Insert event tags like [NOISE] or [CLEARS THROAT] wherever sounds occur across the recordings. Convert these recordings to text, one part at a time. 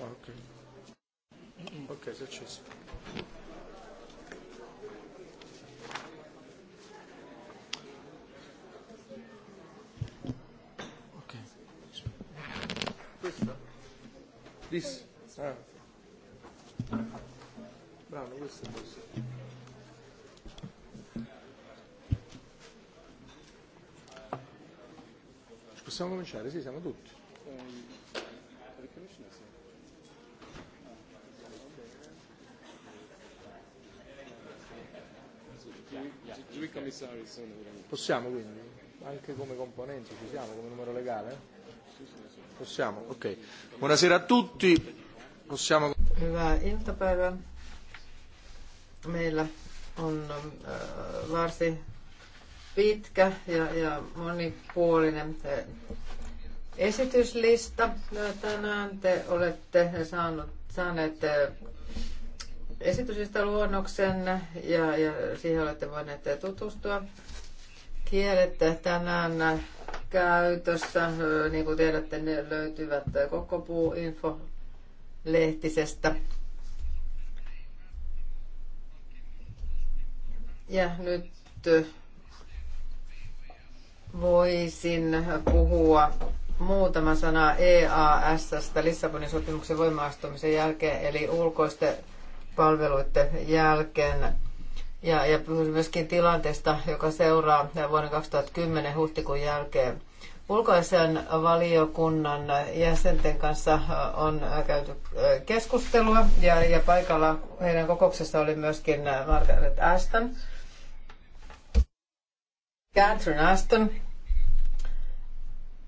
Ok. Ok, začesto. Ok. Questo? This? Ah. Bravo, questo è questo. Possiamo cominciare? Sì, siamo tutti. Three commissaries sono Possiamo quindi, anche come componenti, ci siamo come numero legale? Possiamo, ok. Buonasera a tutti. Possiamo... Meillä on äh, varsin pitkä ja, ja monipuolinen te eh, esityslista. Tänään te olette saanut, saaneet eh, esitysistä luonnoksen ja, ja siihen olette voineet tutustua. Kielet tänään käytössä, niin kuin tiedätte, ne löytyvät koko puuinfo lehtisestä. Ja nyt voisin puhua muutama sana EASstä Lissabonin sopimuksen voimaastumisen jälkeen, eli ulkoisten palveluiden jälkeen. Ja, ja myöskin tilanteesta, joka seuraa vuonna 2010 huhtikuun jälkeen. Ulkoisen valiokunnan jäsenten kanssa on käyty keskustelua ja, ja paikalla heidän kokouksessa oli myöskin Margaret Aston, Catherine Aston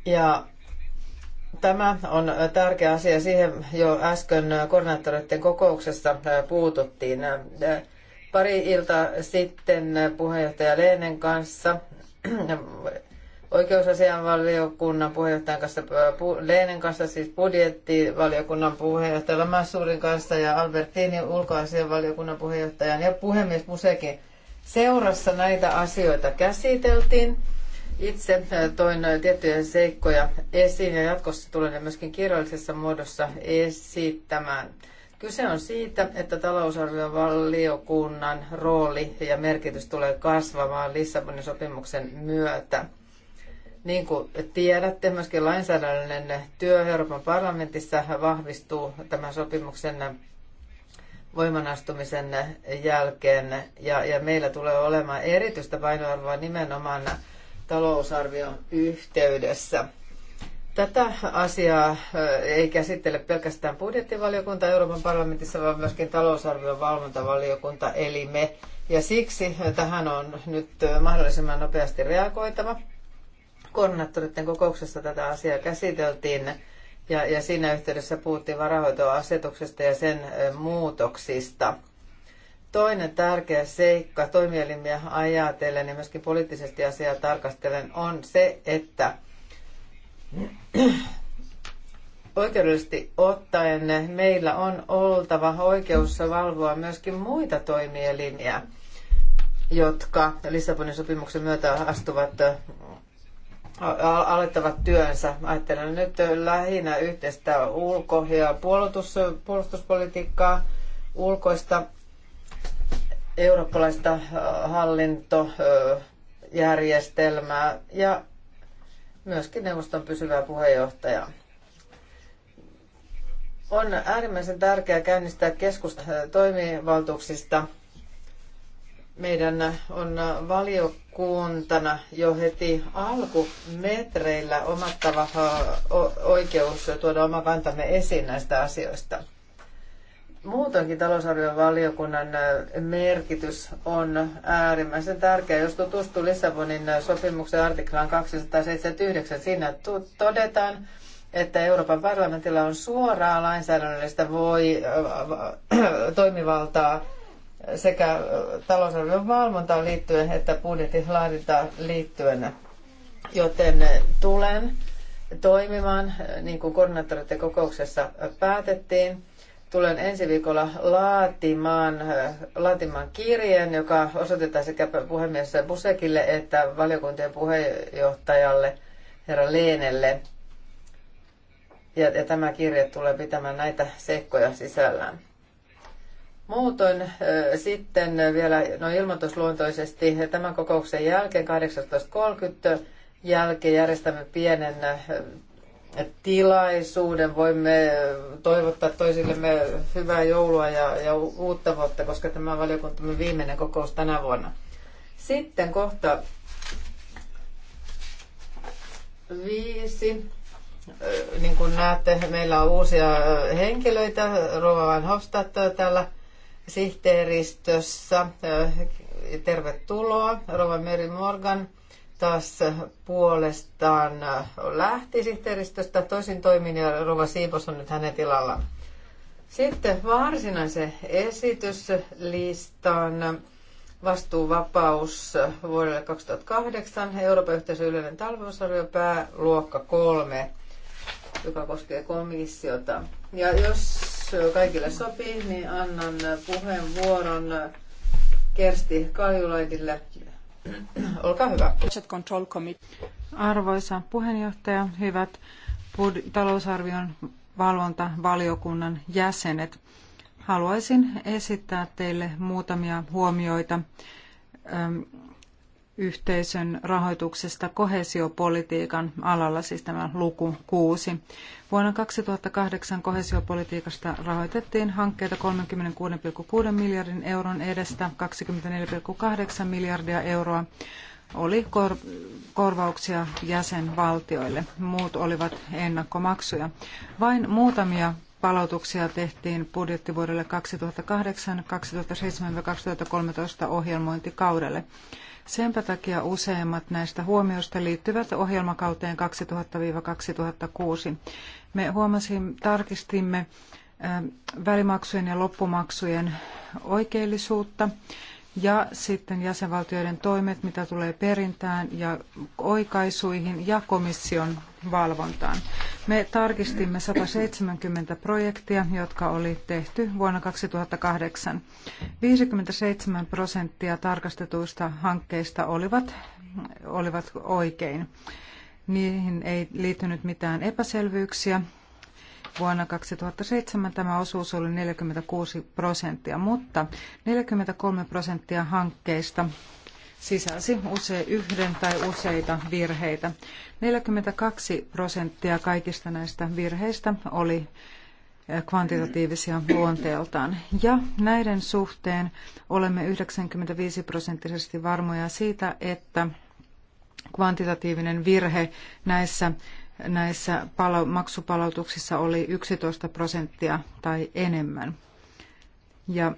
Ja Tämä on tärkeä asia. Siihen jo äsken koordinaattoreiden kokouksessa puututtiin. Pari ilta sitten puheenjohtaja Leenen kanssa, oikeusasianvaliokunnan puheenjohtajan kanssa, Leenen kanssa siis budjettivaliokunnan puheenjohtaja Lamassuurin kanssa ja Albertinin ulkoasianvaliokunnan puheenjohtajan ja puhemies Musekin seurassa näitä asioita käsiteltiin. Itse toin tiettyjä seikkoja esiin ja jatkossa tulen ne myöskin kirjallisessa muodossa esittämään. Kyse on siitä, että talousarviovaliokunnan rooli ja merkitys tulee kasvamaan Lissabonin sopimuksen myötä. Niin kuin tiedätte, myöskin lainsäädännöllinen työ Euroopan parlamentissa vahvistuu tämän sopimuksen voimanastumisen jälkeen. Ja, ja meillä tulee olemaan erityistä painoarvoa nimenomaan talousarvion yhteydessä. Tätä asiaa ei käsittele pelkästään budjettivaliokunta Euroopan parlamentissa, vaan myöskin talousarvion valvontavaliokunta, eli me. Ja siksi tähän on nyt mahdollisimman nopeasti reagoitava. Koordinaattoritten kokouksessa tätä asiaa käsiteltiin ja, ja siinä yhteydessä puhuttiin varahoitoasetuksesta ja sen muutoksista – Toinen tärkeä seikka toimielimiä ajatellen ja myöskin poliittisesti asiaa tarkastellen on se, että oikeudellisesti ottaen meillä on oltava oikeus valvoa myöskin muita toimielimiä, jotka Lissabonin sopimuksen myötä astuvat alettavat työnsä. Ajattelen nyt lähinnä yhteistä ulko- ja puolustuspolitiikkaa, ulkoista eurooppalaista äh, hallintojärjestelmää äh, ja myöskin neuvoston pysyvää puheenjohtajaa. On äärimmäisen tärkeää käynnistää keskustelua äh, toimivaltuuksista. Meidän on valiokuntana jo heti alkumetreillä omattava oikeus tuoda oma kantamme esiin näistä asioista muutoinkin talousarvion valiokunnan merkitys on äärimmäisen tärkeä. Jos tutustuu Lissabonin sopimuksen artiklaan 279, siinä todetaan, että Euroopan parlamentilla on suoraa lainsäädännöllistä voi, toimivaltaa sekä talousarvion valvontaan liittyen että budjetin laadintaan liittyen. Joten tulen toimimaan, niin kuin koordinaattoreiden kokouksessa päätettiin, tulen ensi viikolla laatimaan, äh, laatimaan kirjeen, joka osoitetaan sekä puhemies Busekille että valiokuntien puheenjohtajalle herra Leenelle. Ja, ja tämä kirje tulee pitämään näitä seikkoja sisällään. Muutoin äh, sitten vielä no ilmoitusluontoisesti tämän kokouksen jälkeen 18.30 jälkeen järjestämme pienen äh, tilaisuuden. Voimme toivottaa toisillemme hyvää joulua ja, ja uutta vuotta, koska tämä on valiokuntamme viimeinen kokous tänä vuonna. Sitten kohta viisi. Niin kuin näette, meillä on uusia henkilöitä. Rova Van Hofstadt täällä sihteeristössä. Tervetuloa. Rova Meri Morgan taas puolestaan lähti sihteeristöstä toisin toimin ja Rova Siipos on nyt hänen tilallaan. Sitten varsinaisen esityslistan vastuuvapaus vuodelle 2008, Euroopan yhteisön yleinen talousarvio, pääluokka 3, joka koskee komissiota. Ja jos kaikille sopii, niin annan puheenvuoron Kersti Kaljulaidille [CLEARS THROAT] Olkaa hyvä. Arvoisa puheenjohtaja, hyvät talousarvion valvontavaliokunnan jäsenet. Haluaisin esittää teille muutamia huomioita yhteisön rahoituksesta kohesiopolitiikan alalla, siis tämä luku 6. Vuonna 2008 kohesiopolitiikasta rahoitettiin hankkeita 36,6 miljardin euron edestä, 24,8 miljardia euroa oli kor- korvauksia jäsenvaltioille, muut olivat ennakkomaksuja. Vain muutamia palautuksia tehtiin budjettivuodelle 2008, 2007 ja 2013 ohjelmointikaudelle. Senpä takia useimmat näistä huomioista liittyvät ohjelmakauteen 2000-2006. Me huomasin, tarkistimme välimaksujen ja loppumaksujen oikeellisuutta ja sitten jäsenvaltioiden toimet, mitä tulee perintään ja oikaisuihin ja komission valvontaan. Me tarkistimme 170 projektia, jotka oli tehty vuonna 2008. 57 prosenttia tarkastetuista hankkeista olivat, olivat oikein. Niihin ei liittynyt mitään epäselvyyksiä. Vuonna 2007 tämä osuus oli 46 prosenttia, mutta 43 prosenttia hankkeista sisälsi usein yhden tai useita virheitä. 42 prosenttia kaikista näistä virheistä oli eh, kvantitatiivisia luonteeltaan. Ja näiden suhteen olemme 95 prosenttisesti varmoja siitä, että kvantitatiivinen virhe näissä, näissä palo- maksupalautuksissa oli 11 prosenttia tai enemmän. Ja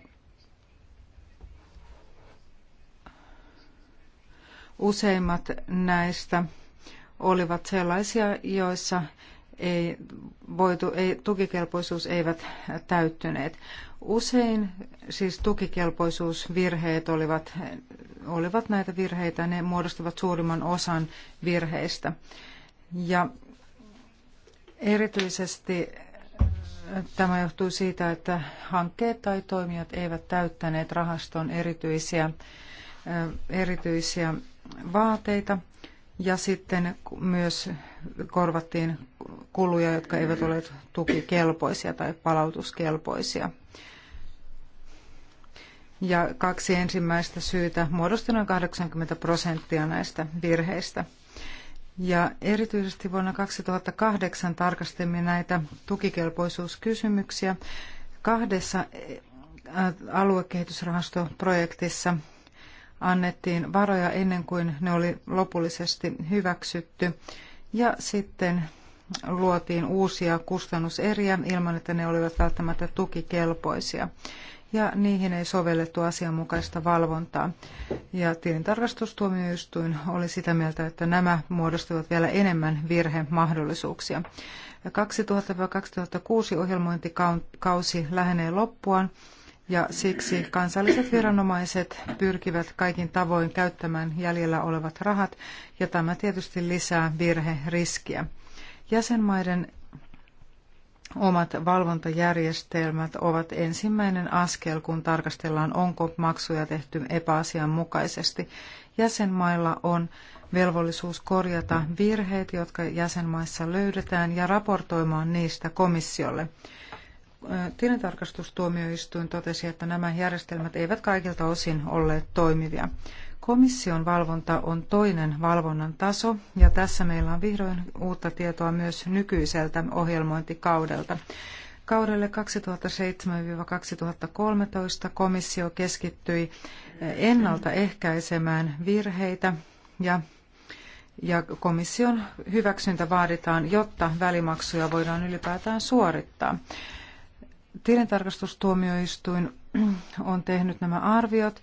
Useimmat näistä olivat sellaisia, joissa ei voitu, ei, tukikelpoisuus eivät täyttyneet. Usein siis tukikelpoisuusvirheet olivat, olivat näitä virheitä, ne muodostavat suurimman osan virheistä. Ja erityisesti tämä johtuu siitä, että hankkeet tai toimijat eivät täyttäneet rahaston erityisiä, erityisiä vaateita ja sitten myös korvattiin kuluja, jotka eivät ole tukikelpoisia tai palautuskelpoisia. Ja kaksi ensimmäistä syytä muodosti noin 80 prosenttia näistä virheistä. Ja erityisesti vuonna 2008 tarkastimme näitä tukikelpoisuuskysymyksiä kahdessa aluekehitysrahastoprojektissa annettiin varoja ennen kuin ne oli lopullisesti hyväksytty. Ja sitten luotiin uusia kustannuseriä ilman, että ne olivat välttämättä tukikelpoisia. Ja niihin ei sovellettu asianmukaista valvontaa. Ja tilintarkastustuomioistuin oli sitä mieltä, että nämä muodostivat vielä enemmän virhemahdollisuuksia. 2000-2006 ohjelmointikausi lähenee loppuaan ja siksi kansalliset viranomaiset pyrkivät kaikin tavoin käyttämään jäljellä olevat rahat, ja tämä tietysti lisää virheriskiä. Jäsenmaiden omat valvontajärjestelmät ovat ensimmäinen askel, kun tarkastellaan, onko maksuja tehty epäasianmukaisesti. Jäsenmailla on velvollisuus korjata virheet, jotka jäsenmaissa löydetään, ja raportoimaan niistä komissiolle tilintarkastustuomioistuin totesi, että nämä järjestelmät eivät kaikilta osin olleet toimivia. Komission valvonta on toinen valvonnan taso, ja tässä meillä on vihdoin uutta tietoa myös nykyiseltä ohjelmointikaudelta. Kaudelle 2007-2013 komissio keskittyi ennaltaehkäisemään virheitä ja ja komission hyväksyntä vaaditaan, jotta välimaksuja voidaan ylipäätään suorittaa. Tilintarkastustuomioistuin [CLEARS THROAT] on tehnyt nämä arviot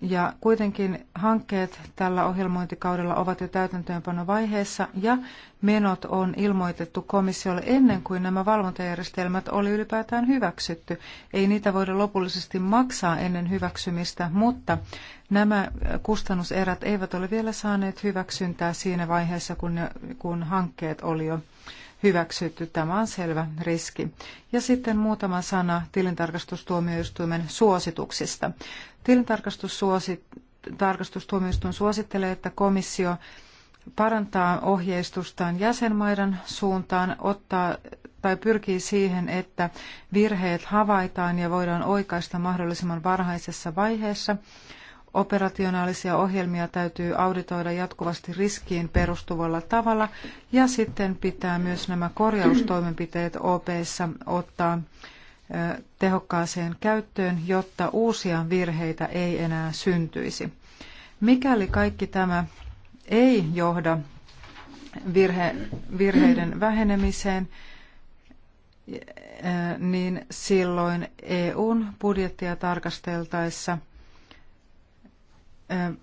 ja kuitenkin hankkeet tällä ohjelmointikaudella ovat jo täytäntöönpanovaiheessa ja menot on ilmoitettu komissiolle ennen kuin nämä valvontajärjestelmät oli ylipäätään hyväksytty. Ei niitä voida lopullisesti maksaa ennen hyväksymistä, mutta nämä kustannuserät eivät ole vielä saaneet hyväksyntää siinä vaiheessa, kun, ne, kun hankkeet oli jo hyväksytty. Tämä on selvä riski. Ja sitten muutama sana tilintarkastustuomioistuimen suosituksista. Tilintarkastustuomioistuin suosittelee, että komissio parantaa ohjeistustaan jäsenmaiden suuntaan, ottaa tai pyrkii siihen, että virheet havaitaan ja voidaan oikaista mahdollisimman varhaisessa vaiheessa – Operationaalisia ohjelmia täytyy auditoida jatkuvasti riskiin perustuvalla tavalla ja sitten pitää myös nämä korjaustoimenpiteet OPssa ottaa tehokkaaseen käyttöön, jotta uusia virheitä ei enää syntyisi. Mikäli kaikki tämä ei johda virhe, virheiden vähenemiseen, niin silloin EUn budjettia tarkasteltaessa –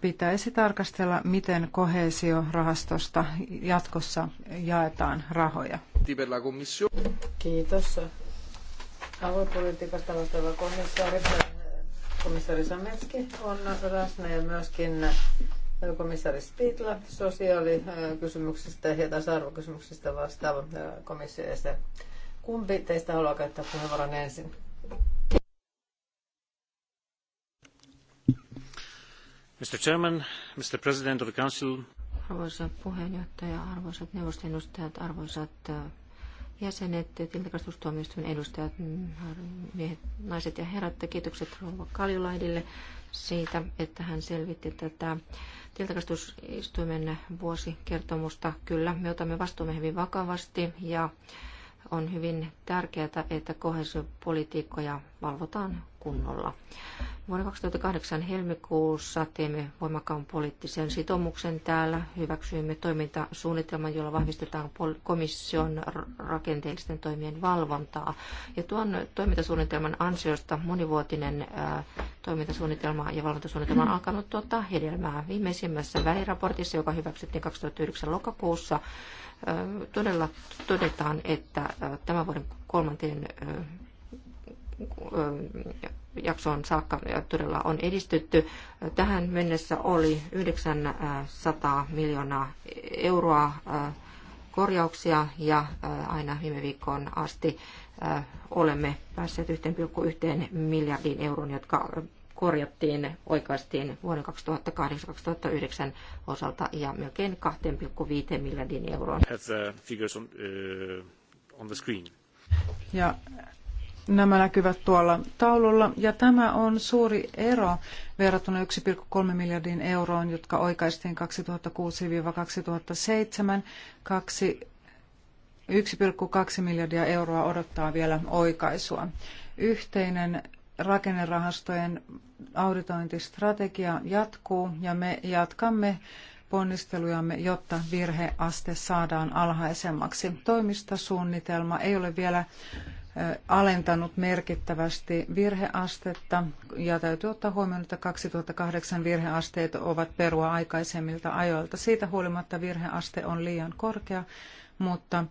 pitäisi tarkastella, miten koheesiorahastosta jatkossa jaetaan rahoja. Kiitos. Aluepolitiikasta vastaava komissaari, komissaari Sametski on läsnä ja myöskin komissaari Spitla sosiaalikysymyksistä ja tasa-arvokysymyksistä vastaava komissio. Kumpi teistä haluaa käyttää puheenvuoron ensin? Arvoisa puheenjohtaja, arvoisat neuvoston edustajat, arvoisat äh, jäsenet, tilintarkastustuomioistuimen edustajat, mm, miehet, naiset ja herrat, kiitokset Rouva Kaljulaidille siitä, että hän selvitti tätä tilintarkastustuomioistuimen vuosikertomusta. Kyllä, me otamme vastuumme hyvin vakavasti ja on hyvin tärkeää, että kohesiopolitiikkoja valvotaan kunnolla. Vuonna 2008 helmikuussa teemme voimakkaan poliittisen sitoumuksen täällä. Hyväksyimme toimintasuunnitelman, jolla vahvistetaan komission rakenteellisten toimien valvontaa. Ja tuon toimintasuunnitelman ansiosta monivuotinen toimintasuunnitelma ja valvontasuunnitelma on alkanut tuottaa hedelmää. Viimeisimmässä väliraportissa, joka hyväksyttiin 2009 lokakuussa, todella todetaan, että tämän vuoden kolmanteen jaksoon saakka todella on edistytty. Tähän mennessä oli 900 miljoonaa euroa korjauksia ja aina viime viikkoon asti olemme päässeet 1,1 miljardin euron, jotka korjattiin, oikeastiin vuoden 2008-2009 osalta ja melkein 2,5 miljardin euroon. Uh, uh, ja Nämä näkyvät tuolla taululla ja tämä on suuri ero verrattuna 1,3 miljardin euroon, jotka oikaistiin 2006-2007. Kaksi 1,2 miljardia euroa odottaa vielä oikaisua. Yhteinen rakennerahastojen auditointistrategia jatkuu ja me jatkamme ponnistelujamme, jotta virheaste saadaan alhaisemmaksi. Toimistasuunnitelma ei ole vielä alentanut merkittävästi virheastetta ja täytyy ottaa huomioon, että 2008 virheasteet ovat perua aikaisemmilta ajoilta. Siitä huolimatta virheaste on liian korkea, mutta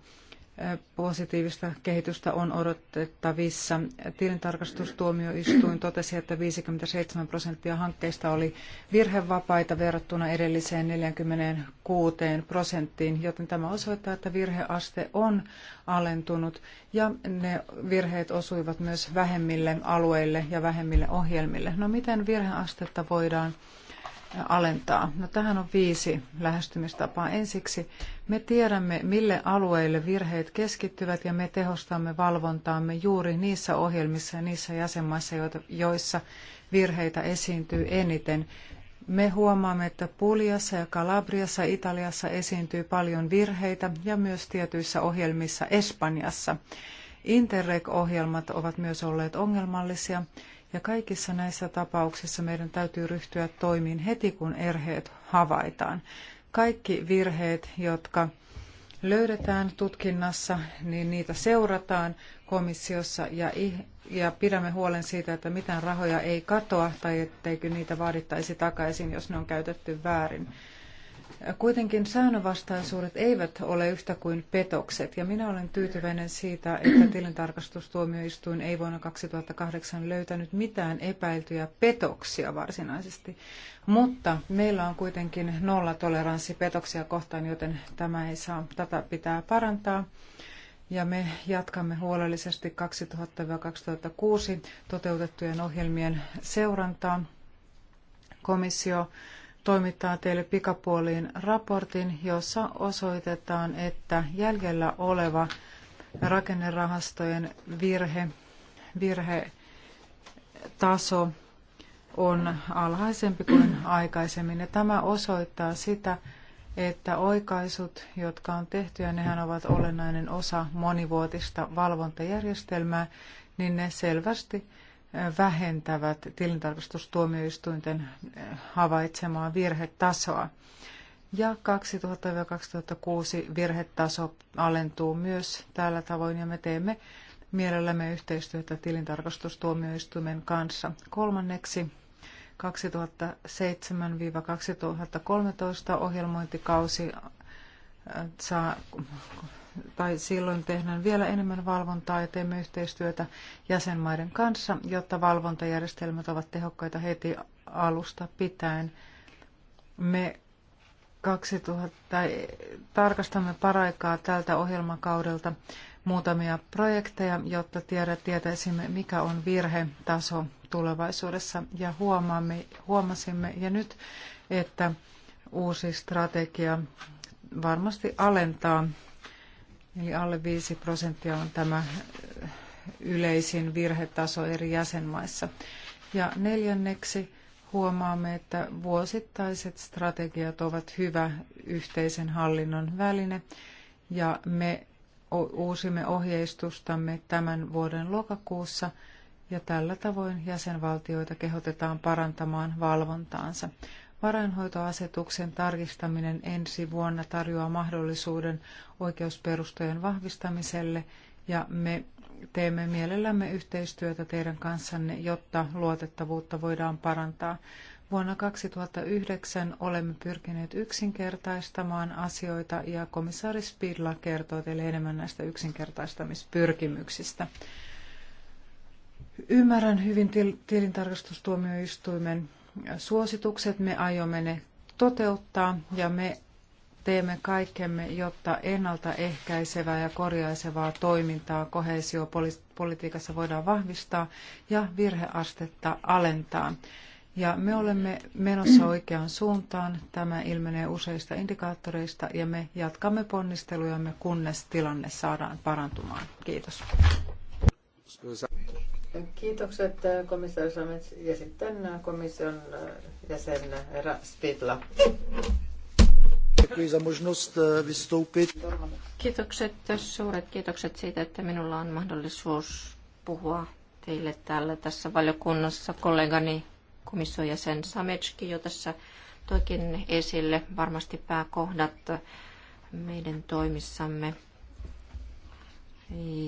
positiivista kehitystä on odotettavissa. Tilintarkastustuomioistuin totesi, että 57 prosenttia hankkeista oli virhevapaita verrattuna edelliseen 46 prosenttiin, joten tämä osoittaa, että virheaste on alentunut ja ne virheet osuivat myös vähemmille alueille ja vähemmille ohjelmille. No miten virheastetta voidaan alentaa? No, tähän on viisi lähestymistapaa. Ensiksi me tiedämme, mille alueille virheet keskittyvät ja me tehostamme valvontaamme juuri niissä ohjelmissa ja niissä jäsenmaissa, joissa virheitä esiintyy eniten. Me huomaamme, että Puliassa ja Kalabriassa Italiassa esiintyy paljon virheitä ja myös tietyissä ohjelmissa Espanjassa. Interreg-ohjelmat ovat myös olleet ongelmallisia ja kaikissa näissä tapauksissa meidän täytyy ryhtyä toimiin heti, kun erheet havaitaan. Kaikki virheet, jotka löydetään tutkinnassa, niin niitä seurataan komissiossa ja, ja pidämme huolen siitä, että mitään rahoja ei katoa tai etteikö niitä vaadittaisi takaisin, jos ne on käytetty väärin. Kuitenkin säännönvastaisuudet eivät ole yhtä kuin petokset, ja minä olen tyytyväinen siitä, että [CLEARS THROAT] tilintarkastustuomioistuin ei vuonna 2008 löytänyt mitään epäiltyjä petoksia varsinaisesti. Mutta meillä on kuitenkin nollatoleranssi petoksia kohtaan, joten tämä ei saa, tätä pitää parantaa. Ja me jatkamme huolellisesti 2000-2006 toteutettujen ohjelmien seurantaa. Komissio toimittaa teille pikapuoliin raportin, jossa osoitetaan, että jäljellä oleva rakennerahastojen virhe, virhetaso on alhaisempi kuin aikaisemmin. Ja tämä osoittaa sitä, että oikaisut, jotka on tehty, ja nehän ovat olennainen osa monivuotista valvontajärjestelmää, niin ne selvästi vähentävät tilintarkastustuomioistuinten eh, havaitsemaa virhetasoa. Ja 2000-2006 virhetaso alentuu myös tällä tavoin ja me teemme mielellämme yhteistyötä tilintarkastustuomioistuimen kanssa. Kolmanneksi 2007-2013 ohjelmointikausi eh, saa tai silloin tehdään vielä enemmän valvontaa ja teemme yhteistyötä jäsenmaiden kanssa, jotta valvontajärjestelmät ovat tehokkaita heti alusta pitäen. Me 2000, tai tarkastamme paraikaa tältä ohjelmakaudelta muutamia projekteja, jotta tiedä, tietäisimme, mikä on virhetaso tulevaisuudessa. Ja huomaamme, huomasimme ja nyt, että uusi strategia varmasti alentaa Eli alle 5 prosenttia on tämä yleisin virhetaso eri jäsenmaissa. Ja neljänneksi huomaamme, että vuosittaiset strategiat ovat hyvä yhteisen hallinnon väline ja me uusimme ohjeistustamme tämän vuoden lokakuussa ja tällä tavoin jäsenvaltioita kehotetaan parantamaan valvontaansa. Varainhoitoasetuksen tarkistaminen ensi vuonna tarjoaa mahdollisuuden oikeusperustojen vahvistamiselle ja me teemme mielellämme yhteistyötä teidän kanssanne, jotta luotettavuutta voidaan parantaa. Vuonna 2009 olemme pyrkineet yksinkertaistamaan asioita ja komissaari Spidla kertoo teille enemmän näistä yksinkertaistamispyrkimyksistä. Ymmärrän hyvin til- tilintarkastustuomioistuimen suositukset, me aiomme ne toteuttaa ja me teemme kaikkemme, jotta ennaltaehkäisevää ja korjaisevaa toimintaa koheesiopolitiikassa voidaan vahvistaa ja virheastetta alentaa. Ja me olemme menossa oikeaan suuntaan. Tämä ilmenee useista indikaattoreista ja me jatkamme ponnistelujamme, kunnes tilanne saadaan parantumaan. Kiitos. Kiitokset äh, komissaari Samets ja sitten äh, komission äh, jäsen herra Spidla. Kiitokset, suuret kiitokset siitä, että minulla on mahdollisuus puhua teille täällä tässä valiokunnassa. Kollegani komission jäsen Sametski jo tässä toikin esille varmasti pääkohdat meidän toimissamme.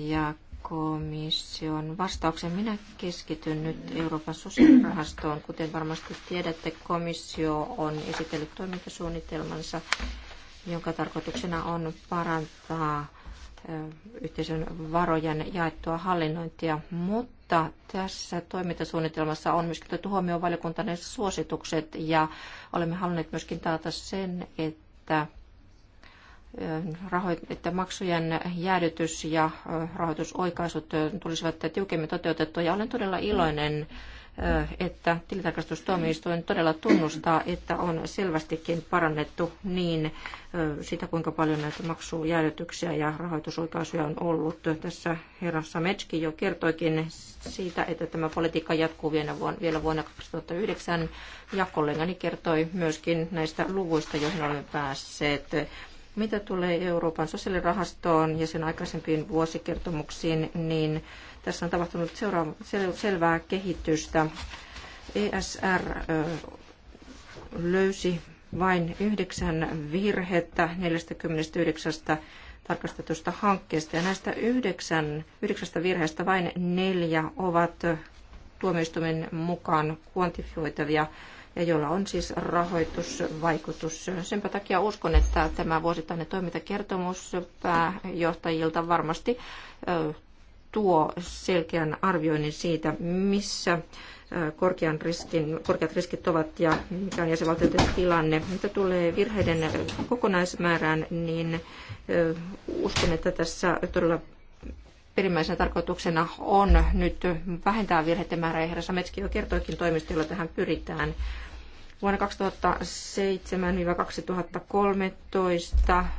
Ja komission vastauksen. Minä keskityn nyt Euroopan sosiaalirahastoon. Kuten varmasti tiedätte, komissio on esitellyt toimintasuunnitelmansa, jonka tarkoituksena on parantaa yhteisön varojen jaettua hallinnointia, mutta tässä toimintasuunnitelmassa on myöskin otettu huomioon valiokuntainen suositukset ja olemme halunneet myöskin taata sen, että että maksujen jäädytys ja rahoitusoikaisut tulisivat tiukemmin toteutettua. Ja olen todella iloinen, että tilintarkastustuomioistuin todella tunnustaa, että on selvästikin parannettu niin sitä, kuinka paljon näitä maksujäädytyksiä ja rahoitusoikaisuja on ollut. Tässä herra Sametski jo kertoikin siitä, että tämä politiikka jatkuu vielä vuonna 2009, ja kollegani kertoi myöskin näistä luvuista, joihin olemme päässeet. Mitä tulee Euroopan sosiaalirahastoon ja sen aikaisempiin vuosikertomuksiin, niin tässä on tapahtunut seura- sel, selvää kehitystä. ESR löysi vain yhdeksän virhettä 49 tarkastetusta hankkeesta. Ja näistä yhdeksän, yhdeksästä virheestä vain neljä ovat tuomioistuimen mukaan kuantifioitavia ja jolla on siis rahoitusvaikutus. Senpä takia uskon, että tämä vuosittainen toimintakertomus pääjohtajilta varmasti tuo selkeän arvioinnin siitä, missä korkean riskin, korkeat riskit ovat ja mikä on jäsenvaltioiden tilanne. Mitä tulee virheiden kokonaismäärään, niin uskon, että tässä todella perimmäisenä tarkoituksena on nyt vähentää virheiden määrää, ja herra Sametski jo kertoikin toimistolla tähän pyritään. Vuonna 2007-2013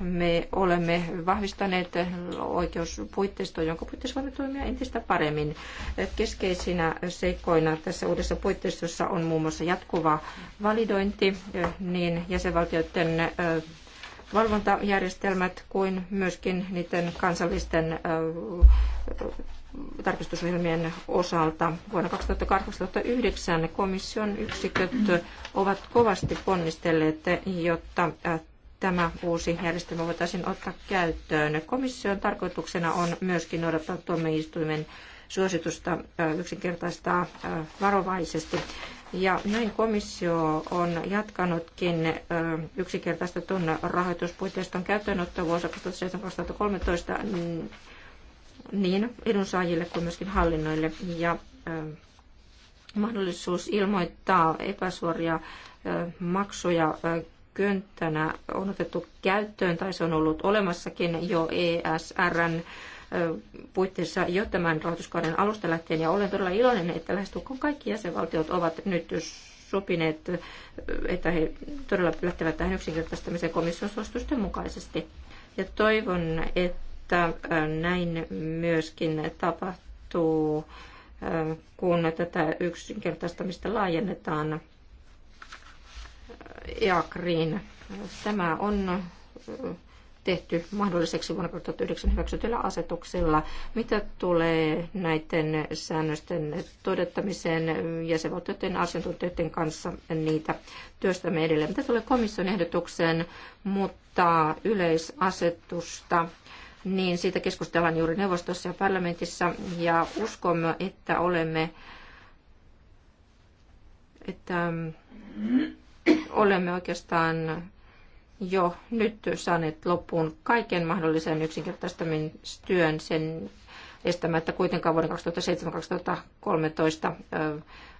me olemme vahvistaneet oikeuspuitteistoa, jonka puitteissa voimme toimia entistä paremmin. Keskeisinä seikkoina tässä uudessa puitteistossa on muun muassa jatkuva validointi niin jäsenvaltioiden valvontajärjestelmät kuin myöskin niiden kansallisten tarkistusohjelmien osalta. Vuonna 2008 komission yksiköt ovat kovasti ponnistelleet, jotta tämä uusi järjestelmä voitaisiin ottaa käyttöön. Komission tarkoituksena on myöskin noudattaa tuomioistuimen suositusta yksinkertaistaa varovaisesti ja näin komissio on jatkanutkin yksinkertaistetun rahoituspuitteiston käyttöönottoa vuosi 2013 niin edunsaajille kuin myöskin hallinnoille. Ja mahdollisuus ilmoittaa epäsuoria maksuja könttänä on otettu käyttöön tai se on ollut olemassakin jo ESRn puitteissa jo tämän rahoituskauden alusta lähtien. Ja olen todella iloinen, että lähestulkoon kaikki jäsenvaltiot ovat nyt sopineet, että he todella lähtevät tähän yksinkertaistamiseen komission suositusten mukaisesti. Ja toivon, että näin myöskin tapahtuu, kun tätä yksinkertaistamista laajennetaan EACRiin. Tämä on tehty mahdolliseksi vuonna 2009 hyväksytyllä asetuksella. Mitä tulee näiden säännösten todettamiseen jäsenvaltioiden asiantuntijoiden kanssa, niitä työstämme edelleen. Mitä tulee komission ehdotukseen muuttaa yleisasetusta, niin siitä keskustellaan juuri neuvostossa ja parlamentissa ja uskomme, että olemme että mm, olemme oikeastaan jo nyt saaneet loppuun kaiken mahdollisen yksinkertaistamin työn sen estämättä kuitenkaan vuoden 2007-2013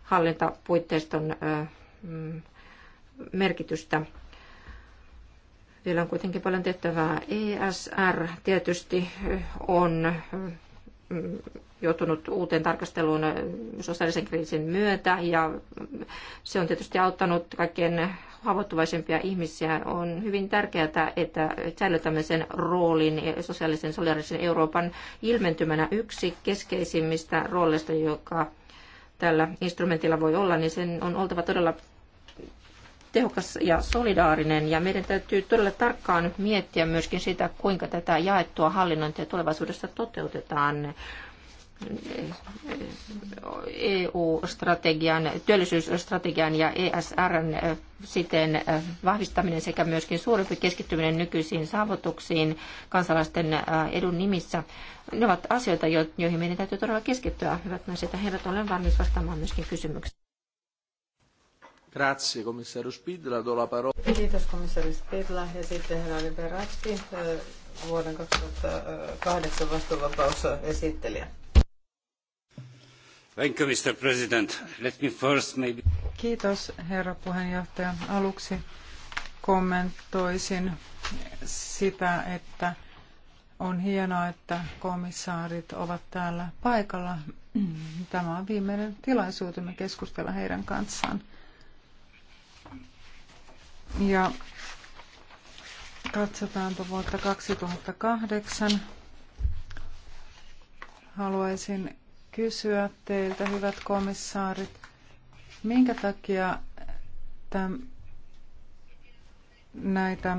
hallintapuitteiston mm, merkitystä. Vielä on kuitenkin paljon tehtävää. ESR tietysti on joutunut uuteen tarkasteluun sosiaalisen kriisin myötä ja se on tietysti auttanut kaikkien haavoittuvaisempia ihmisiä. On hyvin tärkeää, että säilytämme sen roolin sosiaalisen solidaarisen Euroopan ilmentymänä yksi keskeisimmistä rooleista, joka tällä instrumentilla voi olla, niin sen on oltava todella tehokas ja solidaarinen. Ja meidän täytyy todella tarkkaan nyt miettiä myöskin sitä, kuinka tätä jaettua hallinnointia tulevaisuudessa toteutetaan. EU-strategian, työllisyysstrategian ja ESRn eh, siten eh, vahvistaminen sekä myöskin suurempi keskittyminen nykyisiin saavutuksiin kansalaisten eh, edun nimissä. Ne ovat asioita, joihin meidän täytyy todella keskittyä. Hyvät naiset ja herrat, olen valmis vastaamaan myöskin kysymyksiin. Grazie, komissario Spidla. Do la parola. Kiitos, komissaari Spidla. Ja sitten hän oli Beratti, eh, vuoden 2008 vastuuvapaus esittelijä. Thank you, Mr. President. Let me first maybe... Kiitos, herra puheenjohtaja. Aluksi kommentoisin sitä, että on hienoa, että komissaarit ovat täällä paikalla. Tämä on viimeinen tilaisuutemme keskustella heidän kanssaan. Ja katsotaanpa vuotta 2008. Haluaisin kysyä teiltä, hyvät komissaarit, minkä takia täm, näitä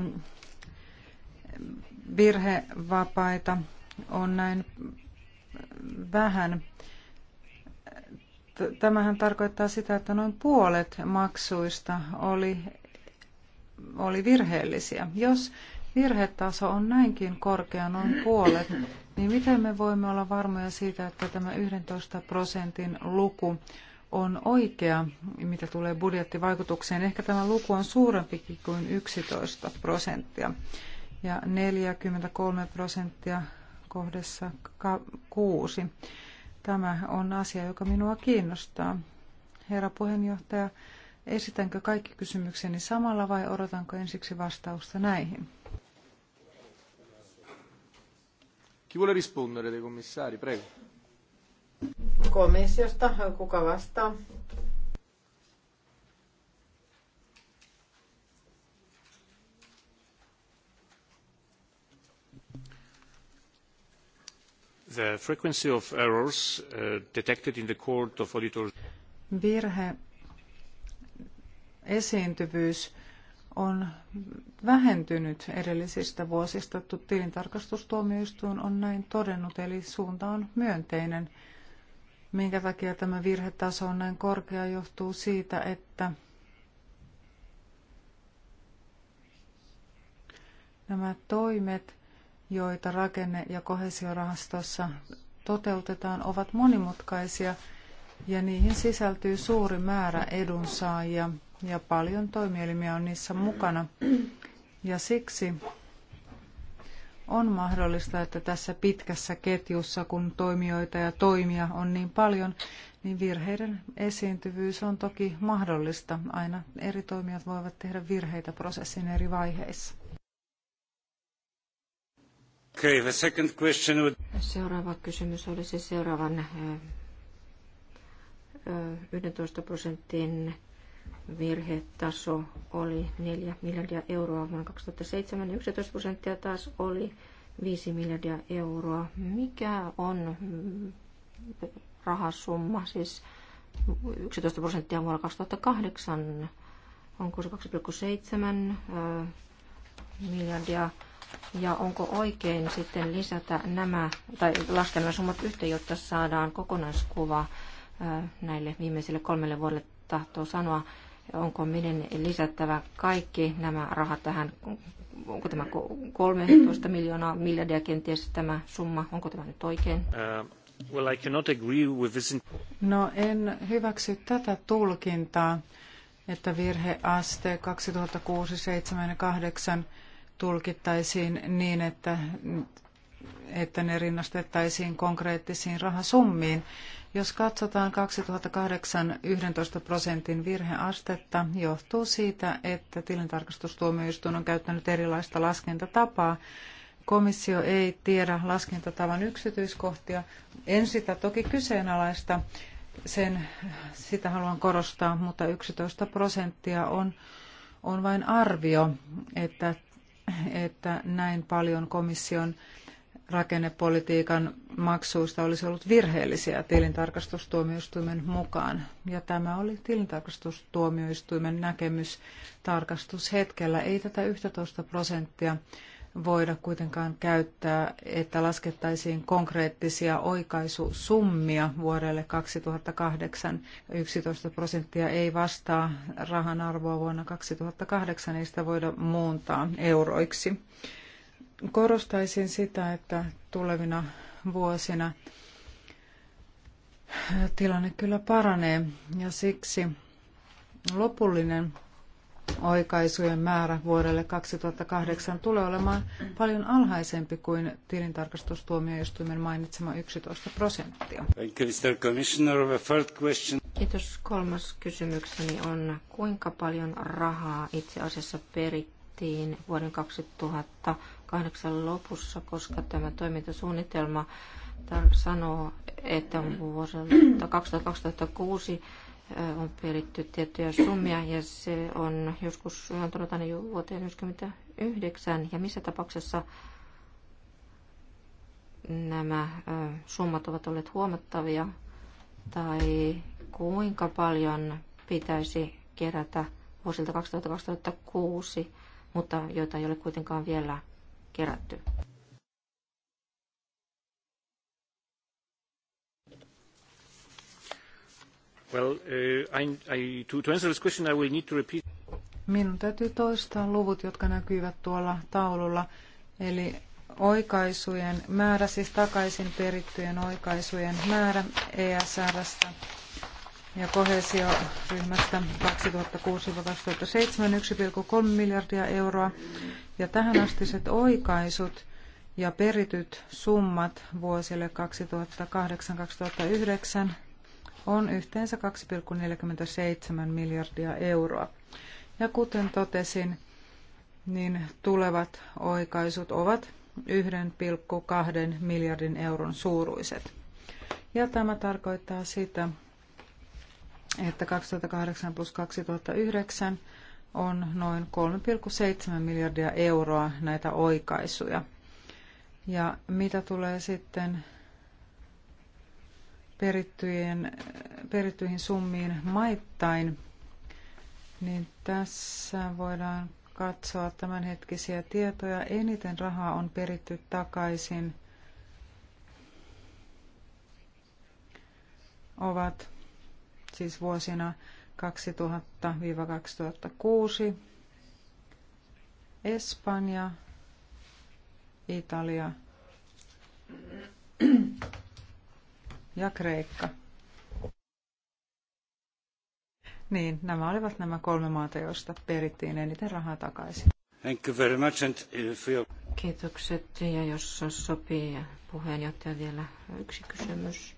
virhevapaita on näin vähän. Tämähän tarkoittaa sitä, että noin puolet maksuista oli oli virheellisiä. Jos virhetaso on näinkin korkea, noin puolet, niin miten me voimme olla varmoja siitä, että tämä 11 prosentin luku on oikea, mitä tulee budjettivaikutukseen. Ehkä tämä luku on suurempikin kuin 11 prosenttia ja 43 prosenttia kohdassa kuusi. Tämä on asia, joka minua kiinnostaa. Herra puheenjohtaja, Esitänkö kaikki kysymykseni samalla vai odotanko ensiksi vastausta näihin? Chi vuole rispondere dei commissari? Prego. Komissiosta kuka vastaa? The frequency of errors uh, detected in the court of auditors. Virhe esiintyvyys on vähentynyt edellisistä vuosista. Tilintarkastustuomioistuin on näin todennut, eli suunta on myönteinen. Minkä takia tämä virhetaso on näin korkea johtuu siitä, että nämä toimet, joita rakenne- ja kohesiorahastossa toteutetaan, ovat monimutkaisia ja niihin sisältyy suuri määrä edunsaajia – ja paljon toimielimiä on niissä mukana. Ja siksi on mahdollista, että tässä pitkässä ketjussa, kun toimijoita ja toimia on niin paljon, niin virheiden esiintyvyys on toki mahdollista. Aina eri toimijat voivat tehdä virheitä prosessin eri vaiheissa. Okay, the second question would... Seuraava kysymys olisi seuraavan 11 prosentin virhetaso oli 4 miljardia euroa vuonna 2007, 11 prosenttia taas oli 5 miljardia euroa. Mikä on mm, rahasumma, siis 11 prosenttia vuonna 2008, onko se 2,7 miljardia, ja onko oikein sitten lisätä nämä, tai laskea nämä summat yhteen, jotta saadaan kokonaiskuva näille viimeisille kolmelle vuodelle tahtoo sanoa, onko minen lisättävä kaikki nämä rahat tähän, onko tämä 13 miljoonaa miljardia kenties tämä summa, onko tämä nyt oikein? Uh, well, I cannot agree with this. No en hyväksy tätä tulkintaa, että virheaste 2006 7 8 tulkittaisiin niin, että, että ne rinnastettaisiin konkreettisiin rahasummiin. Jos katsotaan 2008 11 prosentin virheastetta, johtuu siitä, että tilintarkastustuomioistuin on käyttänyt erilaista laskentatapaa. Komissio ei tiedä laskentatavan yksityiskohtia. En sitä toki kyseenalaista, sen, sitä haluan korostaa, mutta 11 prosenttia on, on vain arvio, että, että näin paljon komission rakennepolitiikan maksuista olisi ollut virheellisiä tilintarkastustuomioistuimen mukaan. Ja tämä oli tilintarkastustuomioistuimen näkemys tarkastushetkellä. Ei tätä 11 prosenttia voida kuitenkaan käyttää, että laskettaisiin konkreettisia oikaisusummia vuodelle 2008. 11 prosenttia ei vastaa rahan arvoa vuonna 2008, ei sitä voida muuntaa euroiksi korostaisin sitä, että tulevina vuosina tilanne kyllä paranee ja siksi lopullinen oikaisujen määrä vuodelle 2008 tulee olemaan paljon alhaisempi kuin tilintarkastustuomioistuimen mainitsema 11 prosenttia. Kiitos. Kolmas kysymykseni on, kuinka paljon rahaa itse asiassa perittiin vuoden 2000 2008 lopussa, koska tämä toimintasuunnitelma sanoo, että vuodelta 2006 on peritty tiettyjä summia ja se on joskus antanut aina vuoteen 1999 ja missä tapauksessa nämä summat ovat olleet huomattavia tai kuinka paljon pitäisi kerätä vuosilta 2000-2006, mutta joita ei ole kuitenkaan vielä kerätty. Well, uh, I, I, to, answer this question, I will need to repeat. Minun täytyy toistaa luvut, jotka näkyvät tuolla taululla. Eli oikaisujen määrä, siis takaisin perittyjen oikaisujen määrä esr ja kohesioryhmästä 2006-2007 1,3 miljardia euroa ja tähänastiset oikaisut ja perityt summat vuosille 2008-2009 on yhteensä 2,47 miljardia euroa. Ja kuten totesin, niin tulevat oikaisut ovat 1,2 miljardin euron suuruiset. Ja tämä tarkoittaa sitä, että 2008 plus 2009 on noin 3,7 miljardia euroa näitä oikaisuja. Ja mitä tulee sitten perittyjen, perittyihin summiin maittain, niin tässä voidaan katsoa tämänhetkisiä tietoja. Eniten rahaa on peritty takaisin ovat siis vuosina 2000-2006. Espanja, Italia ja Kreikka. Niin, nämä olivat nämä kolme maata, joista perittiin eniten rahaa takaisin. Thank you very much and if uh, your... Kiitokset. Ja jos sopii puheenjohtaja vielä yksi kysymys.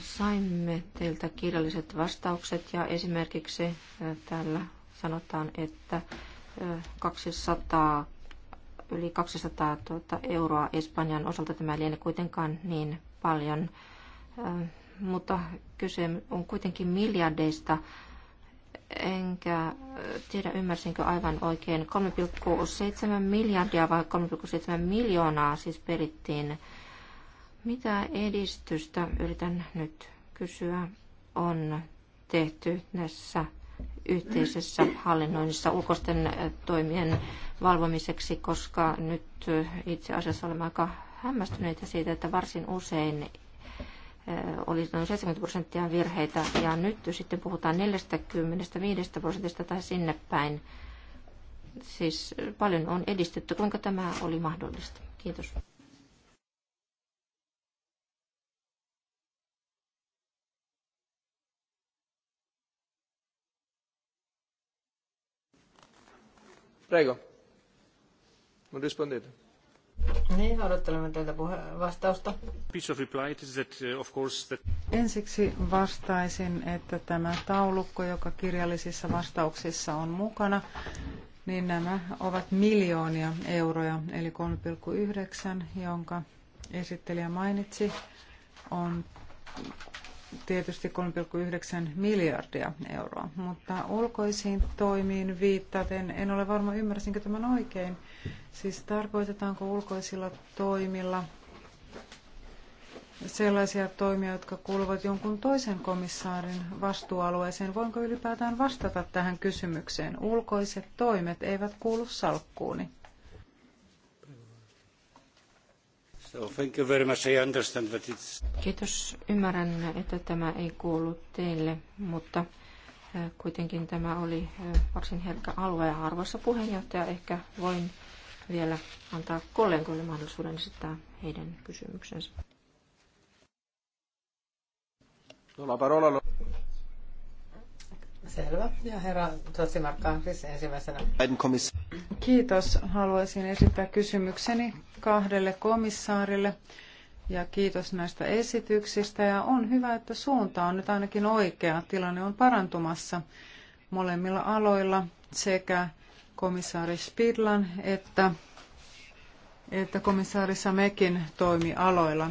Saimme teiltä kirjalliset vastaukset ja esimerkiksi täällä sanotaan, että 200, yli 200 tuota euroa Espanjan osalta tämä ei liene kuitenkaan niin paljon, mutta kyse on kuitenkin miljardeista enkä tiedä ymmärsinkö aivan oikein. 3,7 miljardia vai 3,7 miljoonaa siis perittiin mitä edistystä, yritän nyt kysyä, on tehty näissä yhteisessä hallinnoinnissa ulkoisten toimien valvomiseksi, koska nyt itse asiassa olemme aika hämmästyneitä siitä, että varsin usein oli noin 70 prosenttia virheitä ja nyt sitten puhutaan 45 prosentista tai sinne päin. Siis paljon on edistetty. Kuinka tämä oli mahdollista? Kiitos. Prego. non rispondete. Niin, odottelemme teiltä puhe- vastausta. Piece of reply is that, uh, of course, that... Ensiksi vastaisin, että tämä taulukko, joka kirjallisissa vastauksissa on mukana, niin nämä ovat miljoonia euroja, eli 3,9, jonka esittelijä mainitsi, on tietysti 3,9 miljardia euroa, mutta ulkoisiin toimiin viittaten, en ole varma ymmärsinkö tämän oikein, siis tarkoitetaanko ulkoisilla toimilla sellaisia toimia, jotka kuuluvat jonkun toisen komissaarin vastuualueeseen. Voinko ylipäätään vastata tähän kysymykseen? Ulkoiset toimet eivät kuulu salkkuuni. Kiitos. Ymmärrän, että tämä ei kuulu teille, mutta kuitenkin tämä oli varsin herkkä alue. Ja arvoisa puheenjohtaja, ehkä voin vielä antaa kollegoille mahdollisuuden esittää heidän kysymyksensä. No, Selvä. Ja herra Tosimarkkaanfis siis ensimmäisenä. Kiitos. Haluaisin esittää kysymykseni kahdelle komissaarille. Ja kiitos näistä esityksistä. Ja on hyvä, että suunta on nyt ainakin oikea. Tilanne on parantumassa molemmilla aloilla sekä komissaari Spidlan että, että komissaari Samekin toimialoilla.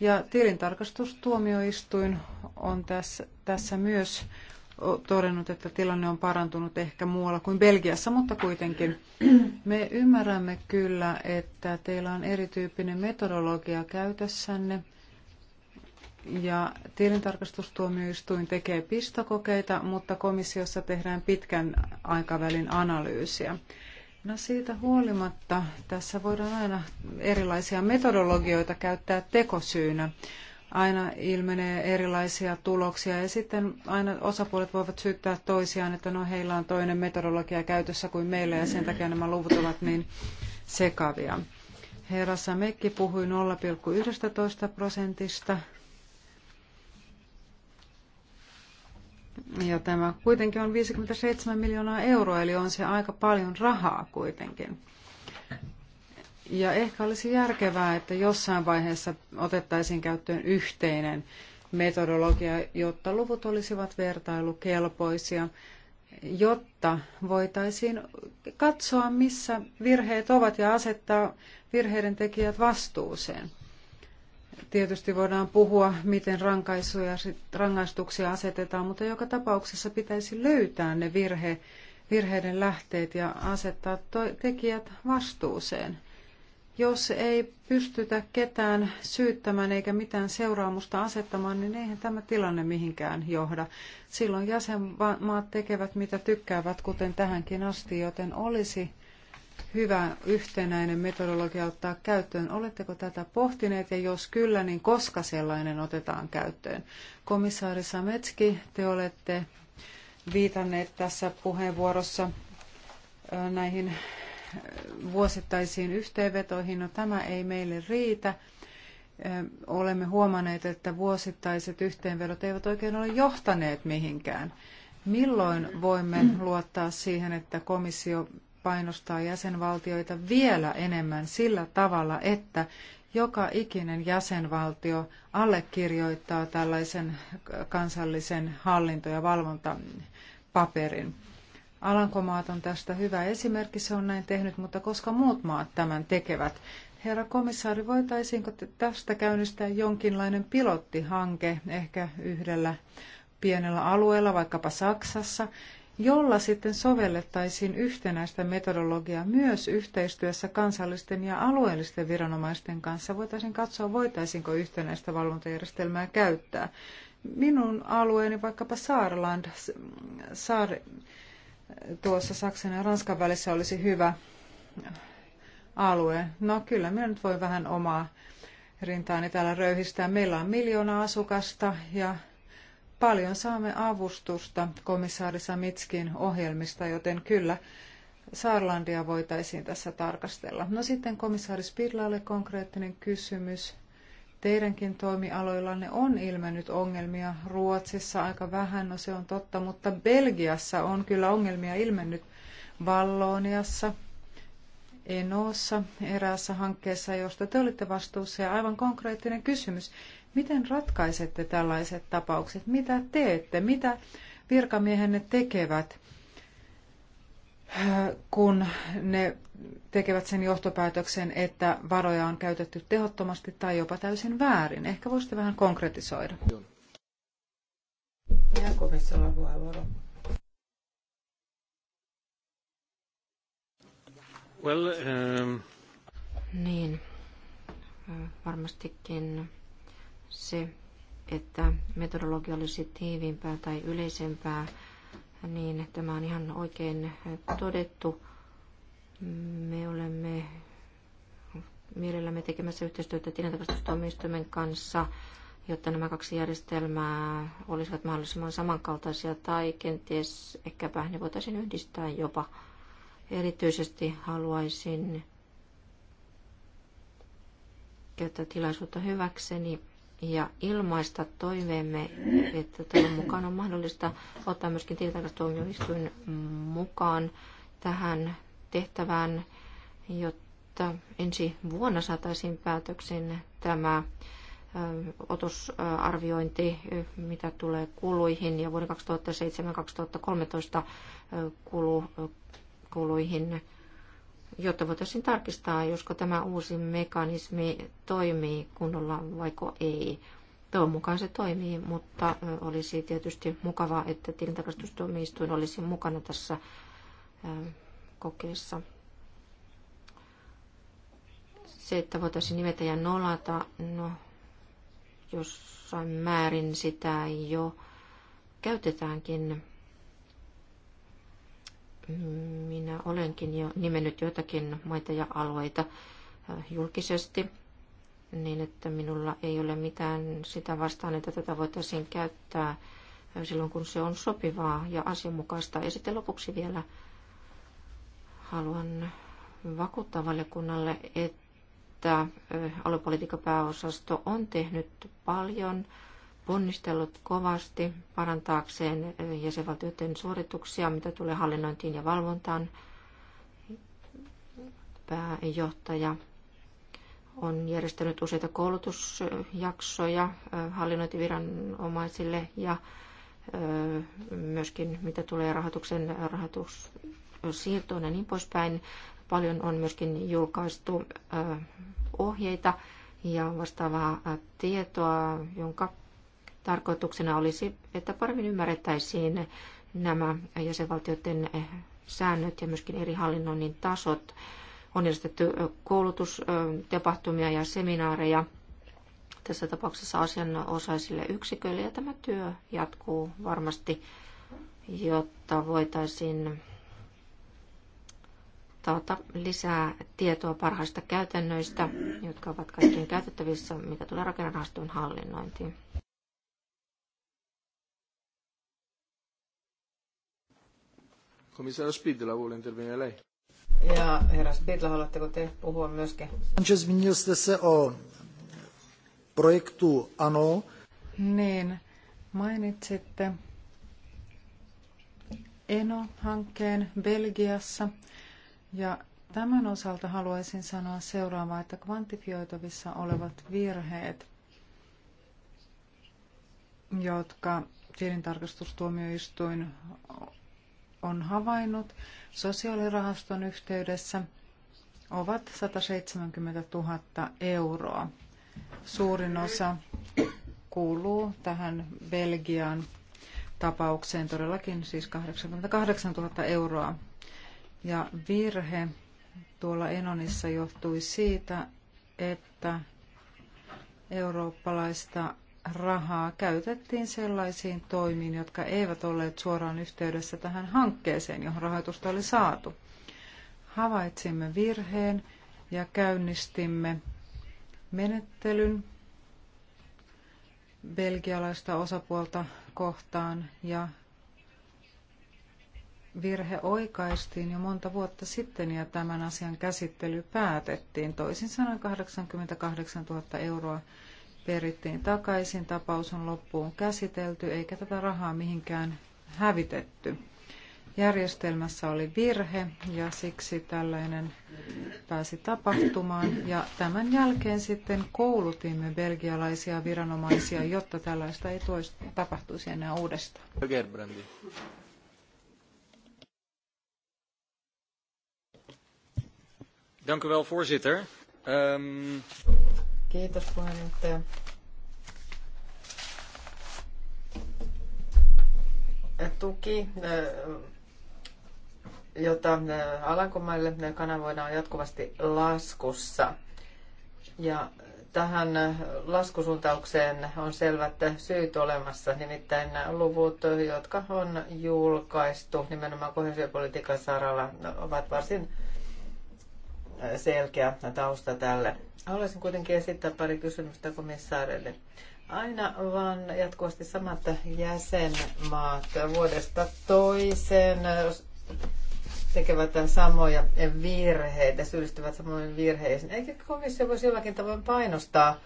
Ja tilintarkastustuomioistuin on tässä, tässä myös todennut, että tilanne on parantunut ehkä muualla kuin Belgiassa, mutta kuitenkin. Me ymmärrämme kyllä, että teillä on erityyppinen metodologia käytössänne ja tilintarkastustuomioistuin tekee pistokokeita, mutta komissiossa tehdään pitkän aikavälin analyysiä. No siitä huolimatta tässä voidaan aina erilaisia metodologioita käyttää tekosyynä aina ilmenee erilaisia tuloksia ja sitten aina osapuolet voivat syyttää toisiaan, että no heillä on toinen metodologia käytössä kuin meillä ja sen takia nämä luvut ovat niin sekavia. Herra Mekki puhui 0,11 prosentista. Ja tämä kuitenkin on 57 miljoonaa euroa, eli on se aika paljon rahaa kuitenkin. Ja ehkä olisi järkevää, että jossain vaiheessa otettaisiin käyttöön yhteinen metodologia, jotta luvut olisivat vertailukelpoisia, jotta voitaisiin katsoa, missä virheet ovat ja asettaa virheiden tekijät vastuuseen. Tietysti voidaan puhua, miten rankaisuja, rangaistuksia asetetaan, mutta joka tapauksessa pitäisi löytää ne virhe, virheiden lähteet ja asettaa tekijät vastuuseen. Jos ei pystytä ketään syyttämään eikä mitään seuraamusta asettamaan, niin eihän tämä tilanne mihinkään johda. Silloin jäsenmaat tekevät mitä tykkäävät, kuten tähänkin asti, joten olisi hyvä yhtenäinen metodologia ottaa käyttöön. Oletteko tätä pohtineet ja jos kyllä, niin koska sellainen otetaan käyttöön? Komissaari Sametski, te olette viitanneet tässä puheenvuorossa näihin vuosittaisiin yhteenvetoihin. No tämä ei meille riitä. Olemme huomanneet, että vuosittaiset yhteenvedot eivät oikein ole johtaneet mihinkään. Milloin voimme luottaa siihen, että komissio painostaa jäsenvaltioita vielä enemmän sillä tavalla, että joka ikinen jäsenvaltio allekirjoittaa tällaisen kansallisen hallinto- ja valvontapaperin. Alankomaat on tästä hyvä esimerkki, se on näin tehnyt, mutta koska muut maat tämän tekevät. Herra komissaari, voitaisiinko tästä käynnistää jonkinlainen pilottihanke, ehkä yhdellä pienellä alueella, vaikkapa Saksassa, jolla sitten sovellettaisiin yhtenäistä metodologiaa myös yhteistyössä kansallisten ja alueellisten viranomaisten kanssa. Voitaisiin katsoa, voitaisiinko yhtenäistä valvontajärjestelmää käyttää. Minun alueeni, vaikkapa Saarland, saar, tuossa Saksan ja Ranskan välissä olisi hyvä alue. No kyllä minä nyt voi vähän omaa rintaani täällä röyhistää. Meillä on miljoona asukasta ja paljon saamme avustusta komissaari Samitskin ohjelmista, joten kyllä Saarlandia voitaisiin tässä tarkastella. No sitten komissaari Spidlalle konkreettinen kysymys teidänkin toimialoillanne on ilmennyt ongelmia. Ruotsissa aika vähän, no se on totta, mutta Belgiassa on kyllä ongelmia ilmennyt Valloniassa, Enoossa, eräässä hankkeessa, josta te olitte vastuussa. Ja aivan konkreettinen kysymys, miten ratkaisette tällaiset tapaukset? Mitä teette? Mitä virkamiehenne tekevät? kun ne tekevät sen johtopäätöksen, että varoja on käytetty tehottomasti tai jopa täysin väärin. Ehkä voisitte vähän konkretisoida. Jakobissa Well, um... Niin, varmastikin se, että metodologia olisi tiiviimpää tai yleisempää, niin tämä on ihan oikein todettu. Me olemme mielellämme tekemässä yhteistyötä tilintarkastustuomioistuimen kanssa, jotta nämä kaksi järjestelmää olisivat mahdollisimman samankaltaisia tai kenties ehkäpä ne voitaisiin yhdistää jopa. Erityisesti haluaisin käyttää tilaisuutta hyväkseni ja ilmaista toiveemme, että toivon mukaan on mahdollista ottaa myöskin tilintarkastustuomioistuin mukaan tähän tehtävään, jotta ensi vuonna saataisiin päätöksen tämä otosarviointi, mitä tulee kuluihin ja vuoden 2007-2013 kuluihin jotta voitaisiin tarkistaa, josko tämä uusi mekanismi toimii kunnolla vaiko ei. Toivon mukaan se toimii, mutta olisi tietysti mukavaa, että tilintarkastustuomioistuin olisi mukana tässä kokeessa. Se, että voitaisiin nimetä ja nolata, no jossain määrin sitä jo käytetäänkin minä olenkin jo nimennyt joitakin maita ja alueita äh, julkisesti, niin että minulla ei ole mitään sitä vastaan, että tätä voitaisiin käyttää äh, silloin, kun se on sopivaa ja asianmukaista. Ja sitten lopuksi vielä haluan vakuuttaa valiokunnalle, että äh, aluepolitiikan pääosasto on tehnyt paljon – ponnistellut kovasti parantaakseen jäsenvaltioiden suorituksia, mitä tulee hallinnointiin ja valvontaan. Pääjohtaja on järjestänyt useita koulutusjaksoja hallinnointiviranomaisille ja myöskin mitä tulee rahoituksen rahoitussiirtoon ja niin poispäin. Paljon on myöskin julkaistu ohjeita ja vastaavaa tietoa, jonka Tarkoituksena olisi, että paremmin ymmärrettäisiin nämä jäsenvaltioiden säännöt ja myöskin eri hallinnoinnin tasot. On järjestetty koulutustapahtumia ja seminaareja tässä tapauksessa asianosaisille yksiköille ja tämä työ jatkuu varmasti, jotta voitaisiin taata lisää tietoa parhaista käytännöistä, jotka ovat kaikkien käytettävissä, mitä tulee rakennerahastojen hallinnointiin. Komissario Spidla, vuole intervenire lei? Ja herra Spidla, haluatteko te puhua myöskin? Zmínil jste se o projektu ANO. Niin, mainitsitte Eno-hankkeen Belgiassa. Ja tämän osalta haluaisin sanoa seuraavaa, että kvantifioitavissa olevat virheet, jotka tilintarkastustuomioistuin on havainnut sosiaalirahaston yhteydessä, ovat 170 000 euroa. Suurin osa kuuluu tähän Belgian tapaukseen, todellakin siis 88 000 euroa. Ja virhe tuolla Enonissa johtui siitä, että eurooppalaista rahaa käytettiin sellaisiin toimiin, jotka eivät olleet suoraan yhteydessä tähän hankkeeseen, johon rahoitusta oli saatu. Havaitsimme virheen ja käynnistimme menettelyn belgialaista osapuolta kohtaan ja virhe oikaistiin jo monta vuotta sitten ja tämän asian käsittely päätettiin. Toisin sanoen 88 000 euroa perittiin takaisin, tapaus on loppuun käsitelty eikä tätä rahaa mihinkään hävitetty. Järjestelmässä oli virhe ja siksi tällainen pääsi tapahtumaan ja tämän jälkeen sitten koulutimme belgialaisia viranomaisia, jotta tällaista ei toista, tapahtuisi enää uudestaan. Gerbrandi. Dank u wel, voorzitter. Um... Kiitos puheenjohtaja. Tuki, eh, jota eh, Alankomaille kanavoidaan jatkuvasti laskussa. Ja tähän laskusuuntaukseen on selvät syyt olemassa, nimittäin luvut, jotka on julkaistu nimenomaan kohesiopolitiikan saralla, ovat varsin selkeä tausta tälle. Haluaisin kuitenkin esittää pari kysymystä komissaarille. Aina vaan jatkuvasti samat jäsenmaat vuodesta toiseen tekevät samoja virheitä, syyllistyvät samoihin virheisiin. Eikö komissio voisi jollakin tavoin painostaa,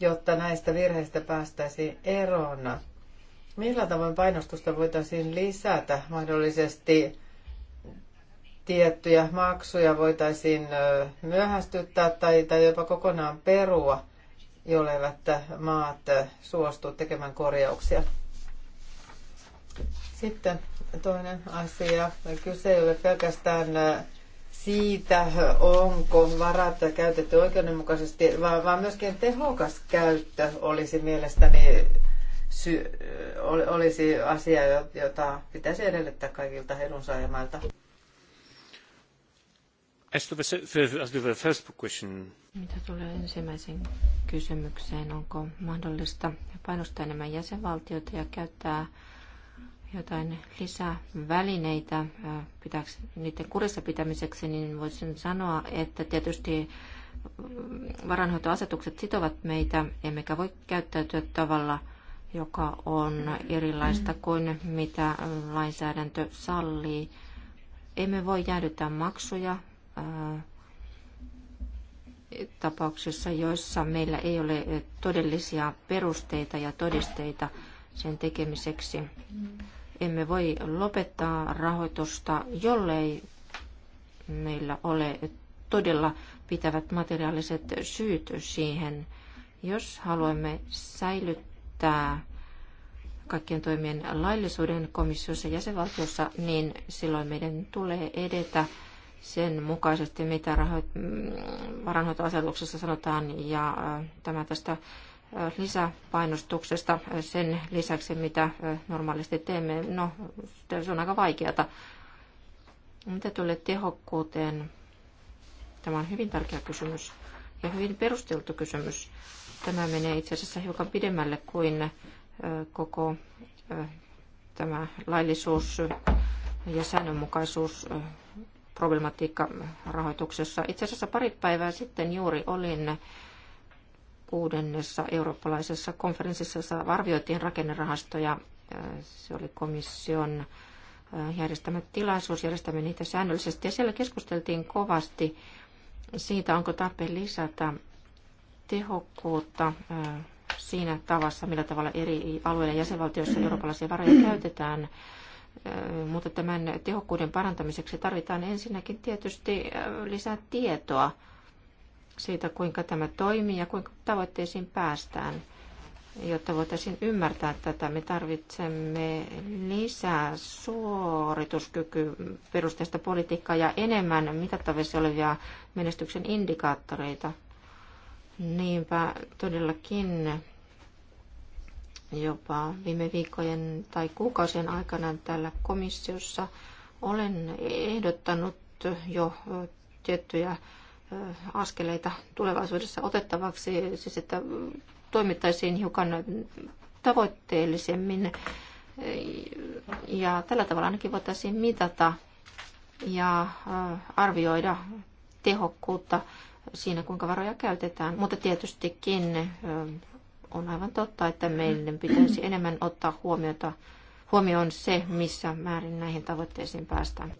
jotta näistä virheistä päästäisiin eroon? Millä tavoin painostusta voitaisiin lisätä mahdollisesti tiettyjä maksuja voitaisiin myöhästyttää tai, tai jopa kokonaan perua, jolleivät maat suostu tekemään korjauksia. Sitten toinen asia. Kyse ei ole pelkästään siitä, onko varat käytetty oikeudenmukaisesti, vaan, vaan myöskin tehokas käyttö olisi mielestäni sy- olisi asia, jota pitäisi edellyttää kaikilta edunsaajamailta. As to the, first question. Mitä tulee ensimmäiseen kysymykseen, onko mahdollista painostaa enemmän jäsenvaltioita ja käyttää jotain lisävälineitä pitääks, niiden kurissa pitämiseksi, niin voisin sanoa, että tietysti varanhoitoasetukset sitovat meitä, emmekä voi käyttäytyä tavalla, joka on erilaista kuin mitä lainsäädäntö sallii. Emme voi jäädyttää maksuja, tapauksissa, joissa meillä ei ole todellisia perusteita ja todisteita sen tekemiseksi. Emme voi lopettaa rahoitusta, jollei meillä ole todella pitävät materiaaliset syyt siihen. Jos haluamme säilyttää kaikkien toimien laillisuuden komissiossa ja jäsenvaltiossa, niin silloin meidän tulee edetä sen mukaisesti, mitä varanhoitoasetuksessa sanotaan, ja tämä tästä lisäpainostuksesta sen lisäksi, mitä normaalisti teemme. No, se on aika vaikeata. Mitä tulee tehokkuuteen? Tämä on hyvin tärkeä kysymys ja hyvin perusteltu kysymys. Tämä menee itse asiassa hiukan pidemmälle kuin koko tämä laillisuus ja säännönmukaisuus problematiikka rahoituksessa. Itse asiassa pari päivää sitten juuri olin kuudennessa eurooppalaisessa konferenssissa, jossa arvioitiin rakennerahastoja. Se oli komission äh, järjestämä tilaisuus, järjestämme niitä säännöllisesti. Ja siellä keskusteltiin kovasti siitä, onko tarpeen lisätä tehokkuutta äh, siinä tavassa, millä tavalla eri alueilla jäsenvaltioissa eurooppalaisia varoja käytetään – mutta tämän tehokkuuden parantamiseksi tarvitaan ensinnäkin tietysti lisää tietoa siitä, kuinka tämä toimii ja kuinka tavoitteisiin päästään. Jotta voitaisiin ymmärtää tätä, me tarvitsemme lisää suorituskyky perusteista politiikkaa ja enemmän mitattavissa olevia menestyksen indikaattoreita. Niinpä todellakin jopa viime viikkojen tai kuukausien aikana täällä komissiossa olen ehdottanut jo tiettyjä askeleita tulevaisuudessa otettavaksi, siis että toimittaisiin hiukan tavoitteellisemmin ja tällä tavalla ainakin voitaisiin mitata ja arvioida tehokkuutta siinä, kuinka varoja käytetään. Mutta tietystikin on aivan totta, että meille pitäisi enemmän ottaa huomiota, huomioon se, missä määrin näihin tavoitteisiin päästään.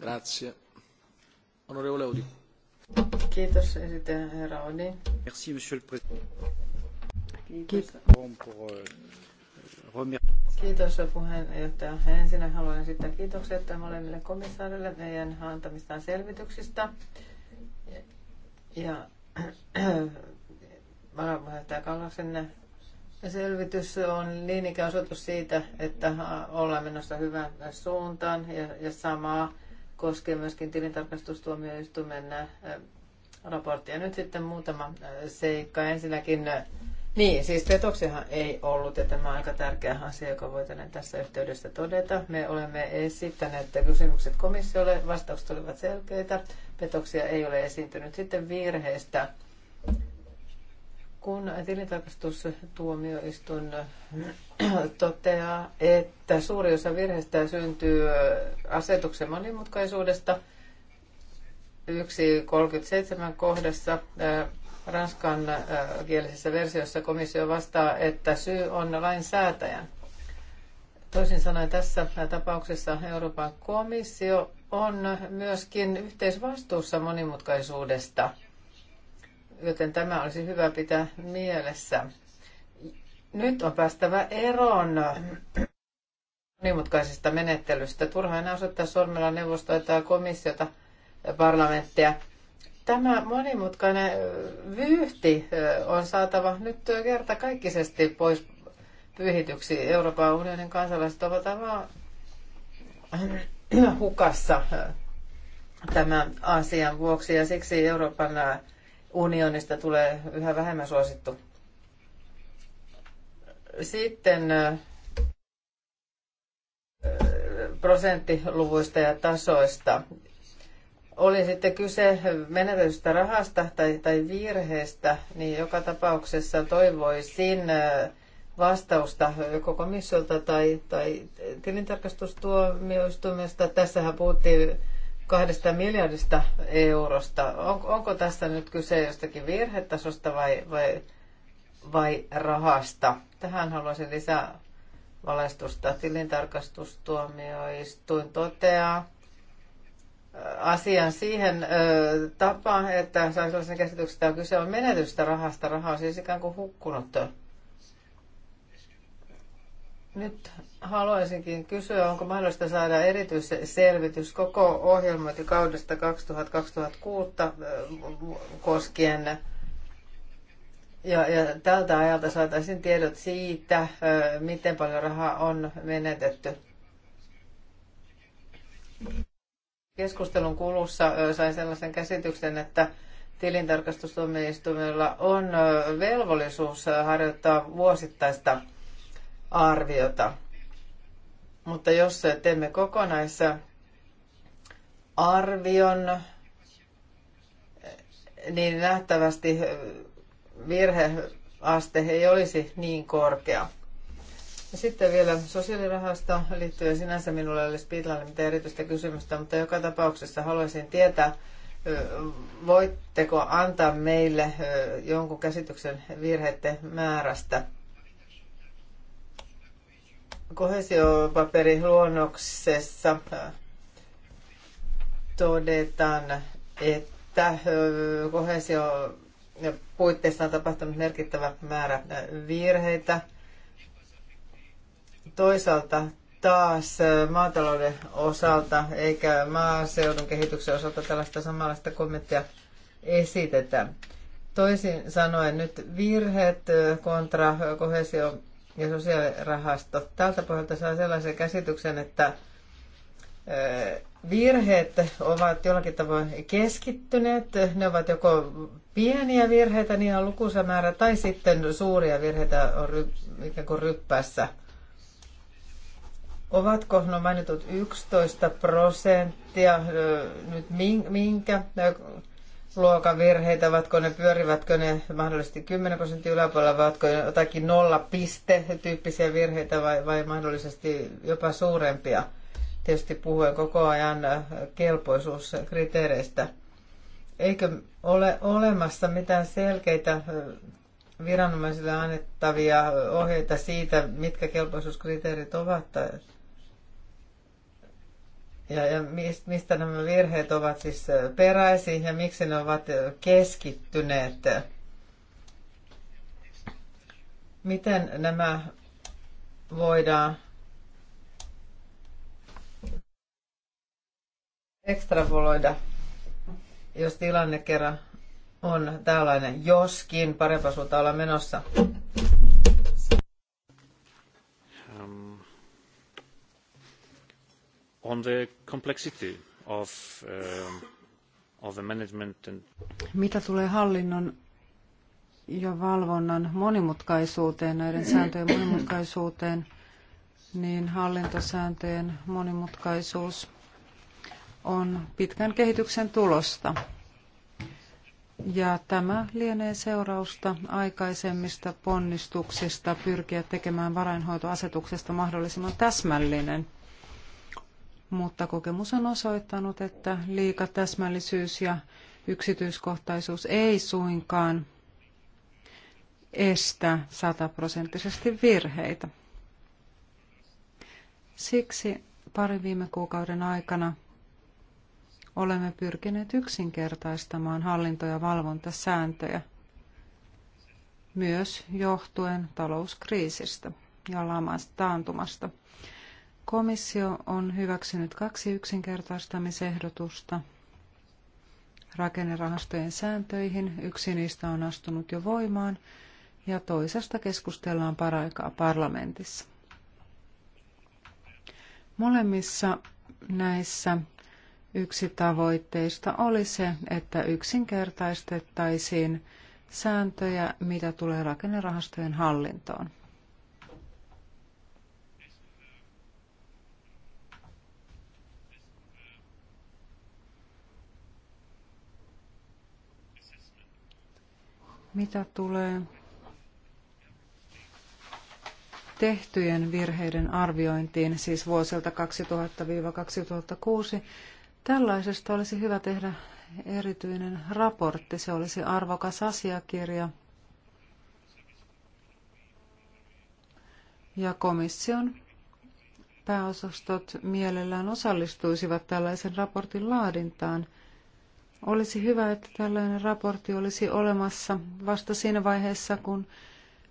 Grazie. Onorevole Audi. Kiitos esittäjä herra Audi. Merci, monsieur le président. Kiitos. Euh, Kiitos puheenjohtaja. Ensinnä haluan esittää kiitokset molemmille komissaarille meidän antamistaan selvityksistä. Ja [CLEARS THROAT] varapuheenjohtaja Kallasenne, selvitys on niin ikään osoitus siitä, että ollaan menossa hyvään suuntaan ja, ja samaa koskee myöskin tilintarkastustuomioistuimen äh, raporttia. Nyt sitten muutama äh, seikka. Ensinnäkin äh, niin, siis petoksihan ei ollut, ja tämä on aika tärkeä asia, joka voitaisiin tässä yhteydessä todeta. Me olemme esittäneet kysymykset komissiolle, vastaukset olivat selkeitä, petoksia ei ole esiintynyt. Sitten virheistä. Kun tilintarkastustuomioistuin toteaa, että suuri osa virheistä syntyy asetuksen monimutkaisuudesta, yksi kohdassa Ranskan äh, kielisessä versiossa komissio vastaa, että syy on lainsäätäjän. Toisin sanoen tässä tapauksessa Euroopan komissio on myöskin yhteisvastuussa monimutkaisuudesta, joten tämä olisi hyvä pitää mielessä. Nyt on päästävä eroon monimutkaisesta menettelystä. Turha enää osoittaa sormella neuvostoa ja komissiota, parlamenttia Tämä monimutkainen vyyhti on saatava nyt kertakaikkisesti pois pyyhityksi. Euroopan unionin kansalaiset ovat aivan [CLEARS THROAT] hukassa tämän asian vuoksi ja siksi Euroopan unionista tulee yhä vähemmän suosittu. Sitten prosenttiluvuista ja tasoista oli sitten kyse menetetystä rahasta tai, tai virheestä, niin joka tapauksessa toivoisin vastausta joko komissiolta tai, tai tilintarkastustuomioistuimesta. Tässähän puhuttiin kahdesta miljardista eurosta. On, onko tässä nyt kyse jostakin virhetasosta vai, vai, vai rahasta? Tähän haluaisin lisää valaistusta. Tilintarkastustuomioistuin toteaa, asian siihen tapaan, että sain sellaisen käsityksen, että kyse on menetystä rahasta. Raha on siis ikään kuin hukkunut. Nyt haluaisinkin kysyä, onko mahdollista saada erityisselvitys koko ohjelmointikaudesta 2000-2006 koskien. Ja, ja tältä ajalta saataisiin tiedot siitä, miten paljon rahaa on menetetty. Keskustelun kulussa sain sellaisen käsityksen, että tilintarkastustuomioistuimella on velvollisuus harjoittaa vuosittaista arviota. Mutta jos teemme kokonaisen arvion, niin nähtävästi virheaste ei olisi niin korkea. Sitten vielä sosiaalirahasta liittyen sinänsä minulle ei ole Speedlalle mitään erityistä kysymystä, mutta joka tapauksessa haluaisin tietää, voitteko antaa meille jonkun käsityksen virheiden määrästä. Kohesiopaperiluonnoksessa todetaan, että kohesio puitteissa on tapahtunut merkittävä määrä virheitä – toisaalta taas maatalouden osalta eikä maaseudun kehityksen osalta tällaista samanlaista kommenttia esitetä. Toisin sanoen nyt virheet kontra kohesio- ja sosiaalirahasto. Tältä pohjalta saa sellaisen käsityksen, että virheet ovat jollakin tavoin keskittyneet. Ne ovat joko pieniä virheitä, niin on lukuisa määrä, tai sitten suuria virheitä on ry, ikään kuin ryppässä – Ovatko no mainitut 11 prosenttia nyt minkä luokan virheitä, ovatko ne, pyörivätkö ne mahdollisesti 10 prosenttia yläpuolella, vai ovatko jotakin nolla piste tyyppisiä virheitä vai, vai mahdollisesti jopa suurempia? Tietysti puhuen koko ajan kelpoisuuskriteereistä. Eikö ole olemassa mitään selkeitä viranomaisille annettavia ohjeita siitä, mitkä kelpoisuuskriteerit ovat ja, ja mistä nämä virheet ovat siis peräisin ja miksi ne ovat keskittyneet. Miten nämä voidaan ekstrapoloida, jos tilanne kerran on tällainen, joskin parempaa suuntaan olla menossa. on the complexity of, uh, of the management and... Mitä tulee hallinnon ja valvonnan monimutkaisuuteen, näiden sääntöjen monimutkaisuuteen, niin hallintosääntöjen monimutkaisuus on pitkän kehityksen tulosta. Ja tämä lienee seurausta aikaisemmista ponnistuksista pyrkiä tekemään varainhoitoasetuksesta mahdollisimman täsmällinen – mutta kokemus on osoittanut, että liika täsmällisyys ja yksityiskohtaisuus ei suinkaan estä sataprosenttisesti virheitä. Siksi parin viime kuukauden aikana olemme pyrkineet yksinkertaistamaan hallinto- ja valvontasääntöjä, myös johtuen talouskriisistä ja lamasta taantumasta – Komissio on hyväksynyt kaksi yksinkertaistamisehdotusta rakennerahastojen sääntöihin. Yksi niistä on astunut jo voimaan ja toisesta keskustellaan paraikaa parlamentissa. Molemmissa näissä yksi tavoitteista oli se, että yksinkertaistettaisiin sääntöjä, mitä tulee rakennerahastojen hallintoon. Mitä tulee tehtyjen virheiden arviointiin, siis vuosilta 2000-2006, tällaisesta olisi hyvä tehdä erityinen raportti. Se olisi arvokas asiakirja ja komission pääosastot mielellään osallistuisivat tällaisen raportin laadintaan – olisi hyvä, että tällainen raportti olisi olemassa vasta siinä vaiheessa, kun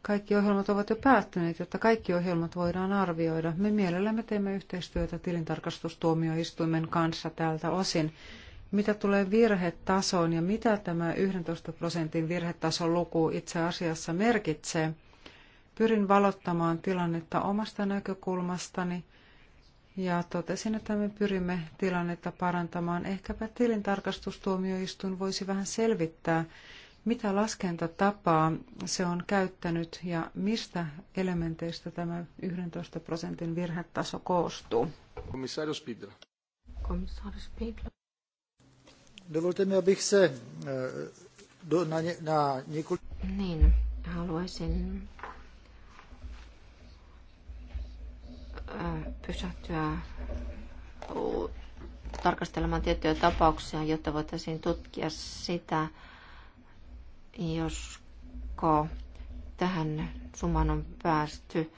kaikki ohjelmat ovat jo päättyneet, jotta kaikki ohjelmat voidaan arvioida. Me mielellämme teemme yhteistyötä tilintarkastustuomioistuimen kanssa tältä osin. Mitä tulee virhetasoon ja mitä tämä 11 prosentin virhetason luku itse asiassa merkitsee, pyrin valottamaan tilannetta omasta näkökulmastani – ja totesin, että me pyrimme tilannetta parantamaan. Ehkäpä tilintarkastustuomioistuin voisi vähän selvittää, mitä laskentatapaa se on käyttänyt ja mistä elementeistä tämä 11 prosentin virhetaso koostuu. Komissaario Spidla. Komissaario Spidla. Dovolte mi, abych se eh, na, na, na... Niin, haluaisin pysähtyä tarkastelemaan tiettyjä tapauksia, jotta voitaisiin tutkia sitä, josko tähän summaan on päästy,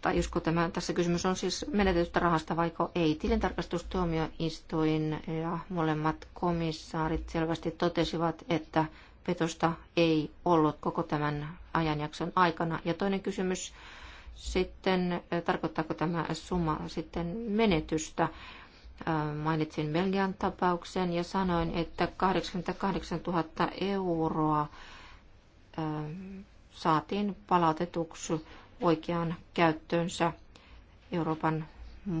tai josko tämä, tässä kysymys on siis menetetystä rahasta vaiko ei. Tilintarkastustuomioistuin ja molemmat komissaarit selvästi totesivat, että petosta ei ollut koko tämän ajanjakson aikana. Ja toinen kysymys sitten, tarkoittaako tämä summa sitten menetystä? Mainitsin Belgian tapauksen ja sanoin, että 88 000 euroa saatiin palautetuksi oikeaan käyttöönsä Euroopan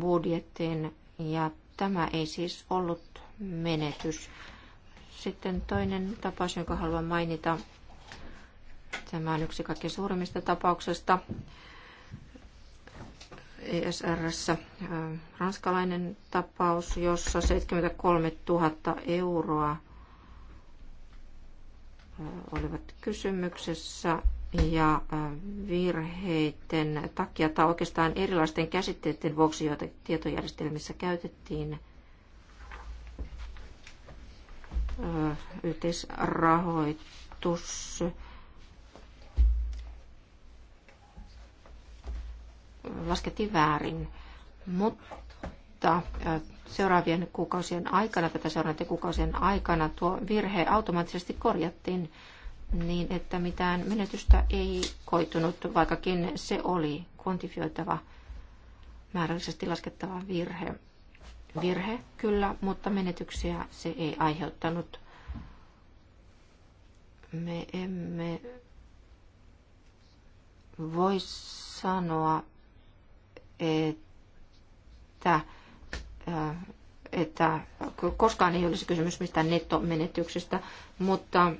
budjettiin ja tämä ei siis ollut menetys. Sitten toinen tapaus, jonka haluan mainita, tämä on yksi kaikkein suurimmista tapauksista. ESRssä äh, ranskalainen tapaus, jossa 73 000 euroa äh, olivat kysymyksessä ja äh, virheiden takia tai oikeastaan erilaisten käsitteiden vuoksi, joita tietojärjestelmissä käytettiin, yhteisrahoitus laskettiin väärin. Mutta seuraavien kuukausien aikana, tätä seuraavien kuukausien aikana, tuo virhe automaattisesti korjattiin niin, että mitään menetystä ei koitunut, vaikkakin se oli kvantifioitava määrällisesti laskettava virhe. Virhe kyllä, mutta menetyksiä se ei aiheuttanut. Me emme voi sanoa että, että koskaan ei olisi kysymys mistään nettomenetyksestä, mutta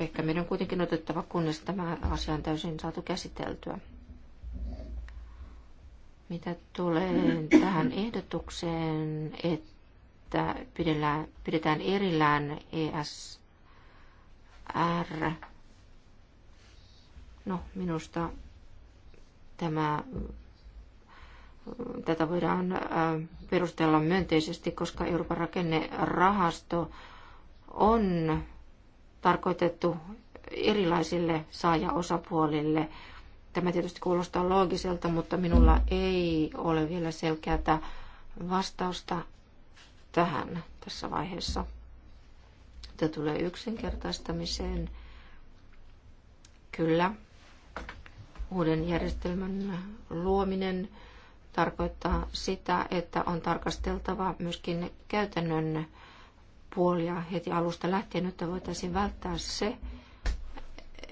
ehkä meidän on kuitenkin otettava, kunnes tämä asia on täysin saatu käsiteltyä. Mitä tulee tähän ehdotukseen, että pidetään erillään ESR, no minusta tämä Tätä voidaan äh, perustella myönteisesti, koska Euroopan rakennerahasto on tarkoitettu erilaisille saajaosapuolille. Tämä tietysti kuulostaa loogiselta, mutta minulla ei ole vielä selkeää vastausta tähän tässä vaiheessa. Tämä tulee yksinkertaistamiseen, kyllä, uuden järjestelmän luominen tarkoittaa sitä, että on tarkasteltava myöskin käytännön puolia heti alusta lähtien, että voitaisiin välttää se,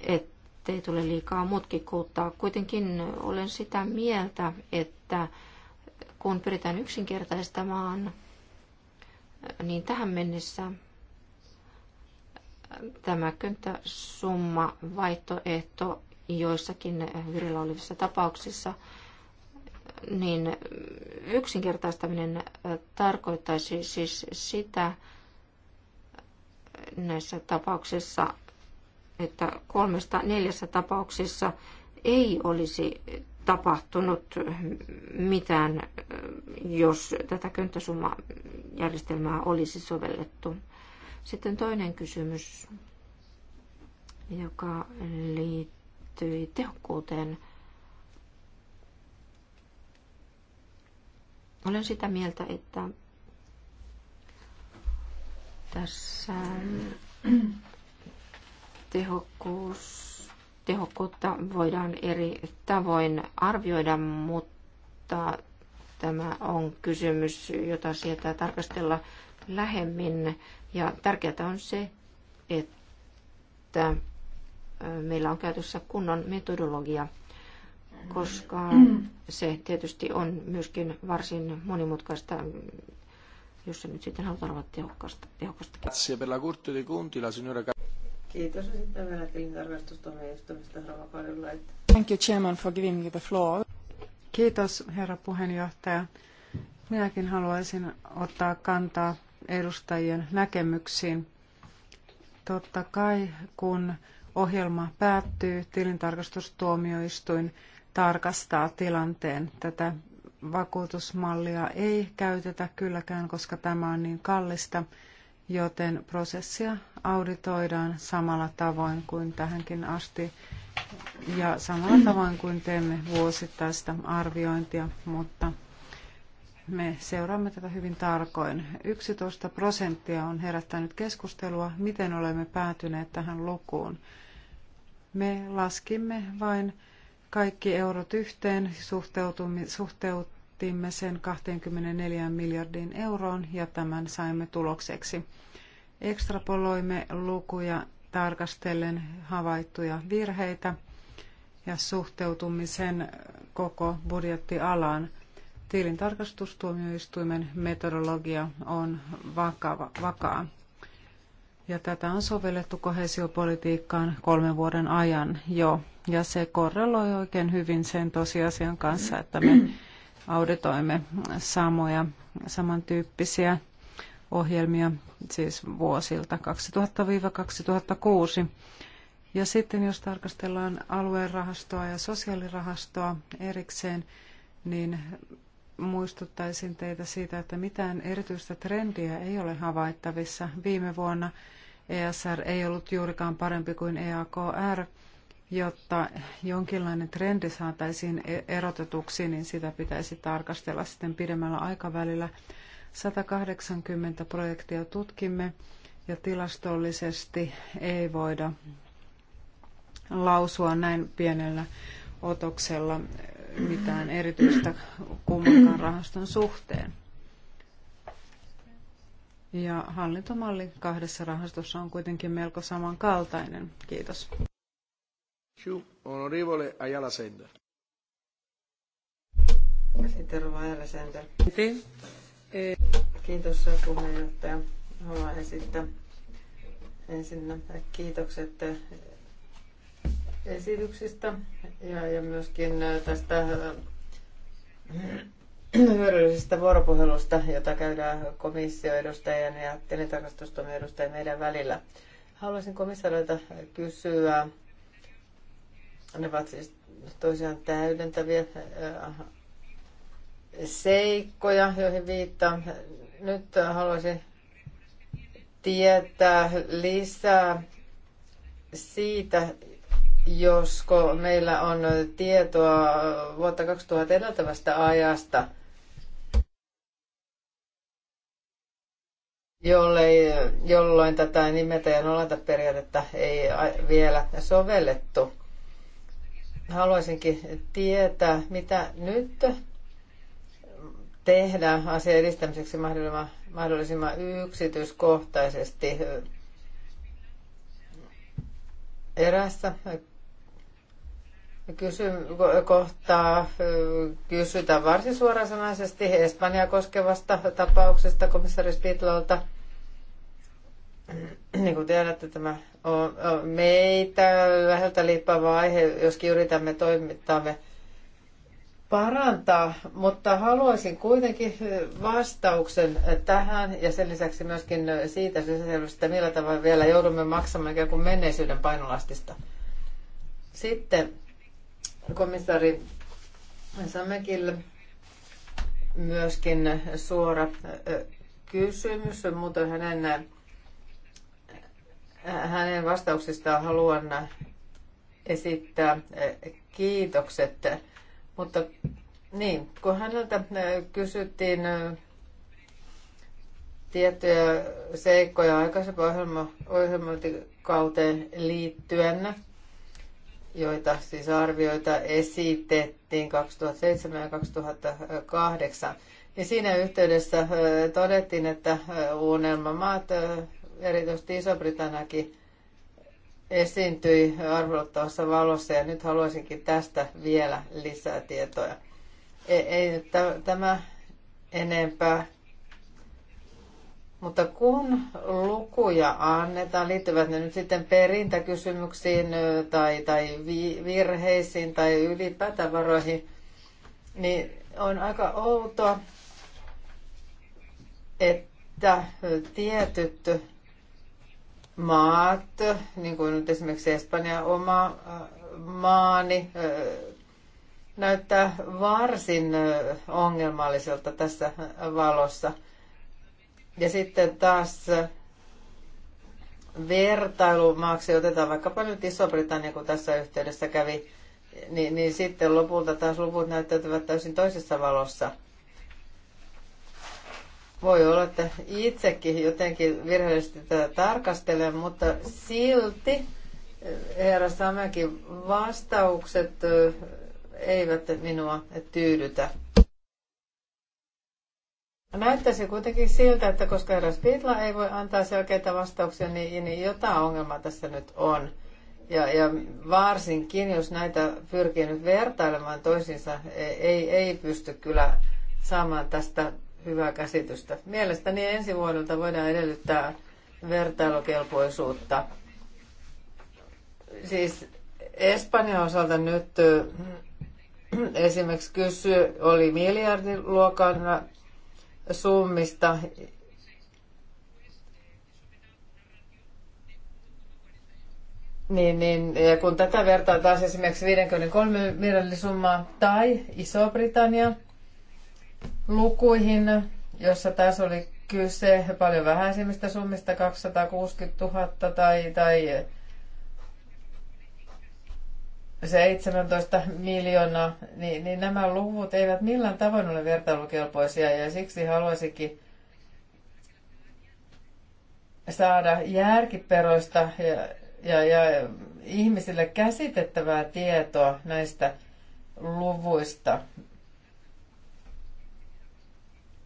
ettei tule liikaa mutkikkuutta. Kuitenkin olen sitä mieltä, että kun pyritään yksinkertaistamaan, niin tähän mennessä tämä könttäsumma vaihtoehto joissakin vireillä olevissa tapauksissa – niin yksinkertaistaminen tarkoittaisi siis sitä näissä tapauksissa, että kolmesta neljässä tapauksessa ei olisi tapahtunut mitään, jos tätä könttäsummajärjestelmää olisi sovellettu. Sitten toinen kysymys, joka liittyy tehokkuuteen. Olen sitä mieltä, että tässä tehokkuus, tehokkuutta voidaan eri tavoin arvioida, mutta tämä on kysymys, jota sieltä tarkastella lähemmin. Ja tärkeää on se, että meillä on käytössä kunnon metodologia – koska mm. se tietysti on myöskin varsin monimutkaista, jos se nyt sitten halutaan olla tehokasta. tehokasta. Grazie per la Conti, la signora Kiitos ja sitten vielä tilintarkastustuomioistuimesta Rova Kaljullaita. Thank you chairman for giving me the floor. Kiitos herra puheenjohtaja. Minäkin haluaisin ottaa kantaa edustajien näkemyksiin. Totta kai kun ohjelma päättyy, tilintarkastustuomioistuin tarkastaa tilanteen. Tätä vakuutusmallia ei käytetä kylläkään, koska tämä on niin kallista, joten prosessia auditoidaan samalla tavoin kuin tähänkin asti ja samalla tavoin kuin teemme vuosittaista arviointia, mutta me seuraamme tätä hyvin tarkoin. 11 prosenttia on herättänyt keskustelua, miten olemme päätyneet tähän lukuun. Me laskimme vain kaikki eurot yhteen, suhteutimme sen 24 miljardin euroon ja tämän saimme tulokseksi. Ekstrapoloimme lukuja tarkastellen havaittuja virheitä ja suhteutumisen koko budjettialaan. Tilintarkastustuomioistuimen metodologia on vakava, vakaa. Ja tätä on sovellettu kohesiopolitiikkaan kolmen vuoden ajan jo. Ja se korreloi oikein hyvin sen tosiasian kanssa, että me auditoimme samoja, samantyyppisiä ohjelmia siis vuosilta 2000-2006. Ja sitten jos tarkastellaan aluerahastoa ja sosiaalirahastoa erikseen, niin muistuttaisin teitä siitä, että mitään erityistä trendiä ei ole havaittavissa. Viime vuonna ESR ei ollut juurikaan parempi kuin EAKR, jotta jonkinlainen trendi saataisiin e- erotetuksi, niin sitä pitäisi tarkastella sitten pidemmällä aikavälillä. 180 projektia tutkimme ja tilastollisesti ei voida lausua näin pienellä otoksella mitään erityistä kummankaan rahaston suhteen. Ja hallintomalli kahdessa rahastossa on kuitenkin melko samankaltainen. Kiitos. Onorevole Ajala Sitten Sender. E, kiitos puheenjohtaja. Haluan esittää ensinnä kiitokset esityksistä ja, ja myöskin äh, tästä äh, [CLEARS THROAT] hyödyllisestä vuoropuhelusta, jota käydään komissioedustajien ja tilintarkastustoimien edustajien meidän välillä. Haluaisin komissaarilta kysyä, ne ovat siis toisiaan täydentäviä äh, seikkoja, joihin viittaan. Nyt haluaisin tietää lisää siitä, josko meillä on tietoa vuotta 2000 edeltävästä ajasta, jollei, jolloin tätä nimetä ja nolata periaatetta ei vielä sovellettu. Haluaisinkin tietää, mitä nyt tehdään asian edistämiseksi mahdollisimman yksityiskohtaisesti. Erässä kysyn, kohtaa kysytään varsin suorasanaisesti Espanjaa koskevasta tapauksesta komissari Spitlolta. Niin kuin tiedätte, tämä on meitä läheltä liippaava aihe, joskin yritämme me parantaa, mutta haluaisin kuitenkin vastauksen tähän ja sen lisäksi myöskin siitä että millä tavalla vielä joudumme maksamaan ikään kuin menneisyyden painolastista. Sitten komissaari Samekille myöskin suora kysymys, mutta hänen, hänen vastauksistaan haluan esittää kiitokset. Mutta niin, kun häneltä kysyttiin tiettyjä seikkoja aikaisempaan ohjelmointikauteen liittyen, joita siis arvioita esitettiin 2007 ja 2008, niin siinä yhteydessä todettiin, että unelmamaat, erityisesti Iso-Britanniakin, esiintyi arveluttavassa valossa ja nyt haluaisinkin tästä vielä lisää tietoja. E, ei, ei tämä enempää mutta kun lukuja annetaan, liittyvät ne nyt sitten perintäkysymyksiin tai, tai virheisiin tai ylipäätään varoihin, niin on aika outoa, että tietyt maat, niin kuin nyt esimerkiksi Espanja oma maani, näyttää varsin ongelmalliselta tässä valossa – ja sitten taas vertailumaaksi otetaan vaikkapa nyt Iso-Britannia, kun tässä yhteydessä kävi, niin, niin sitten lopulta taas luvut näyttäytyvät täysin toisessa valossa. Voi olla, että itsekin jotenkin virheellisesti tätä tarkastelen, mutta silti eh, herra Samäkin vastaukset eh, eivät minua tyydytä. Näyttäisi kuitenkin siltä, että koska eräs Pitla ei voi antaa selkeitä vastauksia, niin, niin jotain ongelmaa tässä nyt on. Ja, ja varsinkin, jos näitä pyrkii nyt vertailemaan toisiinsa, e, ei, ei pysty kyllä saamaan tästä hyvää käsitystä. Mielestäni ensi vuodelta voidaan edellyttää vertailukelpoisuutta. Siis Espanjan osalta nyt esimerkiksi kysy oli miljardiluokan summista. Niin, niin, ja kun tätä vertaa taas esimerkiksi 53 summaa tai Iso-Britannia lukuihin, jossa taas oli kyse paljon vähäisimmistä summista, 260 000 tai, tai 17 miljoonaa, niin, niin nämä luvut eivät millään tavoin ole vertailukelpoisia ja siksi haluaisinkin saada järkiperoista ja, ja, ja ihmisille käsitettävää tietoa näistä luvuista.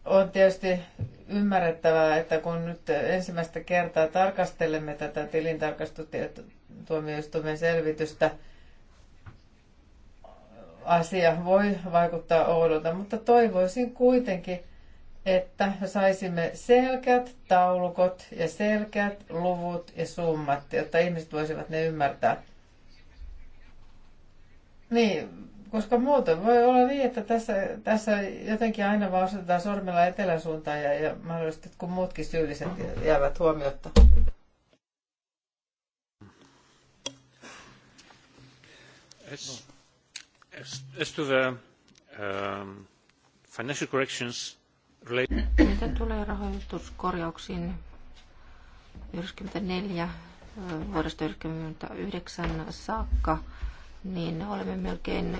On tietysti ymmärrettävää, että kun nyt ensimmäistä kertaa tarkastelemme tätä tilintarkastustuomioistuimen selvitystä – asia voi vaikuttaa oudolta, mutta toivoisin kuitenkin, että saisimme selkeät taulukot ja selkeät luvut ja summat, jotta ihmiset voisivat ne ymmärtää. Niin, koska muuten voi olla niin, että tässä, tässä jotenkin aina vaan osoitetaan sormella eteläsuuntaan ja, ja mahdollisesti kun muutkin syylliset jäävät huomiotta. No. Um, Mitä tulee rahoituskorjauksiin vuodesta yhdeksänkymmentäyhdeksän saakka, niin olemme melkein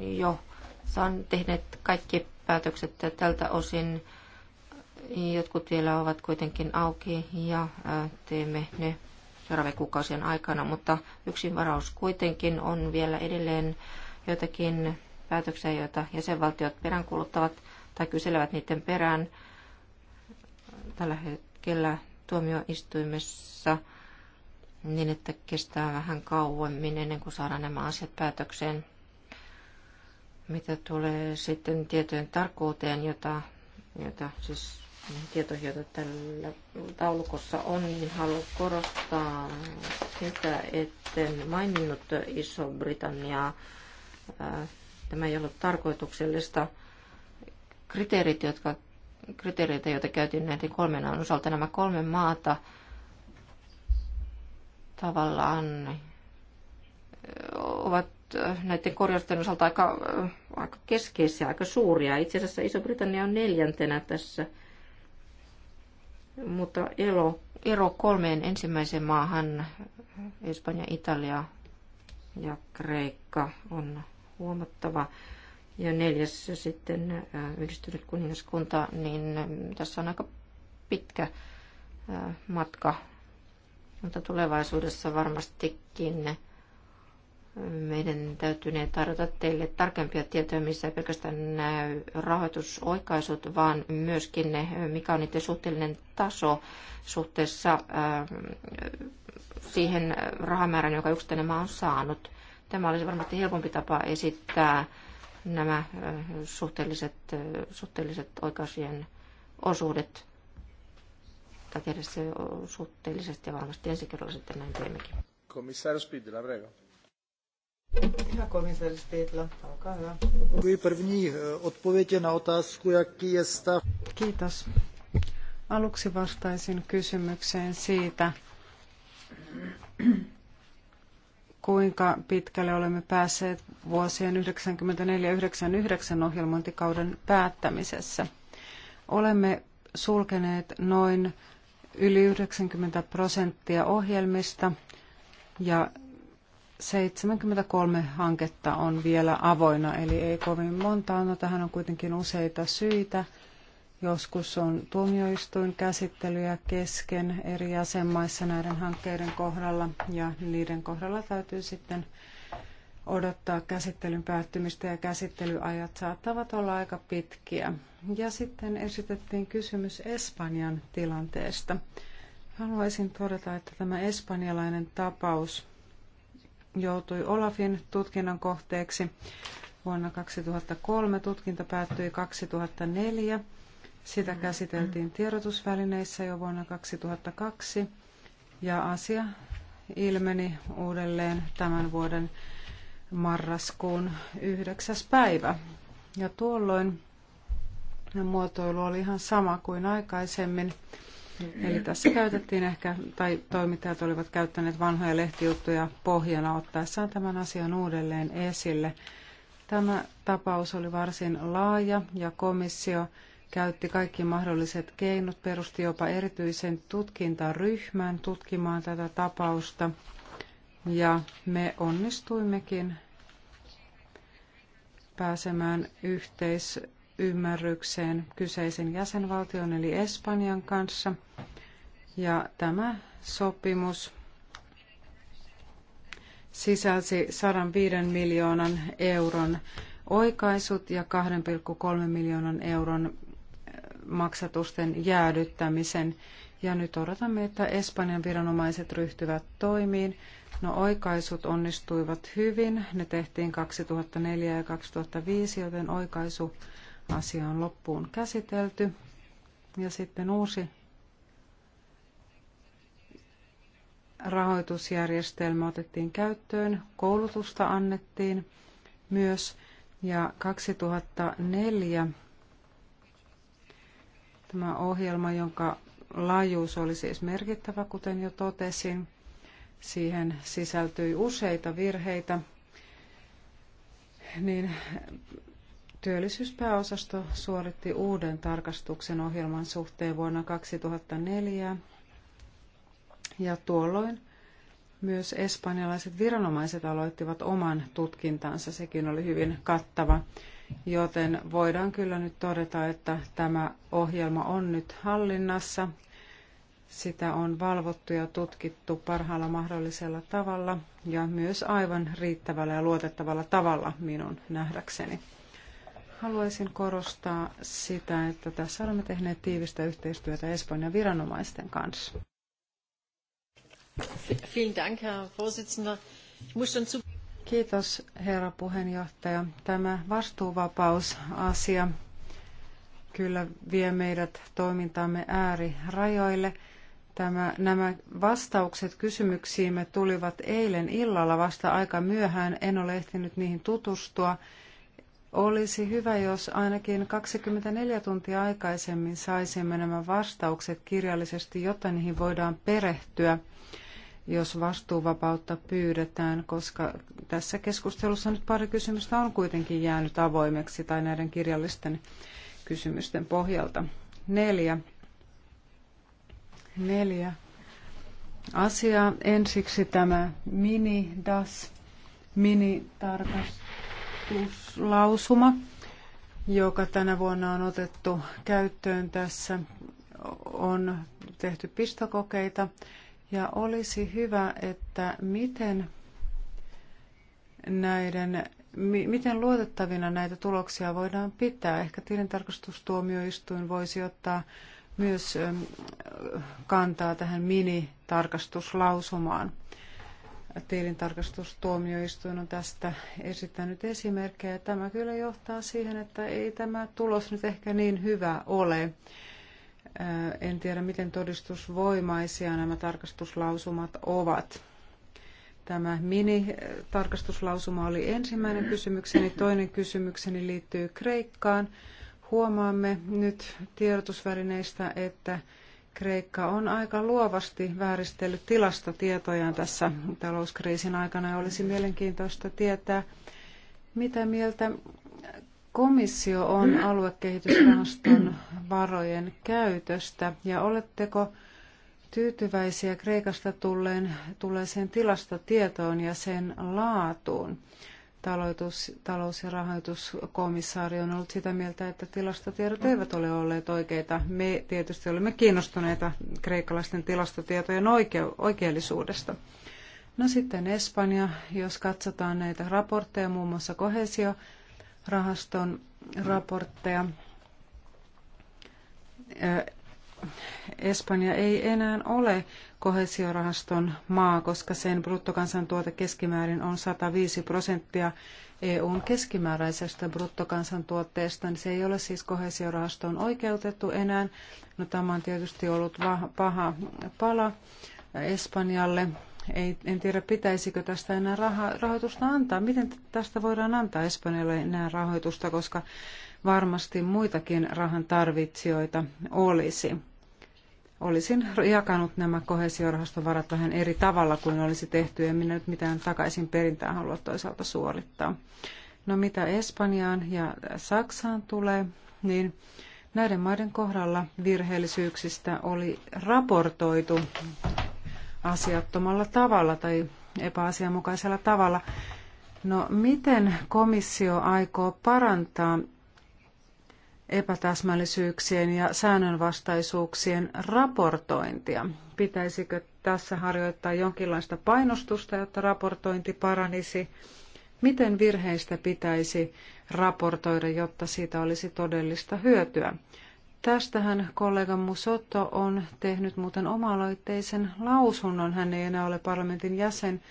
jo saan tehneet kaikki päätökset tältä osin. Jotkut vielä ovat kuitenkin auki ja teemme ne seuraavien kuukausien aikana, mutta yksin varaus kuitenkin on vielä edelleen joitakin päätöksiä, joita jäsenvaltiot peräänkuluttavat tai kyselevät niiden perään. Tällä hetkellä tuomioistuimessa niin, että kestää vähän kauemmin ennen kuin saadaan nämä asiat päätökseen. Mitä tulee sitten tietojen tarkkuuteen, jota, jota siis tietoihin, joita tällä taulukossa on, niin haluan korostaa sitä, että maininnut Iso-Britanniaa Tämä ei ollut tarkoituksellista. Kriteerit, jotka, kriteereitä, joita käytiin näiden kolmen on osalta, nämä kolme maata tavallaan ovat näiden korjausten osalta aika, aika keskeisiä, aika suuria. Itse asiassa Iso-Britannia on neljäntenä tässä, mutta ero, ero kolmeen ensimmäiseen maahan, Espanja, Italia ja Kreikka on huomattava. Ja neljäs sitten äh, yhdistynyt kuningaskunta, niin äh, tässä on aika pitkä äh, matka, mutta tulevaisuudessa varmastikin meidän täytyy tarjota teille tarkempia tietoja, missä ei pelkästään näy rahoitusoikaisut, vaan myöskin ne, mikä on niiden suhteellinen taso suhteessa siihen rahamäärän, joka yksittäinen maa on saanut. Tämä olisi varmasti helpompi tapa esittää nämä suhteelliset, suhteelliset oikaisujen osuudet tai tehdä se suhteellisesti ja varmasti ensi kerralla sitten näin teemmekin. Komissaari Spidila, prego. Hyvä komissaari Spidila, olkaa hyvä. První odpověď na otasku, jaký Kiitos. Aluksi vastaisin kysymykseen siitä, kuinka pitkälle olemme päässeet vuosien 1994-1999 ohjelmointikauden päättämisessä. Olemme sulkeneet noin yli 90 prosenttia ohjelmista ja 73 hanketta on vielä avoinna, eli ei kovin montaa, No, tähän on kuitenkin useita syitä. Joskus on tuomioistuinkäsittelyjä kesken eri jäsenmaissa näiden hankkeiden kohdalla ja niiden kohdalla täytyy sitten odottaa käsittelyn päättymistä ja käsittelyajat saattavat olla aika pitkiä. Ja sitten esitettiin kysymys Espanjan tilanteesta. Haluaisin todeta, että tämä espanjalainen tapaus joutui Olafin tutkinnan kohteeksi vuonna 2003. Tutkinta päättyi 2004 sitä käsiteltiin tiedotusvälineissä jo vuonna 2002 ja asia ilmeni uudelleen tämän vuoden marraskuun 9. päivä. Ja tuolloin muotoilu oli ihan sama kuin aikaisemmin. Eli tässä käytettiin ehkä, tai toimittajat olivat käyttäneet vanhoja lehtijuttuja pohjana ottaessaan tämän asian uudelleen esille. Tämä tapaus oli varsin laaja ja komissio käytti kaikki mahdolliset keinot, perusti jopa erityisen tutkintaryhmän tutkimaan tätä tapausta. Ja me onnistuimmekin pääsemään yhteisymmärrykseen kyseisen jäsenvaltion eli Espanjan kanssa. Ja tämä sopimus sisälsi 105 miljoonan euron oikaisut ja 2,3 miljoonan euron maksatusten jäädyttämisen. Ja nyt odotamme, että Espanjan viranomaiset ryhtyvät toimiin. No oikaisut onnistuivat hyvin. Ne tehtiin 2004 ja 2005, joten oikaisu asia on loppuun käsitelty. Ja sitten uusi rahoitusjärjestelmä otettiin käyttöön, koulutusta annettiin myös ja 2004 Tämä ohjelma, jonka laajuus oli siis merkittävä, kuten jo totesin, siihen sisältyi useita virheitä, niin työllisyyspääosasto suoritti uuden tarkastuksen ohjelman suhteen vuonna 2004 ja tuolloin myös espanjalaiset viranomaiset aloittivat oman tutkintansa. Sekin oli hyvin kattava joten voidaan kyllä nyt todeta, että tämä ohjelma on nyt hallinnassa. Sitä on valvottu ja tutkittu parhaalla mahdollisella tavalla ja myös aivan riittävällä ja luotettavalla tavalla minun nähdäkseni. Haluaisin korostaa sitä, että tässä olemme tehneet tiivistä yhteistyötä Espanjan viranomaisten kanssa. Vielen Dank, Herr Vorsitzender. Ich muss schon zu Kiitos, herra puheenjohtaja. Tämä vastuuvapausasia kyllä vie meidät toimintamme äärirajoille. Tämä, nämä vastaukset kysymyksiimme tulivat eilen illalla vasta aika myöhään. En ole ehtinyt niihin tutustua. Olisi hyvä, jos ainakin 24 tuntia aikaisemmin saisimme nämä vastaukset kirjallisesti, jotta niihin voidaan perehtyä jos vastuuvapautta pyydetään, koska tässä keskustelussa nyt pari kysymystä on kuitenkin jäänyt avoimeksi tai näiden kirjallisten kysymysten pohjalta. Neljä. Neljä asiaa. Ensiksi tämä mini-DAS, mini-tarkastuslausuma, joka tänä vuonna on otettu käyttöön tässä. On tehty pistokokeita ja olisi hyvä, että miten näiden Miten luotettavina näitä tuloksia voidaan pitää? Ehkä tilintarkastustuomioistuin voisi ottaa myös ähm, kantaa tähän minitarkastuslausumaan. Tilintarkastustuomioistuin on tästä esittänyt esimerkkejä. Tämä kyllä johtaa siihen, että ei tämä tulos nyt ehkä niin hyvä ole. En tiedä, miten todistusvoimaisia nämä tarkastuslausumat ovat. Tämä mini-tarkastuslausuma oli ensimmäinen kysymykseni. Toinen kysymykseni liittyy Kreikkaan. Huomaamme nyt tiedotusvälineistä, että Kreikka on aika luovasti vääristellyt tilastotietojaan tässä talouskriisin aikana ja olisi mielenkiintoista tietää, mitä mieltä komissio on aluekehitysrahaston varojen käytöstä ja oletteko tyytyväisiä Kreikasta tulleen, tulleeseen tilastotietoon ja sen laatuun? Taloitus, talous- ja rahoituskomissaari on ollut sitä mieltä, että tilastotiedot eivät ole olleet oikeita. Me tietysti olemme kiinnostuneita kreikkalaisten tilastotietojen oike- oikeellisuudesta. No sitten Espanja, jos katsotaan näitä raportteja, muun muassa kohesio rahaston raportteja. Espanja ei enää ole kohesiorahaston maa, koska sen bruttokansantuote keskimäärin on 105 prosenttia EUn keskimääräisestä bruttokansantuotteesta, niin se ei ole siis kohesiorahastoon oikeutettu enää. No, tämä on tietysti ollut paha pala Espanjalle, ei, en tiedä, pitäisikö tästä enää raha, rahoitusta antaa. Miten tästä voidaan antaa Espanjalle enää rahoitusta, koska varmasti muitakin rahan tarvitsijoita olisi. Olisin jakanut nämä kohesiorahaston varat vähän eri tavalla kuin olisi tehty. En minä nyt mitään takaisin perintään halua toisaalta suorittaa. No mitä Espanjaan ja Saksaan tulee, niin näiden maiden kohdalla virheellisyyksistä oli raportoitu asiattomalla tavalla tai epäasianmukaisella tavalla. No miten komissio aikoo parantaa epätäsmällisyyksien ja säännönvastaisuuksien raportointia? Pitäisikö tässä harjoittaa jonkinlaista painostusta, jotta raportointi paranisi? Miten virheistä pitäisi raportoida, jotta siitä olisi todellista hyötyä? Tästähän kollega Musotto on tehnyt muuten oma-aloitteisen lausunnon. Hän ei enää ole parlamentin jäsen,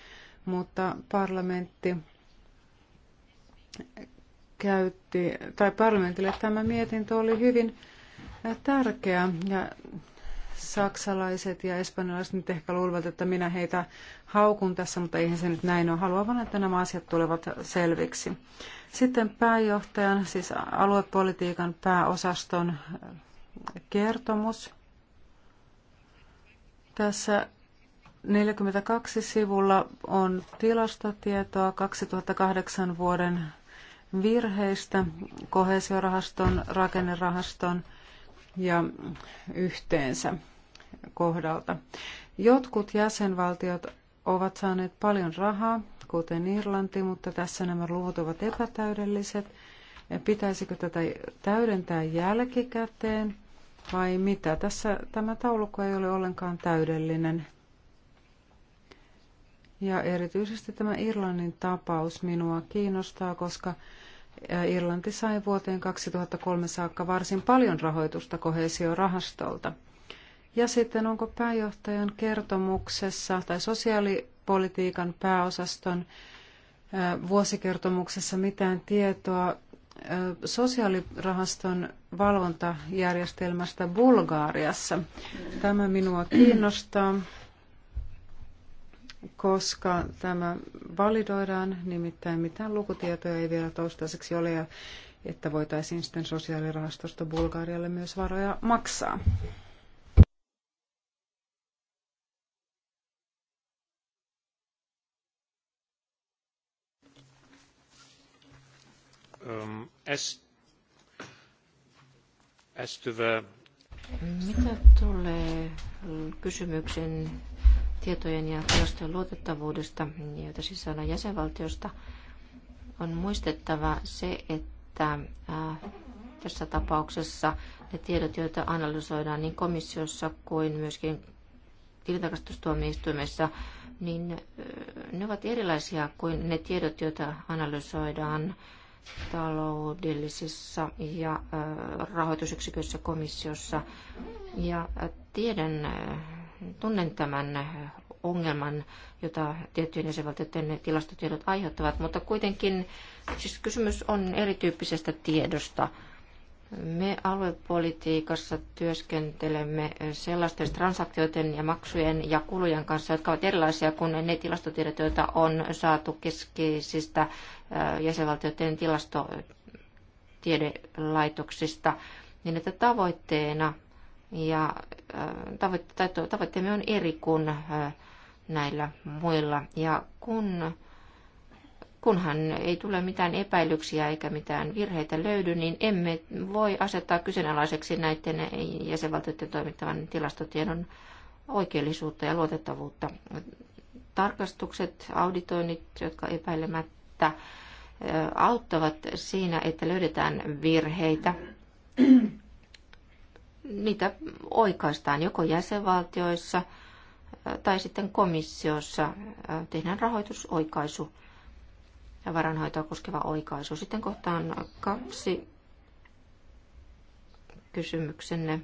mutta parlamentti käytti, tai parlamentille tämä mietintö oli hyvin tärkeä. Ja saksalaiset ja espanjalaiset nyt ehkä luulivat, että minä heitä haukun tässä, mutta eihän se nyt näin ole. Haluan että nämä asiat tulevat selviksi. Sitten pääjohtajan, siis aluepolitiikan pääosaston äh, kertomus. Tässä 42 sivulla on tilastotietoa 2008 vuoden virheistä, kohesiorahaston, rakennerahaston ja yhteensä kohdalta. Jotkut jäsenvaltiot ovat saaneet paljon rahaa kuten Irlanti, mutta tässä nämä luvut ovat epätäydelliset. Pitäisikö tätä täydentää jälkikäteen vai mitä? Tässä tämä taulukko ei ole ollenkaan täydellinen. Ja erityisesti tämä Irlannin tapaus minua kiinnostaa, koska Irlanti sai vuoteen 2003 saakka varsin paljon rahoitusta kohesiorahastolta. Ja sitten onko pääjohtajan kertomuksessa tai sosiaali politiikan pääosaston vuosikertomuksessa mitään tietoa sosiaalirahaston valvontajärjestelmästä Bulgaariassa. Tämä minua kiinnostaa, koska tämä validoidaan, nimittäin mitään lukutietoja ei vielä toistaiseksi ole, ja että voitaisiin sitten sosiaalirahastosta Bulgaarialle myös varoja maksaa. Ähm, Mitä tulee kysymyksen tietojen ja tilastojen luotettavuudesta, joita siis saadaan jäsenvaltiosta, on muistettava se, että äh, tässä tapauksessa ne tiedot, joita analysoidaan niin komissiossa kuin myöskin tilintarkastustuomioistuimessa, niin äh, ne ovat erilaisia kuin ne tiedot, joita analysoidaan taloudellisissa ja rahoitusyksiköissä komissiossa. Ja tiedän, tunnen tämän ongelman, jota tiettyjen jäsenvaltioiden tilastotiedot aiheuttavat, mutta kuitenkin siis kysymys on erityyppisestä tiedosta – me aluepolitiikassa työskentelemme sellaisten transaktioiden ja maksujen ja kulujen kanssa, jotka ovat erilaisia kuin ne tilastotiedot, joita on saatu keskeisistä jäsenvaltioiden tilastotiedelaitoksista, niin että tavoitteena ja tavoitteemme on eri kuin näillä muilla. Ja kun kunhan ei tule mitään epäilyksiä eikä mitään virheitä löydy, niin emme voi asettaa kyseenalaiseksi näiden jäsenvaltioiden toimittavan tilastotiedon oikeellisuutta ja luotettavuutta. Tarkastukset, auditoinnit, jotka epäilemättä auttavat siinä, että löydetään virheitä. Niitä oikaistaan joko jäsenvaltioissa tai sitten komissiossa tehdään rahoitusoikaisu ja varanhoitoa koskeva oikaisu. Sitten kohtaan kaksi kysymyksenne.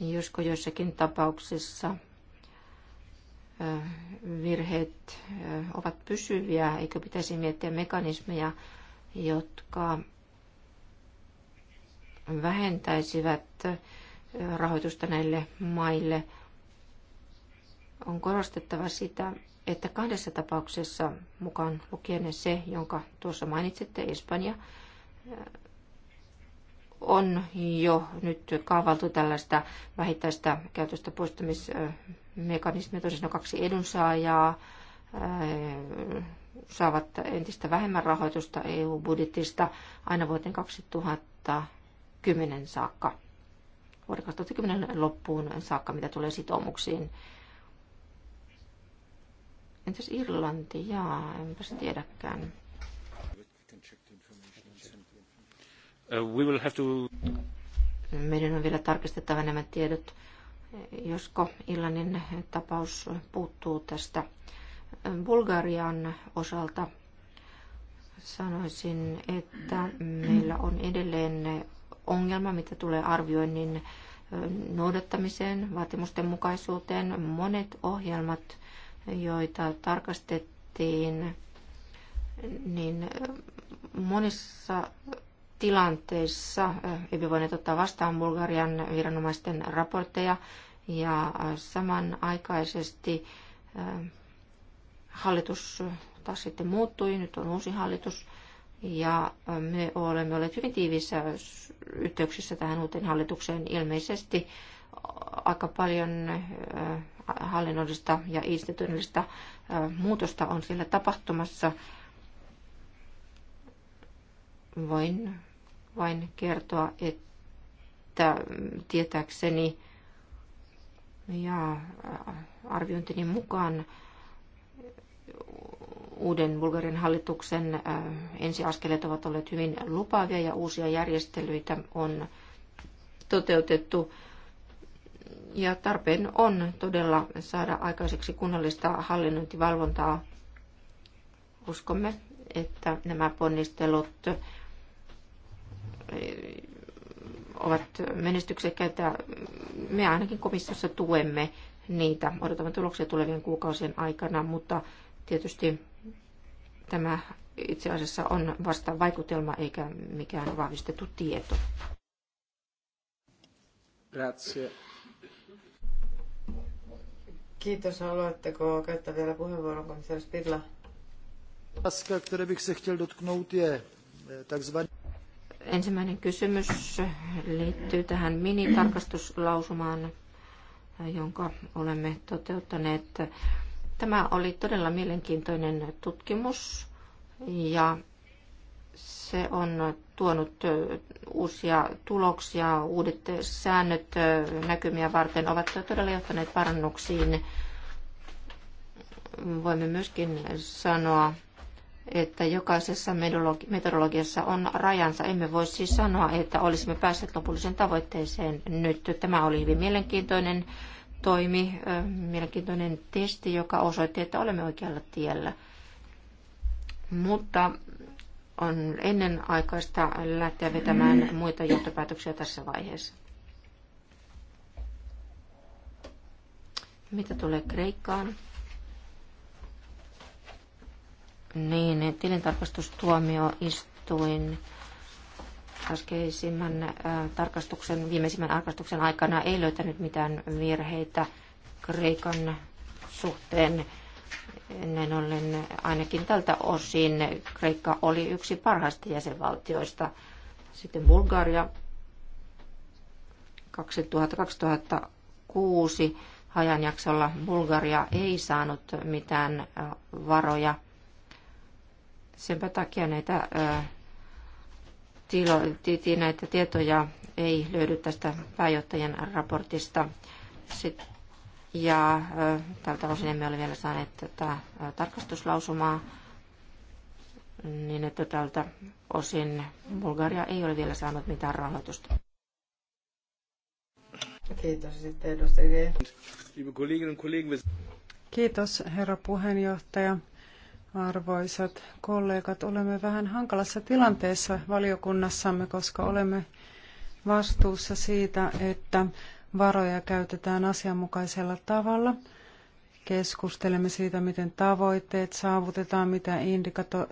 Josko joissakin tapauksissa virheet ovat pysyviä, eikö pitäisi miettiä mekanismeja, jotka vähentäisivät rahoitusta näille maille. On korostettava sitä, että kahdessa tapauksessa, mukaan lukien se, jonka tuossa mainitsitte, Espanja, on jo nyt kaavaltu tällaista vähittäistä käytöstä poistamismekanismia, tosin on kaksi edunsaajaa, saavat entistä vähemmän rahoitusta EU-budjetista aina vuoteen 2010 saakka, vuoden 2010 loppuun saakka, mitä tulee sitoumuksiin Entäs Irlanti? Jaa, enpäs tiedäkään. Uh, we will have to... Meidän on vielä tarkistettava nämä tiedot, josko Irlannin tapaus puuttuu tästä. Bulgarian osalta sanoisin, että meillä on edelleen ongelma, mitä tulee arvioinnin noudattamiseen, vaatimusten mukaisuuteen. Monet ohjelmat joita tarkastettiin, niin monissa tilanteissa eh, emme voineet ottaa vastaan Bulgarian viranomaisten raportteja ja samanaikaisesti eh, hallitus taas sitten muuttui, nyt on uusi hallitus ja eh, me olemme olleet hyvin tiiviissä yhteyksissä tähän uuteen hallitukseen ilmeisesti aika paljon hallinnollista ja instituutiollista muutosta on siellä tapahtumassa. Voin vain kertoa, että tietääkseni ja arviointini mukaan uuden Bulgarian hallituksen ensiaskeleet ovat olleet hyvin lupaavia ja uusia järjestelyitä on toteutettu ja tarpeen on todella saada aikaiseksi kunnallista hallinnointivalvontaa. Uskomme, että nämä ponnistelut eh, ovat menestyksekkäitä. Me ainakin komissiossa tuemme niitä. Odotamme tuloksia tulevien kuukausien aikana, mutta tietysti tämä itse asiassa on vasta vaikutelma eikä mikään vahvistettu tieto. Grazie. Kiitos. Haluatteko käyttää vielä puheenvuoron, komissaari Spidla? které bych se chtěl dotknout, je eh, takzvaný... Ensimmäinen kysymys liittyy tähän minitarkastuslausumaan, jonka olemme toteuttaneet. Tämä oli todella mielenkiintoinen tutkimus ja se on tuonut uusia tuloksia. Uudet säännöt näkymiä varten ovat todella johtaneet parannuksiin. Voimme myöskin sanoa, että jokaisessa metodologiassa on rajansa. Emme voi siis sanoa, että olisimme päässeet lopulliseen tavoitteeseen nyt. Tämä oli hyvin mielenkiintoinen toimi, mielenkiintoinen testi, joka osoitti, että olemme oikealla tiellä. Mutta on ennen aikaista lähteä vetämään muita johtopäätöksiä tässä vaiheessa. Mitä tulee Kreikkaan? Niin, tilintarkastustuomioistuin äskeisimmän äh, tarkastuksen, viimeisimmän tarkastuksen aikana ei löytänyt mitään virheitä Kreikan suhteen näin ollen ainakin tältä osin Kreikka oli yksi parhaista jäsenvaltioista. Sitten Bulgaria 2000-2006 hajanjaksolla Bulgaria ei saanut mitään varoja. Senpä takia näitä, tilo, näitä tietoja ei löydy tästä pääjohtajan raportista. Sitten ja tältä osin emme ole vielä saaneet tätä tarkastuslausumaa, niin että tältä osin Bulgaria ei ole vielä saanut mitään rahoitusta. Kiitos sitten edustaja. Kiitos herra puheenjohtaja. Arvoisat kollegat, olemme vähän hankalassa tilanteessa valiokunnassamme, koska olemme vastuussa siitä, että varoja käytetään asianmukaisella tavalla. Keskustelemme siitä, miten tavoitteet saavutetaan, mitä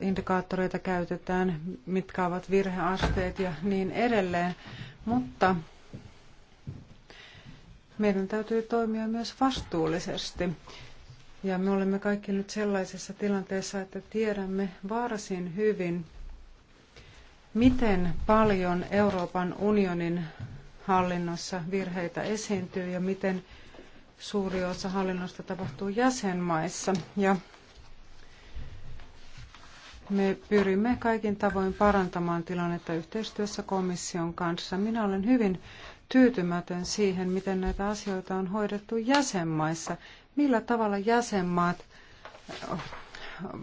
indikaattoreita käytetään, mitkä ovat virheasteet ja niin edelleen. Mutta meidän täytyy toimia myös vastuullisesti. Ja me olemme kaikki nyt sellaisessa tilanteessa, että tiedämme varsin hyvin, miten paljon Euroopan unionin hallinnossa virheitä esiintyy ja miten suuri osa hallinnosta tapahtuu jäsenmaissa. Ja me pyrimme kaikin tavoin parantamaan tilannetta yhteistyössä komission kanssa. Minä olen hyvin tyytymätön siihen, miten näitä asioita on hoidettu jäsenmaissa. Millä tavalla jäsenmaat eh,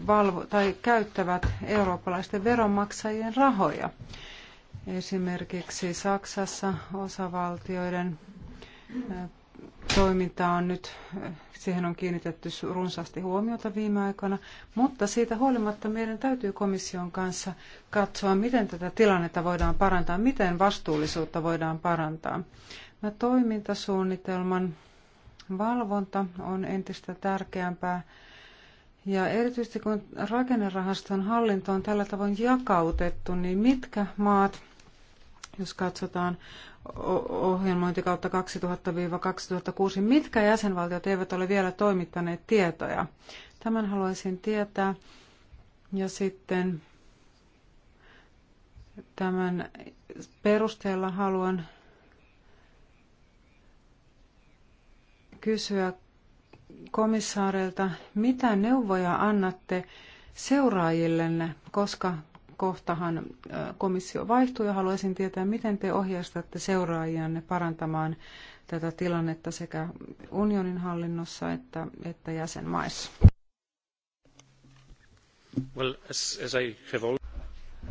valvo- tai käyttävät eurooppalaisten veronmaksajien rahoja. Esimerkiksi Saksassa osavaltioiden toiminta on nyt, siihen on kiinnitetty runsaasti huomiota viime aikoina, mutta siitä huolimatta meidän täytyy komission kanssa katsoa, miten tätä tilannetta voidaan parantaa, miten vastuullisuutta voidaan parantaa. No, toimintasuunnitelman valvonta on entistä tärkeämpää. Ja erityisesti kun rakennerahaston hallinto on tällä tavoin jakautettu, niin mitkä maat jos katsotaan ohjelmointikautta 2000-2006, mitkä jäsenvaltiot eivät ole vielä toimittaneet tietoja. Tämän haluaisin tietää. Ja sitten tämän perusteella haluan kysyä komissaareilta, mitä neuvoja annatte seuraajillenne, koska kohtahan komissio vaihtuu ja haluaisin tietää, miten te ohjeistatte seuraajianne parantamaan tätä tilannetta sekä unionin hallinnossa että, että jäsenmaissa. Well, as, as I have all...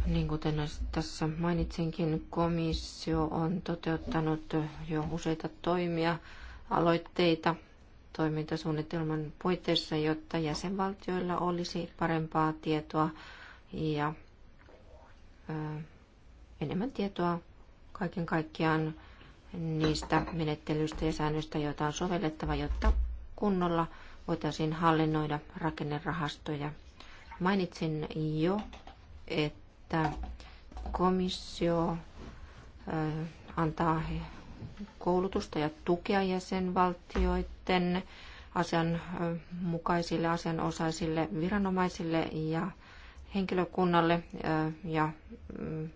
Niin kuten tässä mainitsinkin, komissio on toteuttanut jo useita toimia, aloitteita toimintasuunnitelman puitteissa, jotta jäsenvaltioilla olisi parempaa tietoa ja enemmän tietoa kaiken kaikkiaan niistä menettelyistä ja säännöistä, joita on sovellettava, jotta kunnolla voitaisiin hallinnoida rakennerahastoja. Mainitsin jo, että komissio antaa koulutusta ja tukea jäsenvaltioiden asianmukaisille, asianosaisille viranomaisille ja henkilökunnalle ja mm,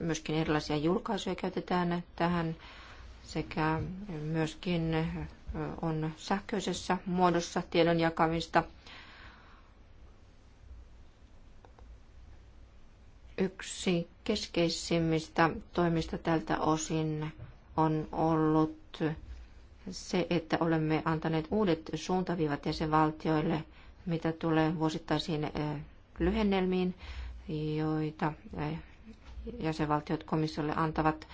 myöskin erilaisia julkaisuja käytetään tähän sekä myöskin on sähköisessä muodossa tiedon jakamista. Yksi keskeisimmistä toimista tältä osin on ollut se, että olemme antaneet uudet suuntaviivat jäsenvaltioille, mitä tulee vuosittaisiin lyhennelmiin, joita eh, jäsenvaltiot komissiolle antavat.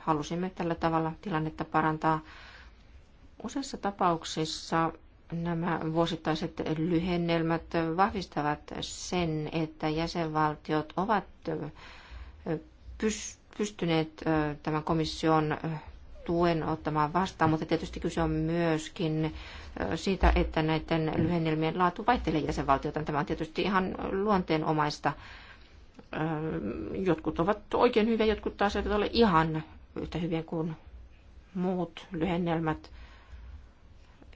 Halusimme tällä tavalla tilannetta parantaa. Useissa tapauksissa nämä vuosittaiset lyhennelmät vahvistavat sen, että jäsenvaltiot ovat pystyneet tämän komission tuen ottamaan vastaan, mutta tietysti kyse on myöskin siitä, että näiden lyhennelmien laatu vaihtelee jäsenvaltiota. Tämä on tietysti ihan luonteenomaista. Jotkut ovat oikein hyviä, jotkut taas eivät ole ihan yhtä hyviä kuin muut lyhennelmät.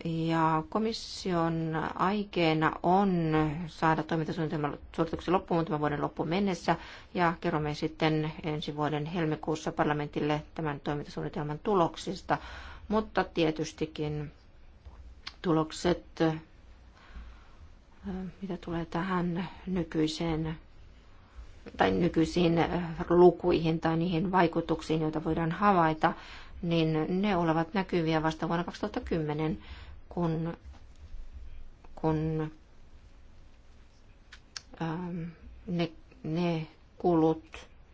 Ja komission aikeena on saada toimintasuunnitelman suorituksen loppuun tämän vuoden loppuun mennessä ja kerromme sitten ensi vuoden helmikuussa parlamentille tämän toimintasuunnitelman tuloksista. Mutta tietystikin tulokset, mitä tulee tähän nykyiseen tai nykyisiin lukuihin tai niihin vaikutuksiin, joita voidaan havaita, niin ne olevat näkyviä vasta vuonna 2010 kun, kun ähm, ne, ne kulut,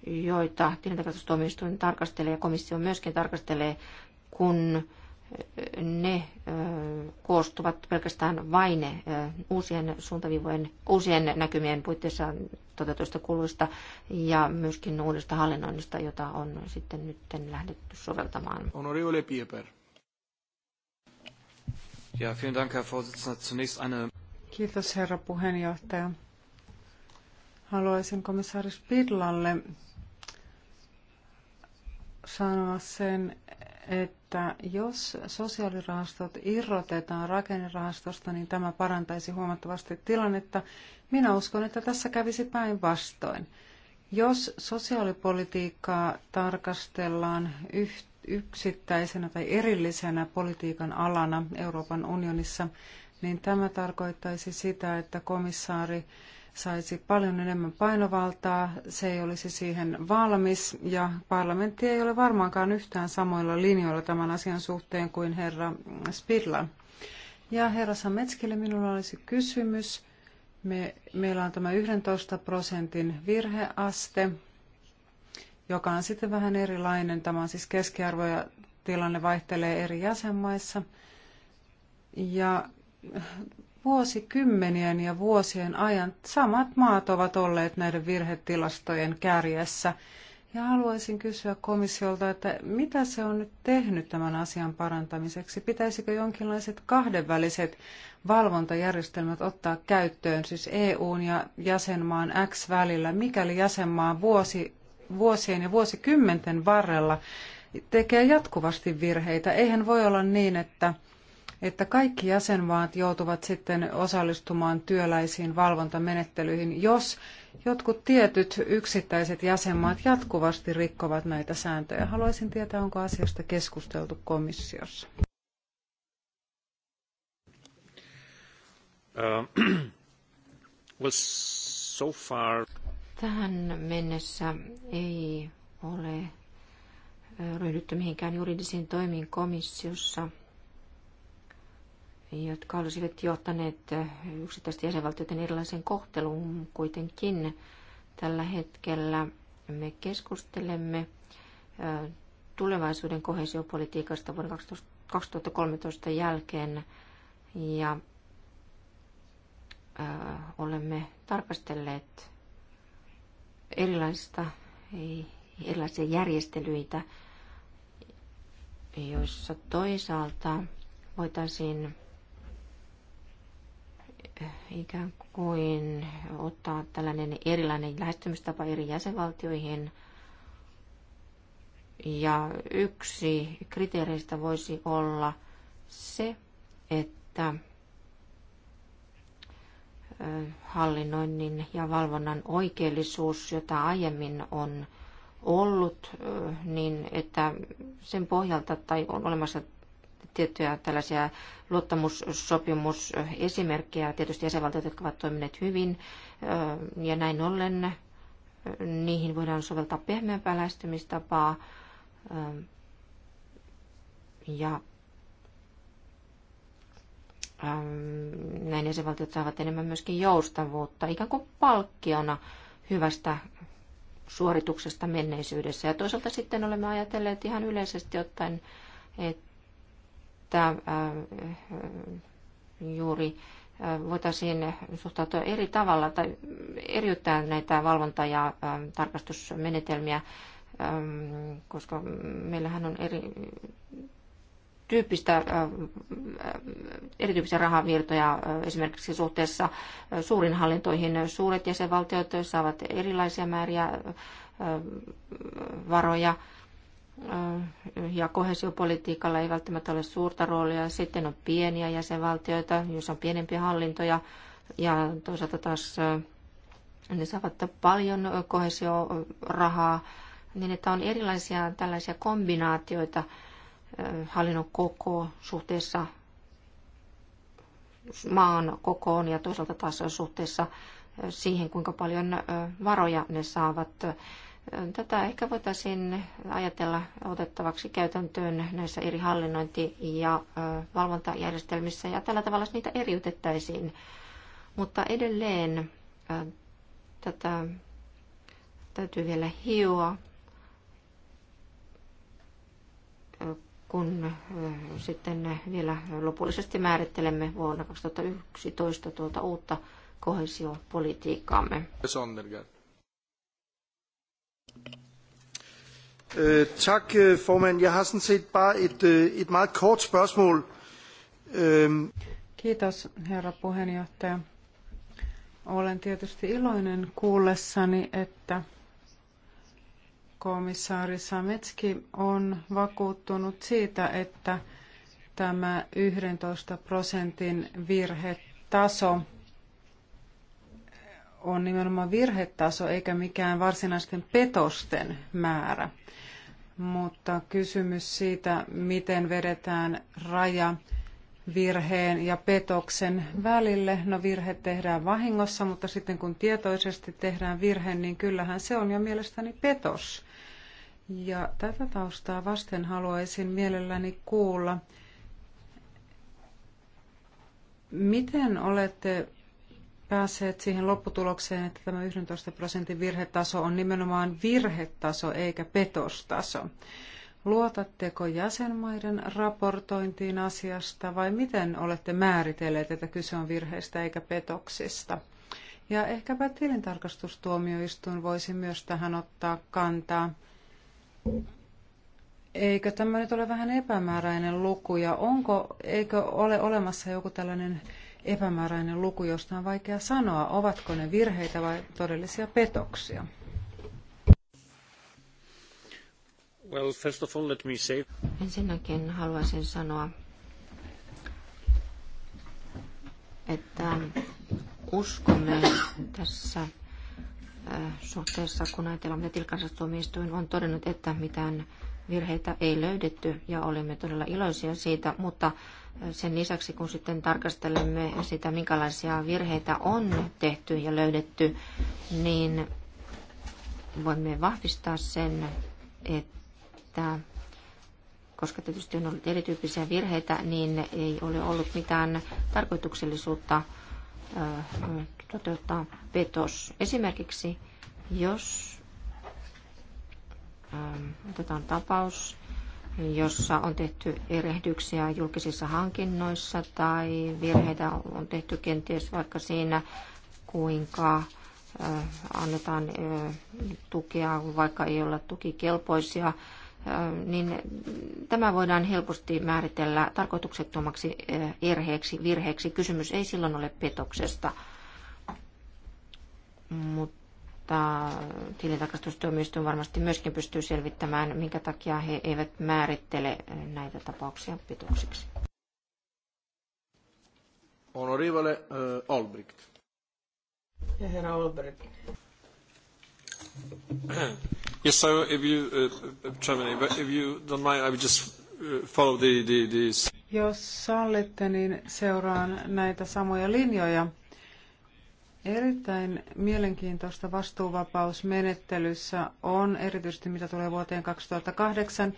joita tilintarkastustuomioistuin tarkastelee ja komissio myöskin tarkastelee, kun äh, ne äh, koostuvat pelkästään vain äh, uusien suuntavivojen uusien näkymien puitteissa toteutuista kuluista ja myöskin uudesta hallinnoinnista, jota on sitten nyt lähdetty soveltamaan. Le Pieper. Ja, vielen Dank, Herr Vorsitzender. Zunächst eine... Kiitos, herra puheenjohtaja. Haluaisin komissaari Spidlalle sanoa sen, että jos sosiaalirahastot irrotetaan rakennerahastosta, niin tämä parantaisi huomattavasti tilannetta. Minä uskon, että tässä kävisi päinvastoin. Jos sosiaalipolitiikkaa tarkastellaan yhteen, yksittäisenä tai erillisenä politiikan alana Euroopan unionissa, niin tämä tarkoittaisi sitä, että komissaari saisi paljon enemmän painovaltaa, se ei olisi siihen valmis ja parlamentti ei ole varmaankaan yhtään samoilla linjoilla tämän asian suhteen kuin herra Spidla. Ja herra Sametskille minulla olisi kysymys. Me, meillä on tämä 11 prosentin virheaste joka on sitten vähän erilainen. Tämä on siis keskiarvo ja tilanne vaihtelee eri jäsenmaissa. Ja vuosikymmenien ja vuosien ajan samat maat ovat olleet näiden virhetilastojen kärjessä. Ja haluaisin kysyä komissiolta, että mitä se on nyt tehnyt tämän asian parantamiseksi? Pitäisikö jonkinlaiset kahdenväliset valvontajärjestelmät ottaa käyttöön, siis EUn ja jäsenmaan X välillä, mikäli jäsenmaa vuosi vuosien ja vuosikymmenten varrella tekee jatkuvasti virheitä. Eihän voi olla niin, että, että kaikki jäsenmaat joutuvat sitten osallistumaan työläisiin valvontamenettelyihin, jos jotkut tietyt yksittäiset jäsenmaat jatkuvasti rikkovat näitä sääntöjä. Haluaisin tietää, onko asiasta keskusteltu komissiossa. Uh, [CLEARS THROAT] well, so far... Tähän mennessä ei ole ryhdytty mihinkään juridisiin toimiin komissiossa, jotka olisivat johtaneet yksittäisten jäsenvaltioiden erilaisen kohteluun kuitenkin. Tällä hetkellä me keskustelemme tulevaisuuden kohesiopolitiikasta vuoden 2013 jälkeen ja olemme tarkastelleet erilaista, erilaisia järjestelyitä, joissa toisaalta voitaisiin eh, ikään kuin ottaa tällainen erilainen lähestymistapa eri jäsenvaltioihin. Ja yksi kriteereistä voisi olla se, että hallinnoinnin ja valvonnan oikeellisuus, jota aiemmin on ollut, niin että sen pohjalta tai on olemassa tiettyjä tällaisia luottamussopimusesimerkkejä, tietysti jäsenvaltiot, jotka ovat toimineet hyvin, ja näin ollen niihin voidaan soveltaa pehmeämpää lähestymistapaa, ja näin jäsenvaltiot saavat enemmän myöskin joustavuutta ikään kuin palkkiona hyvästä suorituksesta menneisyydessä. Ja toisaalta sitten olemme ajatelleet ihan yleisesti ottaen, että juuri voitaisiin suhtautua eri tavalla tai eriyttää näitä valvonta- ja tarkastusmenetelmiä, koska meillähän on eri tyyppistä, erityyppisiä rahavirtoja esimerkiksi suhteessa suurin hallintoihin. Suuret jäsenvaltiot saavat erilaisia määriä varoja ja kohesiopolitiikalla ei välttämättä ole suurta roolia. Sitten on pieniä jäsenvaltioita, joissa on pienempiä hallintoja ja toisaalta taas ne saavat paljon kohesiorahaa, niin että on erilaisia tällaisia kombinaatioita – hallinnon koko suhteessa maan kokoon ja toisaalta taas suhteessa siihen, kuinka paljon varoja ne saavat. Tätä ehkä voitaisiin ajatella otettavaksi käytäntöön näissä eri hallinnointi- ja valvontajärjestelmissä ja tällä tavalla niitä eriytettäisiin. Mutta edelleen tätä täytyy vielä hioa kun sitten vielä lopullisesti määrittelemme vuonna 2011 tuota uutta kohesiopolitiikkaamme. Sondergaard. Tak, formand. Jeg har sådan set bare et, et meget kort spørgsmål. Kiitos, herra puheenjohtaja. Olen tietysti iloinen kuullessani, että komissaari Sametski on vakuuttunut siitä, että tämä 11 prosentin virhetaso on nimenomaan virhetaso eikä mikään varsinaisten petosten määrä. Mutta kysymys siitä, miten vedetään raja virheen ja petoksen välille. No virhe tehdään vahingossa, mutta sitten kun tietoisesti tehdään virhe, niin kyllähän se on jo mielestäni petos. Ja tätä taustaa vasten haluaisin mielelläni kuulla, miten olette päässeet siihen lopputulokseen, että tämä 11 prosentin virhetaso on nimenomaan virhetaso eikä petostaso? Luotatteko jäsenmaiden raportointiin asiasta vai miten olette määritelleet, että kyse on virheistä eikä petoksista? Ja ehkäpä tilintarkastustuomioistuin voisi myös tähän ottaa kantaa. Eikö tämä nyt ole vähän epämääräinen luku ja onko, eikö ole olemassa joku tällainen epämääräinen luku, josta on vaikea sanoa, ovatko ne virheitä vai todellisia petoksia? Well, first of all, let me say... Ensinnäkin haluaisin sanoa, että uskomme tässä Äh, suhteessa, kun ajatellaan, mitä tilkansastuomioistuin on todennut, että mitään virheitä ei löydetty ja olemme todella iloisia siitä, mutta äh, sen lisäksi kun sitten tarkastelemme sitä, minkälaisia virheitä on tehty ja löydetty, niin voimme vahvistaa sen, että koska tietysti on ollut erityyppisiä virheitä, niin ei ole ollut mitään tarkoituksellisuutta äh, toteuttaa petos. Esimerkiksi jos ähm, otetaan tapaus, jossa on tehty erehdyksiä julkisissa hankinnoissa tai virheitä on tehty kenties vaikka siinä, kuinka äh, annetaan äh, tukea, vaikka ei olla tukikelpoisia, äh, niin tämä voidaan helposti määritellä tarkoituksettomaksi erheeksi, virheeksi. Kysymys ei silloin ole petoksesta mutta tilintarkastustuomioistuin varmasti myöskin pystyy selvittämään, minkä takia he eivät määrittele näitä tapauksia pituuksiksi. Honorivale uh, eh, Olbricht. Ja herra Olbricht. Yes, so if you, uh, Chairman, if you don't mind, I would just eh, follow the, the, the... Jos sallitte, niin seuraan näitä samoja linjoja. Erittäin mielenkiintoista vastuuvapausmenettelyssä on, erityisesti mitä tulee vuoteen 2008,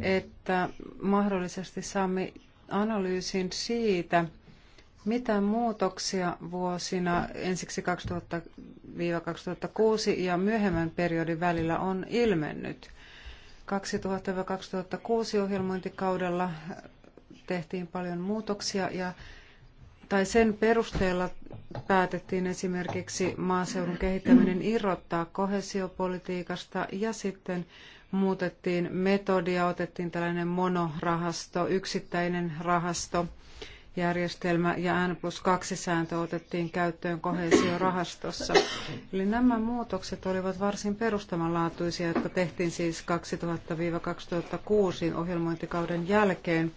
että mahdollisesti saamme analyysin siitä, mitä muutoksia vuosina ensiksi 2000-2006 ja myöhemmän periodin välillä on ilmennyt? 2000-2006 ohjelmointikaudella tehtiin paljon muutoksia ja tai sen perusteella päätettiin esimerkiksi maaseudun kehittäminen irrottaa kohesiopolitiikasta ja sitten muutettiin metodia, otettiin tällainen monorahasto, yksittäinen rahasto, järjestelmä ja N plus 2 sääntö otettiin käyttöön kohesiorahastossa. Eli nämä muutokset olivat varsin perustavanlaatuisia, jotka tehtiin siis 2000-2006 ohjelmointikauden jälkeen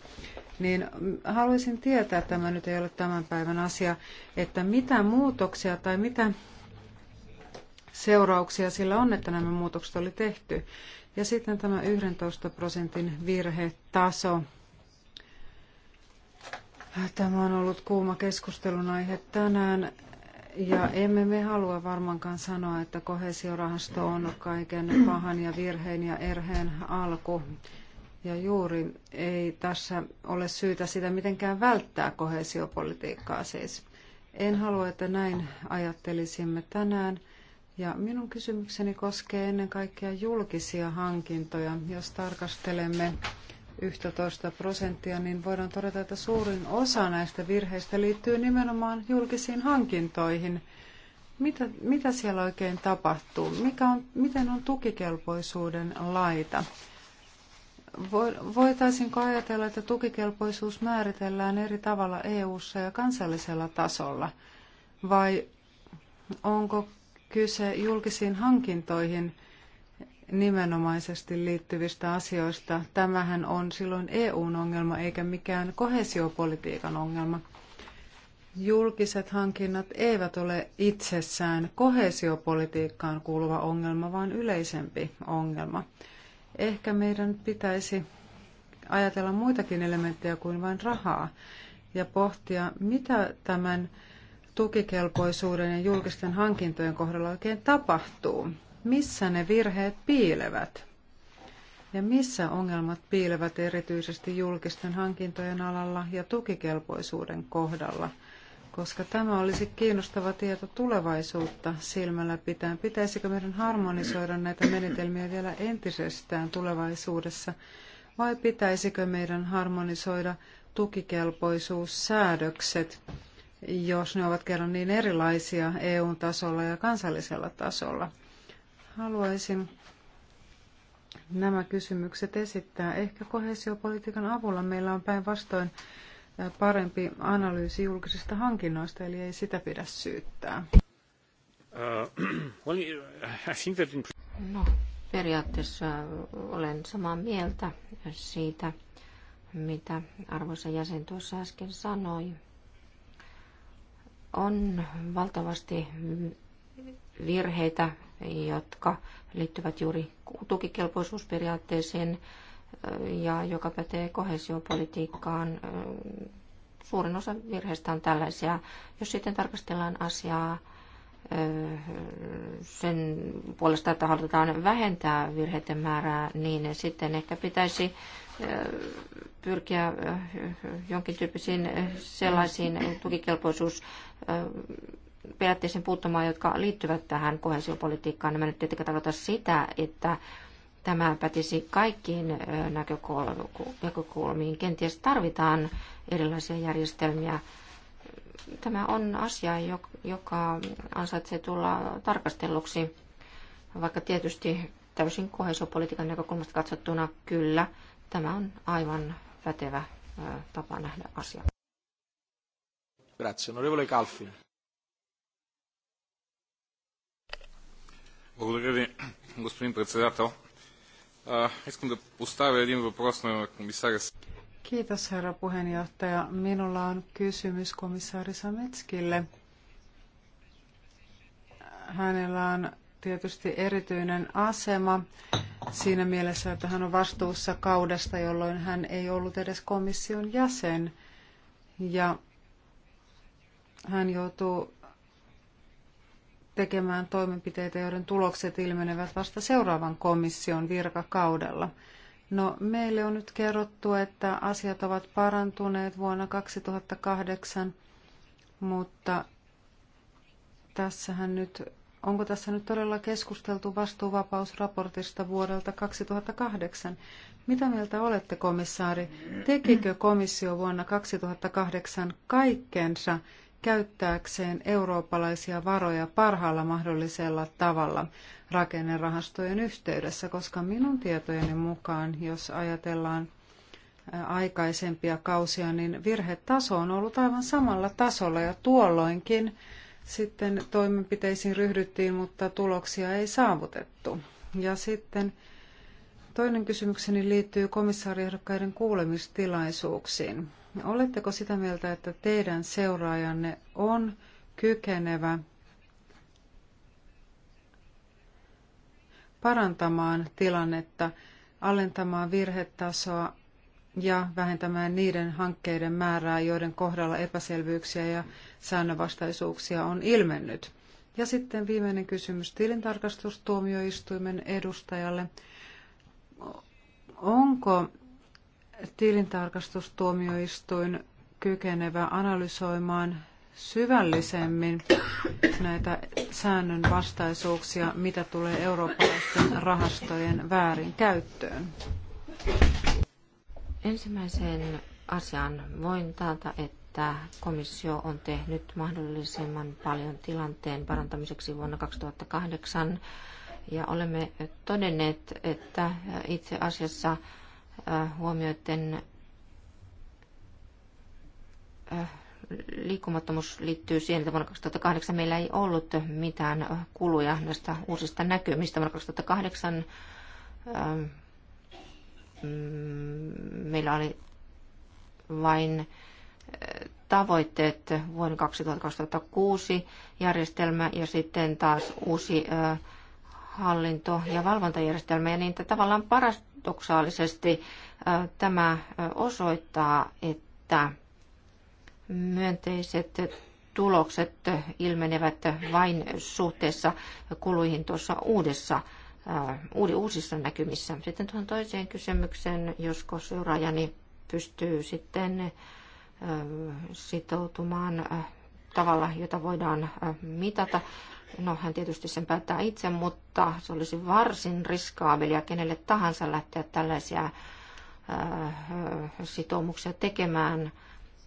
niin haluaisin tietää, tämä nyt ei ole tämän päivän asia, että mitä muutoksia tai mitä seurauksia sillä on, että nämä muutokset oli tehty. Ja sitten tämä 11 prosentin virhetaso. Tämä on ollut kuuma keskustelun aihe tänään. Ja emme me halua varmaankaan sanoa, että kohesiorahasto on kaiken pahan ja virheen ja erheen alku. Ja juuri ei tässä ole syytä sitä mitenkään välttää kohesiopolitiikkaa siis. En halua, että näin ajattelisimme tänään. Ja minun kysymykseni koskee ennen kaikkea julkisia hankintoja. Jos tarkastelemme 11 prosenttia, niin voidaan todeta, että suurin osa näistä virheistä liittyy nimenomaan julkisiin hankintoihin. Mitä, mitä siellä oikein tapahtuu? Mikä on, miten on tukikelpoisuuden laita? Voitaisinko ajatella, että tukikelpoisuus määritellään eri tavalla EU:ssa ja kansallisella tasolla, vai onko kyse julkisiin hankintoihin nimenomaisesti liittyvistä asioista? Tämähän on silloin EUn ongelma eikä mikään kohesiopolitiikan ongelma. Julkiset hankinnat eivät ole itsessään kohesiopolitiikkaan kuuluva ongelma, vaan yleisempi ongelma. Ehkä meidän pitäisi ajatella muitakin elementtejä kuin vain rahaa ja pohtia, mitä tämän tukikelpoisuuden ja julkisten hankintojen kohdalla oikein tapahtuu. Missä ne virheet piilevät? Ja missä ongelmat piilevät erityisesti julkisten hankintojen alalla ja tukikelpoisuuden kohdalla? koska tämä olisi kiinnostava tieto tulevaisuutta silmällä pitäen. Pitäisikö meidän harmonisoida näitä menetelmiä vielä entisestään tulevaisuudessa, vai pitäisikö meidän harmonisoida tukikelpoisuussäädökset, jos ne ovat kerran niin erilaisia EU-tasolla ja kansallisella tasolla? Haluaisin nämä kysymykset esittää. Ehkä kohesiopolitiikan avulla meillä on päinvastoin parempi analyysi julkisista hankinnoista, eli ei sitä pidä syyttää. Äh, [CLEARS THROAT] no, periaatteessa olen samaa mieltä siitä, mitä arvoisa jäsen tuossa äsken sanoi. On valtavasti virheitä, jotka liittyvät juuri tukikelpoisuusperiaatteeseen ja joka pätee kohesiopolitiikkaan. Suurin osa virheistä on tällaisia. Jos sitten tarkastellaan asiaa sen puolesta, että halutaan vähentää virheiden määrää, niin sitten ehkä pitäisi pyrkiä jonkin tyyppisiin sellaisiin tukikelpoisuus periaatteisiin puuttumaan, jotka liittyvät tähän kohesiopolitiikkaan. Nämä nyt tietenkin tarkoita sitä, että Tämä pätisi kaikkiin näkökulmiin. Kenties tarvitaan erilaisia järjestelmiä. Tämä on asia, joka ansaitsee tulla tarkastelluksi, vaikka tietysti täysin kohesopolitiikan näkökulmasta katsottuna kyllä. Tämä on aivan pätevä tapa nähdä asia. Grazie. Onorevole Kalfin. Благодаря ви, господин председател. Искам да поставя един въпрос на комисаря. Kiitos herra puheenjohtaja. Minulla on kysymys komissaari Sametskille. Hänellä on tietysti erityinen asema siinä mielessä, että hän on vastuussa kaudesta, jolloin hän ei ollut edes komission jäsen. Ja hän joutuu tekemään toimenpiteitä, joiden tulokset ilmenevät vasta seuraavan komission virkakaudella. No, meille on nyt kerrottu, että asiat ovat parantuneet vuonna 2008, mutta tässähän nyt, onko tässä nyt todella keskusteltu vastuuvapausraportista vuodelta 2008? Mitä mieltä olette, komissaari? Tekikö komissio vuonna 2008 kaikkensa, käyttääkseen eurooppalaisia varoja parhaalla mahdollisella tavalla rakennerahastojen yhteydessä, koska minun tietojeni mukaan, jos ajatellaan aikaisempia kausia, niin virhetaso on ollut aivan samalla tasolla ja tuolloinkin sitten toimenpiteisiin ryhdyttiin, mutta tuloksia ei saavutettu. Ja sitten toinen kysymykseni liittyy komissaariehdokkaiden kuulemistilaisuuksiin. Oletteko sitä mieltä, että teidän seuraajanne on kykenevä parantamaan tilannetta, alentamaan virhetasoa ja vähentämään niiden hankkeiden määrää, joiden kohdalla epäselvyyksiä ja säännönvastaisuuksia on ilmennyt. Ja sitten viimeinen kysymys tilintarkastustuomioistuimen edustajalle. Onko tilintarkastustuomioistuin kykenevä analysoimaan syvällisemmin näitä säännön vastaisuuksia, mitä tulee eurooppalaisten rahastojen väärinkäyttöön? Ensimmäiseen asiaan voin taata, että komissio on tehnyt mahdollisimman paljon tilanteen parantamiseksi vuonna 2008 ja olemme todenneet, että itse asiassa Äh, huomioiden äh, liikkumattomuus liittyy siihen, että vuonna 2008 meillä ei ollut mitään kuluja näistä uusista näkymistä. Vuonna 2008 ähm, mm, meillä oli vain äh, tavoitteet vuoden 2006 järjestelmä ja sitten taas uusi hallinto- ja valvontajärjestelmä. Ja niin että tavallaan paras paradoksaalisesti tämä osoittaa, että myönteiset tulokset ilmenevät vain suhteessa kuluihin tuossa uudessa uusissa näkymissä. Sitten tuohon toiseen kysymykseen, josko seuraajani pystyy sitten sitoutumaan tavalla, jota voidaan mitata. No, hän tietysti sen päättää itse, mutta se olisi varsin riskaabelia kenelle tahansa lähteä tällaisia äh, sitoumuksia tekemään.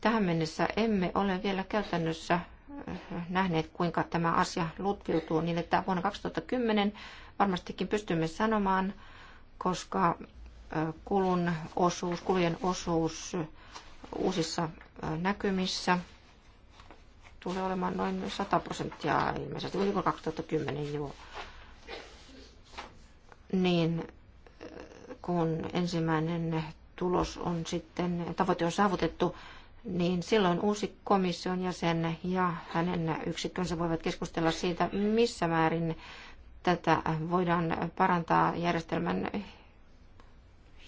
Tähän mennessä emme ole vielä käytännössä äh, nähneet, kuinka tämä asia lutviutuu, niin että vuonna 2010 varmastikin pystymme sanomaan, koska äh, kulun osuus, kulujen osuus uusissa näkymissä – tulee olemaan noin 100 prosenttia ilmeisesti, oliko niin 2010 jo. Niin kun ensimmäinen tulos on sitten, tavoite on saavutettu, niin silloin uusi komission jäsen ja hänen yksikkönsä voivat keskustella siitä, missä määrin tätä voidaan parantaa järjestelmän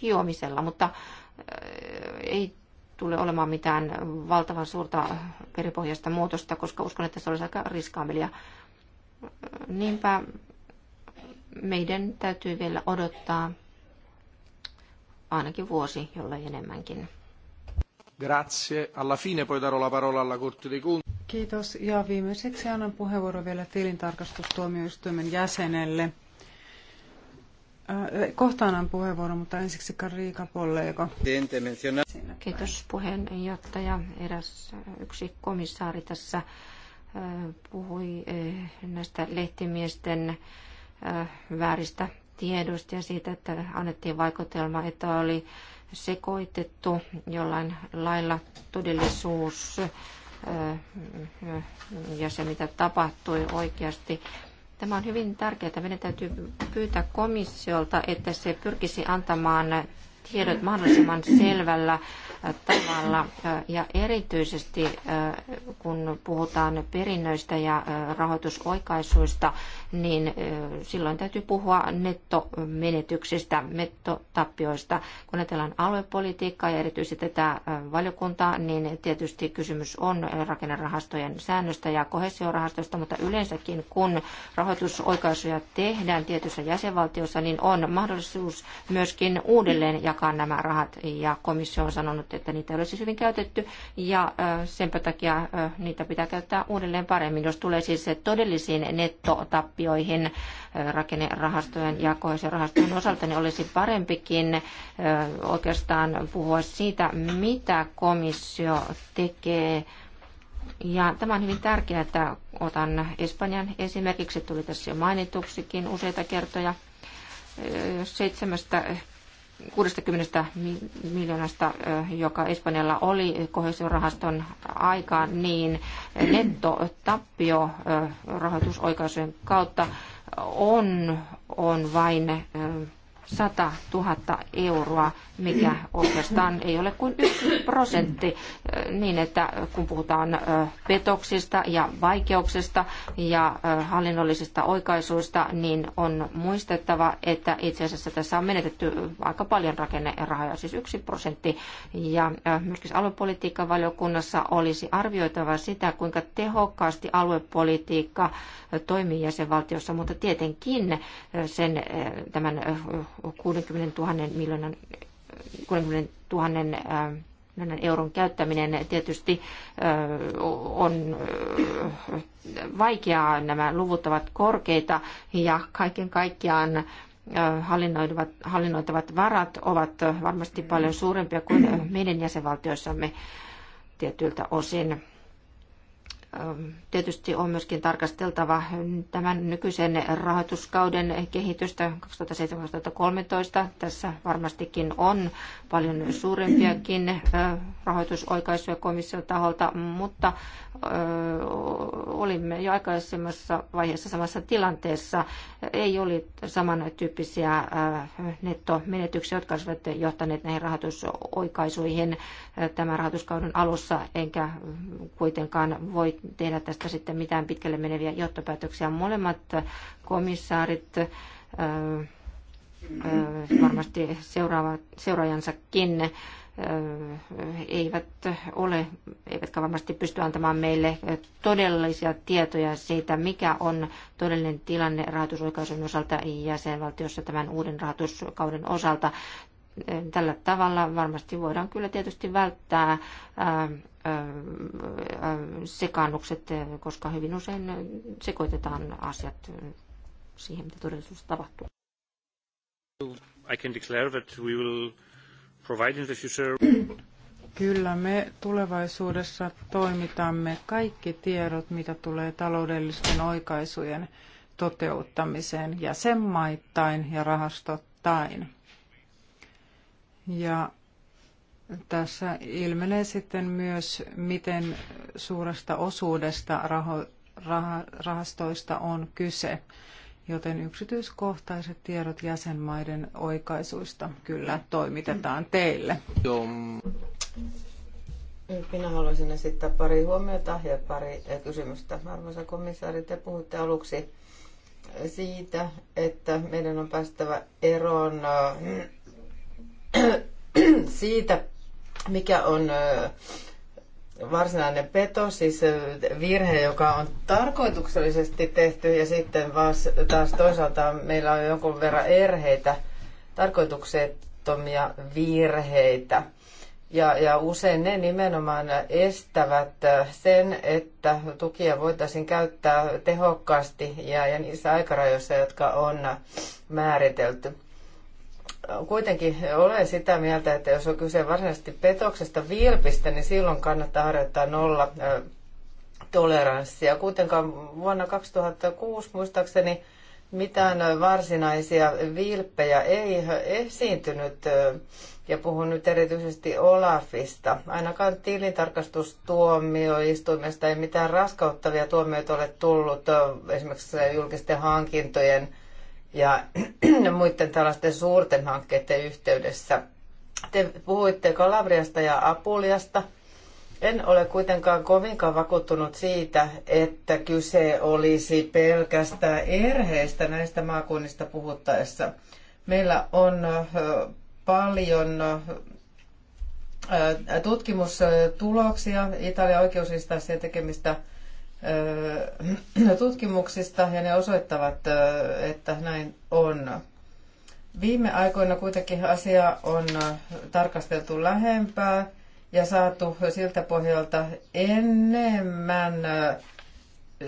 hiomisella, mutta eh, ei tule olemaan mitään valtavan suurta peripohjaista muutosta, koska uskon, että se olisi aika riskaabelia. Niinpä meidän täytyy vielä odottaa ainakin vuosi, jollei enemmänkin. Grazie. Alla fine poi darò la parola alla Corte dei Conti. Kiitos. Ja viimeiseksi annan puheenvuoron vielä tilintarkastustuomioistuimen jäsenelle. Äh, eh, Kohtaanan puheenvuoro, mutta ensiksi Karika Pollego. Kiitos puheenjohtaja. Eräs äh, yksi komissaari tässä äh, puhui näistä lehtimiesten vääristä tiedoista ja siitä, että annettiin vaikutelma, että oli sekoitettu jollain lailla todellisuus ja se, mitä tapahtui oikeasti. Tämä on hyvin tärkeää. Meidän täytyy pyytää komissiolta, että se pyrkisi antamaan tiedot mahdollisimman selvällä tavalla ja erityisesti kun puhutaan perinnöistä ja rahoitusoikaisuista, niin silloin täytyy puhua nettomenetyksistä, nettotappioista. Kun ajatellaan aluepolitiikkaa ja erityisesti tätä valiokuntaa, niin tietysti kysymys on rakennerahastojen säännöstä ja kohesiorahastoista, mutta yleensäkin kun rahoitusoikaisuja tehdään tietyssä jäsenvaltiossa, niin on mahdollisuus myöskin uudelleen jakaa jakaa nämä rahat ja komissio on sanonut, että niitä ei ole siis hyvin käytetty ja sen takia niitä pitää käyttää uudelleen paremmin. Jos tulee siis todellisiin nettotappioihin rakennerahastojen ja rahastojen osalta, niin olisi parempikin oikeastaan puhua siitä, mitä komissio tekee ja tämä on hyvin tärkeää, että otan Espanjan esimerkiksi, tuli tässä jo mainituksikin useita kertoja. Seitsemästä 60 miljoonasta, joka Espanjalla oli kohesiorahaston aikaan, niin nettotappio rahoitusoikaisujen kautta on, on vain 100 000 euroa, mikä oikeastaan ei ole kuin yksi prosentti, niin että kun puhutaan petoksista ja vaikeuksista ja hallinnollisista oikaisuista, niin on muistettava, että itse asiassa tässä on menetetty aika paljon rakennerahoja, siis yksi prosentti. Ja myöskin aluepolitiikan valiokunnassa olisi arvioitava sitä, kuinka tehokkaasti aluepolitiikka toimii jäsenvaltiossa, mutta tietenkin sen tämän 60 000 miljoonan 60 000 äh, euron käyttäminen tietysti äh, on äh, vaikeaa. Nämä luvut ovat korkeita ja kaiken kaikkiaan hallinnoitavat, hallinnoitavat varat ovat varmasti paljon suurempia kuin meidän jäsenvaltioissamme tietyiltä osin. Tietysti on myöskin tarkasteltava tämän nykyisen rahoituskauden kehitystä 2017 2013 Tässä varmastikin on paljon suurempiakin rahoitusoikaisuja komission taholta, mutta olimme jo aikaisemmassa vaiheessa samassa tilanteessa. Ei oli samantyyppisiä nettomenetyksiä, jotka olisivat johtaneet näihin rahoitusoikaisuihin tämän rahoituskauden alussa, enkä kuitenkaan voi tehdä tästä sitten mitään pitkälle meneviä johtopäätöksiä. Molemmat komissaarit varmasti seuraava, seuraajansakin eivät ole, eivätkä varmasti pysty antamaan meille todellisia tietoja siitä, mikä on todellinen tilanne rahoitusoikaisun osalta jäsenvaltiossa tämän uuden rahoituskauden osalta. Tällä tavalla varmasti voidaan kyllä tietysti välttää sekaannukset, koska hyvin usein sekoitetaan asiat siihen, mitä todellisuudessa tapahtuu. I can declare that we will provide in the future. Kyllä me tulevaisuudessa toimitamme kaikki tiedot, mitä tulee taloudellisten oikaisujen toteuttamiseen jäsenmaittain ja rahastottain. Ja tässä ilmenee sitten myös, miten suuresta osuudesta raho, rah, rahastoista on kyse, joten yksityiskohtaiset tiedot jäsenmaiden oikaisuista kyllä toimitetaan teille. Minä haluaisin esittää pari huomiota ja pari kysymystä. Arvoisa komissaari, te puhutte aluksi siitä, että meidän on päästävä eroon [CLEARS THROAT] siitä, mikä on varsinainen peto, siis virhe, joka on tarkoituksellisesti tehty ja sitten taas toisaalta meillä on jonkun verran erheitä, tarkoituksettomia virheitä. Ja, ja usein ne nimenomaan estävät sen, että tukia voitaisiin käyttää tehokkaasti ja, ja niissä aikarajoissa, jotka on määritelty kuitenkin olen sitä mieltä, että jos on kyse varsinaisesti petoksesta vilpistä, niin silloin kannattaa harjoittaa nolla toleranssia. Kuitenkaan vuonna 2006 muistaakseni mitään varsinaisia vilppejä ei esiintynyt, ja puhun nyt erityisesti Olafista. Ainakaan tilintarkastustuomioistuimesta ei mitään raskauttavia tuomioita ole tullut esimerkiksi julkisten hankintojen – ja [CLEARS THROAT] muiden tällaisten suurten hankkeiden yhteydessä. Te puhuitte Kalabriasta ja Apuliasta. En ole kuitenkaan kovinkaan vakuuttunut siitä, että kyse olisi pelkästään erheistä näistä maakunnista puhuttaessa. Meillä on paljon tutkimustuloksia Italian oikeusinstanssien tekemistä [CLEARS THROAT] tutkimuksista ja ne osoittavat, että näin on. Viime aikoina kuitenkin asia on tarkasteltu lähempää ja saatu siltä pohjalta enemmän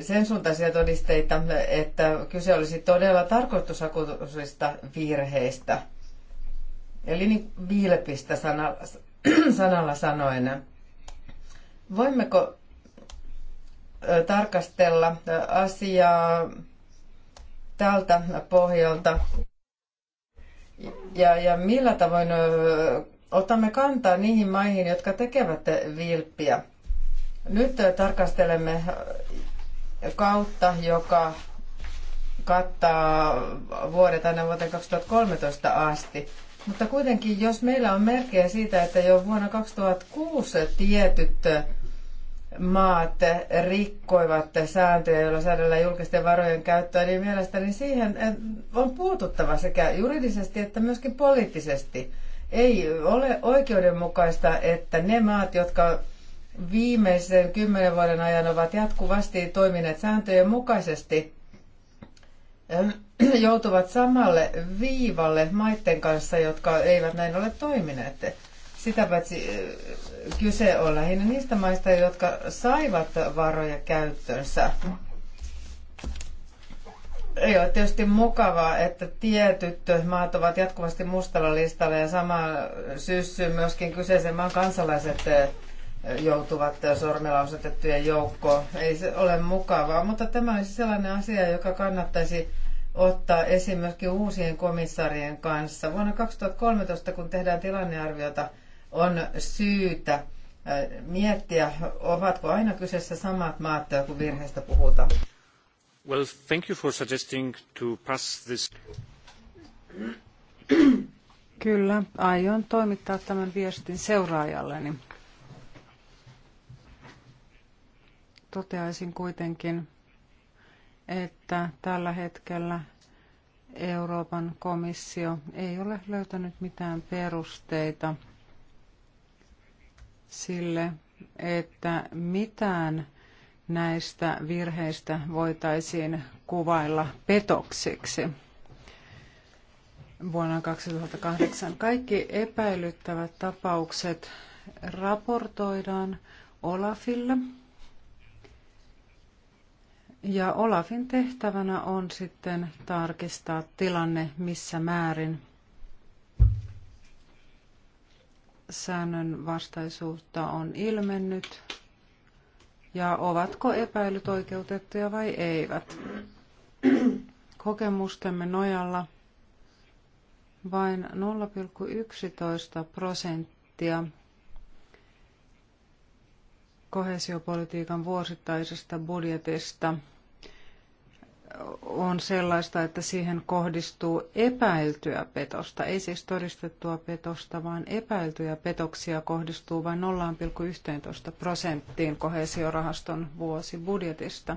sen suuntaisia todisteita, että kyse olisi todella tarkoitushakuisista virheistä. Eli niin vilpistä [CLEARS THROAT] sanalla sanoen. Voimmeko tarkastella asiaa tältä pohjalta ja, ja millä tavoin otamme kantaa niihin maihin, jotka tekevät vilppiä. Nyt tarkastelemme kautta, joka kattaa vuodet aina vuoteen 2013 asti. Mutta kuitenkin, jos meillä on merkkejä siitä, että jo vuonna 2006 tietyt maat rikkoivat sääntöjä, joilla säädellään julkisten varojen käyttöä, niin mielestäni siihen eh, on puututtava sekä juridisesti että myöskin poliittisesti. Ei ole oikeudenmukaista, että ne maat, jotka viimeisen kymmenen vuoden ajan ovat jatkuvasti toimineet sääntöjen mukaisesti, eh, [CLEARS THROAT] joutuvat samalle viivalle maiden kanssa, jotka eivät näin ole toimineet. Sitä paitsi eh, kyse on lähinnä niistä maista, jotka saivat varoja käyttöönsä. Ei ole tietysti mukavaa, että tietyt maat ovat jatkuvasti mustalla listalla ja sama syssy myöskin kyseisen maan kansalaiset eh, joutuvat sormella osoitettujen joukkoon. Ei se ole mukavaa, mutta tämä olisi sellainen asia, joka kannattaisi ottaa esiin myöskin uusien komissarien kanssa. Vuonna 2013, kun tehdään tilannearviota – on syytä äh, miettiä, ovatko aina kyseessä samat maat, äh, kun virheistä puhutaan. Well, thank you for suggesting to pass this. Kyllä, aion toimittaa tämän viestin seuraajalleni. Toteaisin kuitenkin, että tällä hetkellä Euroopan komissio ei ole löytänyt mitään perusteita – sille, että mitään näistä virheistä voitaisiin kuvailla petokseksi vuonna 2008. Kaikki epäilyttävät tapaukset raportoidaan Olafille. Ja Olafin tehtävänä on sitten tarkistaa tilanne missä määrin säännön vastaisuutta on ilmennyt ja ovatko epäilyt oikeutettuja vai eivät. Kokemustemme nojalla vain 0,11 prosenttia kohesiopolitiikan vuosittaisesta budjetista – on sellaista, että siihen kohdistuu epäiltyä petosta, ei siis todistettua petosta, vaan epäiltyjä petoksia kohdistuu vain 0,11 prosenttiin kohesiorahaston vuosibudjetista.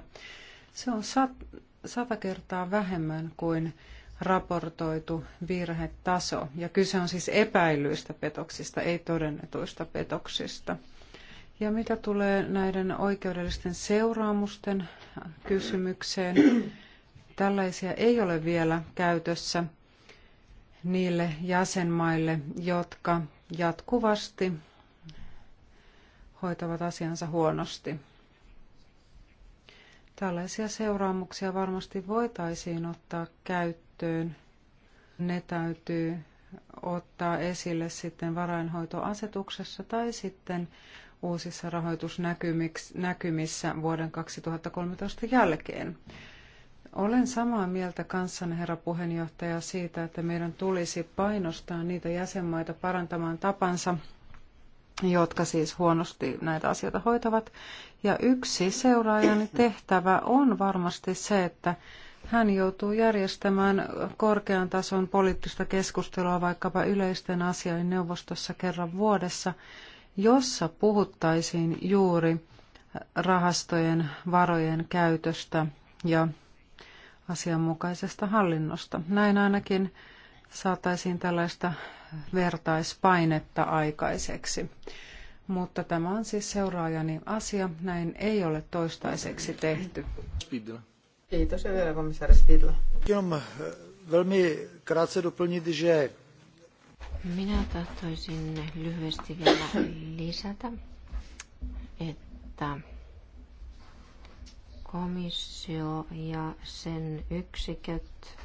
Se on sata kertaa vähemmän kuin raportoitu virhetaso, ja kyse on siis epäilyistä petoksista, ei todennetuista petoksista. Ja mitä tulee näiden oikeudellisten seuraamusten kysymykseen, Tällaisia ei ole vielä käytössä niille jäsenmaille, jotka jatkuvasti hoitavat asiansa huonosti. Tällaisia seuraamuksia varmasti voitaisiin ottaa käyttöön. Ne täytyy ottaa esille sitten varainhoitoasetuksessa tai sitten uusissa rahoitusnäkymissä vuoden 2013 jälkeen. Olen samaa mieltä kanssanne, herra puheenjohtaja, siitä, että meidän tulisi painostaa niitä jäsenmaita parantamaan tapansa, jotka siis huonosti näitä asioita hoitavat. Ja yksi seuraajan tehtävä on varmasti se, että hän joutuu järjestämään korkean tason poliittista keskustelua vaikkapa yleisten asioiden neuvostossa kerran vuodessa, jossa puhuttaisiin juuri rahastojen varojen käytöstä ja asianmukaisesta hallinnosta. Näin ainakin saataisiin tällaista vertaispainetta aikaiseksi. Mutta tämä on siis seuraajani asia. Näin ei ole toistaiseksi tehty. Spidla. Kiitos ja vielä komissaari Spidla. Eh, velmi krátce doplnit, že... Minä tahtoisin lyhyesti vielä lisätä, että komissio ja sen yksiköt,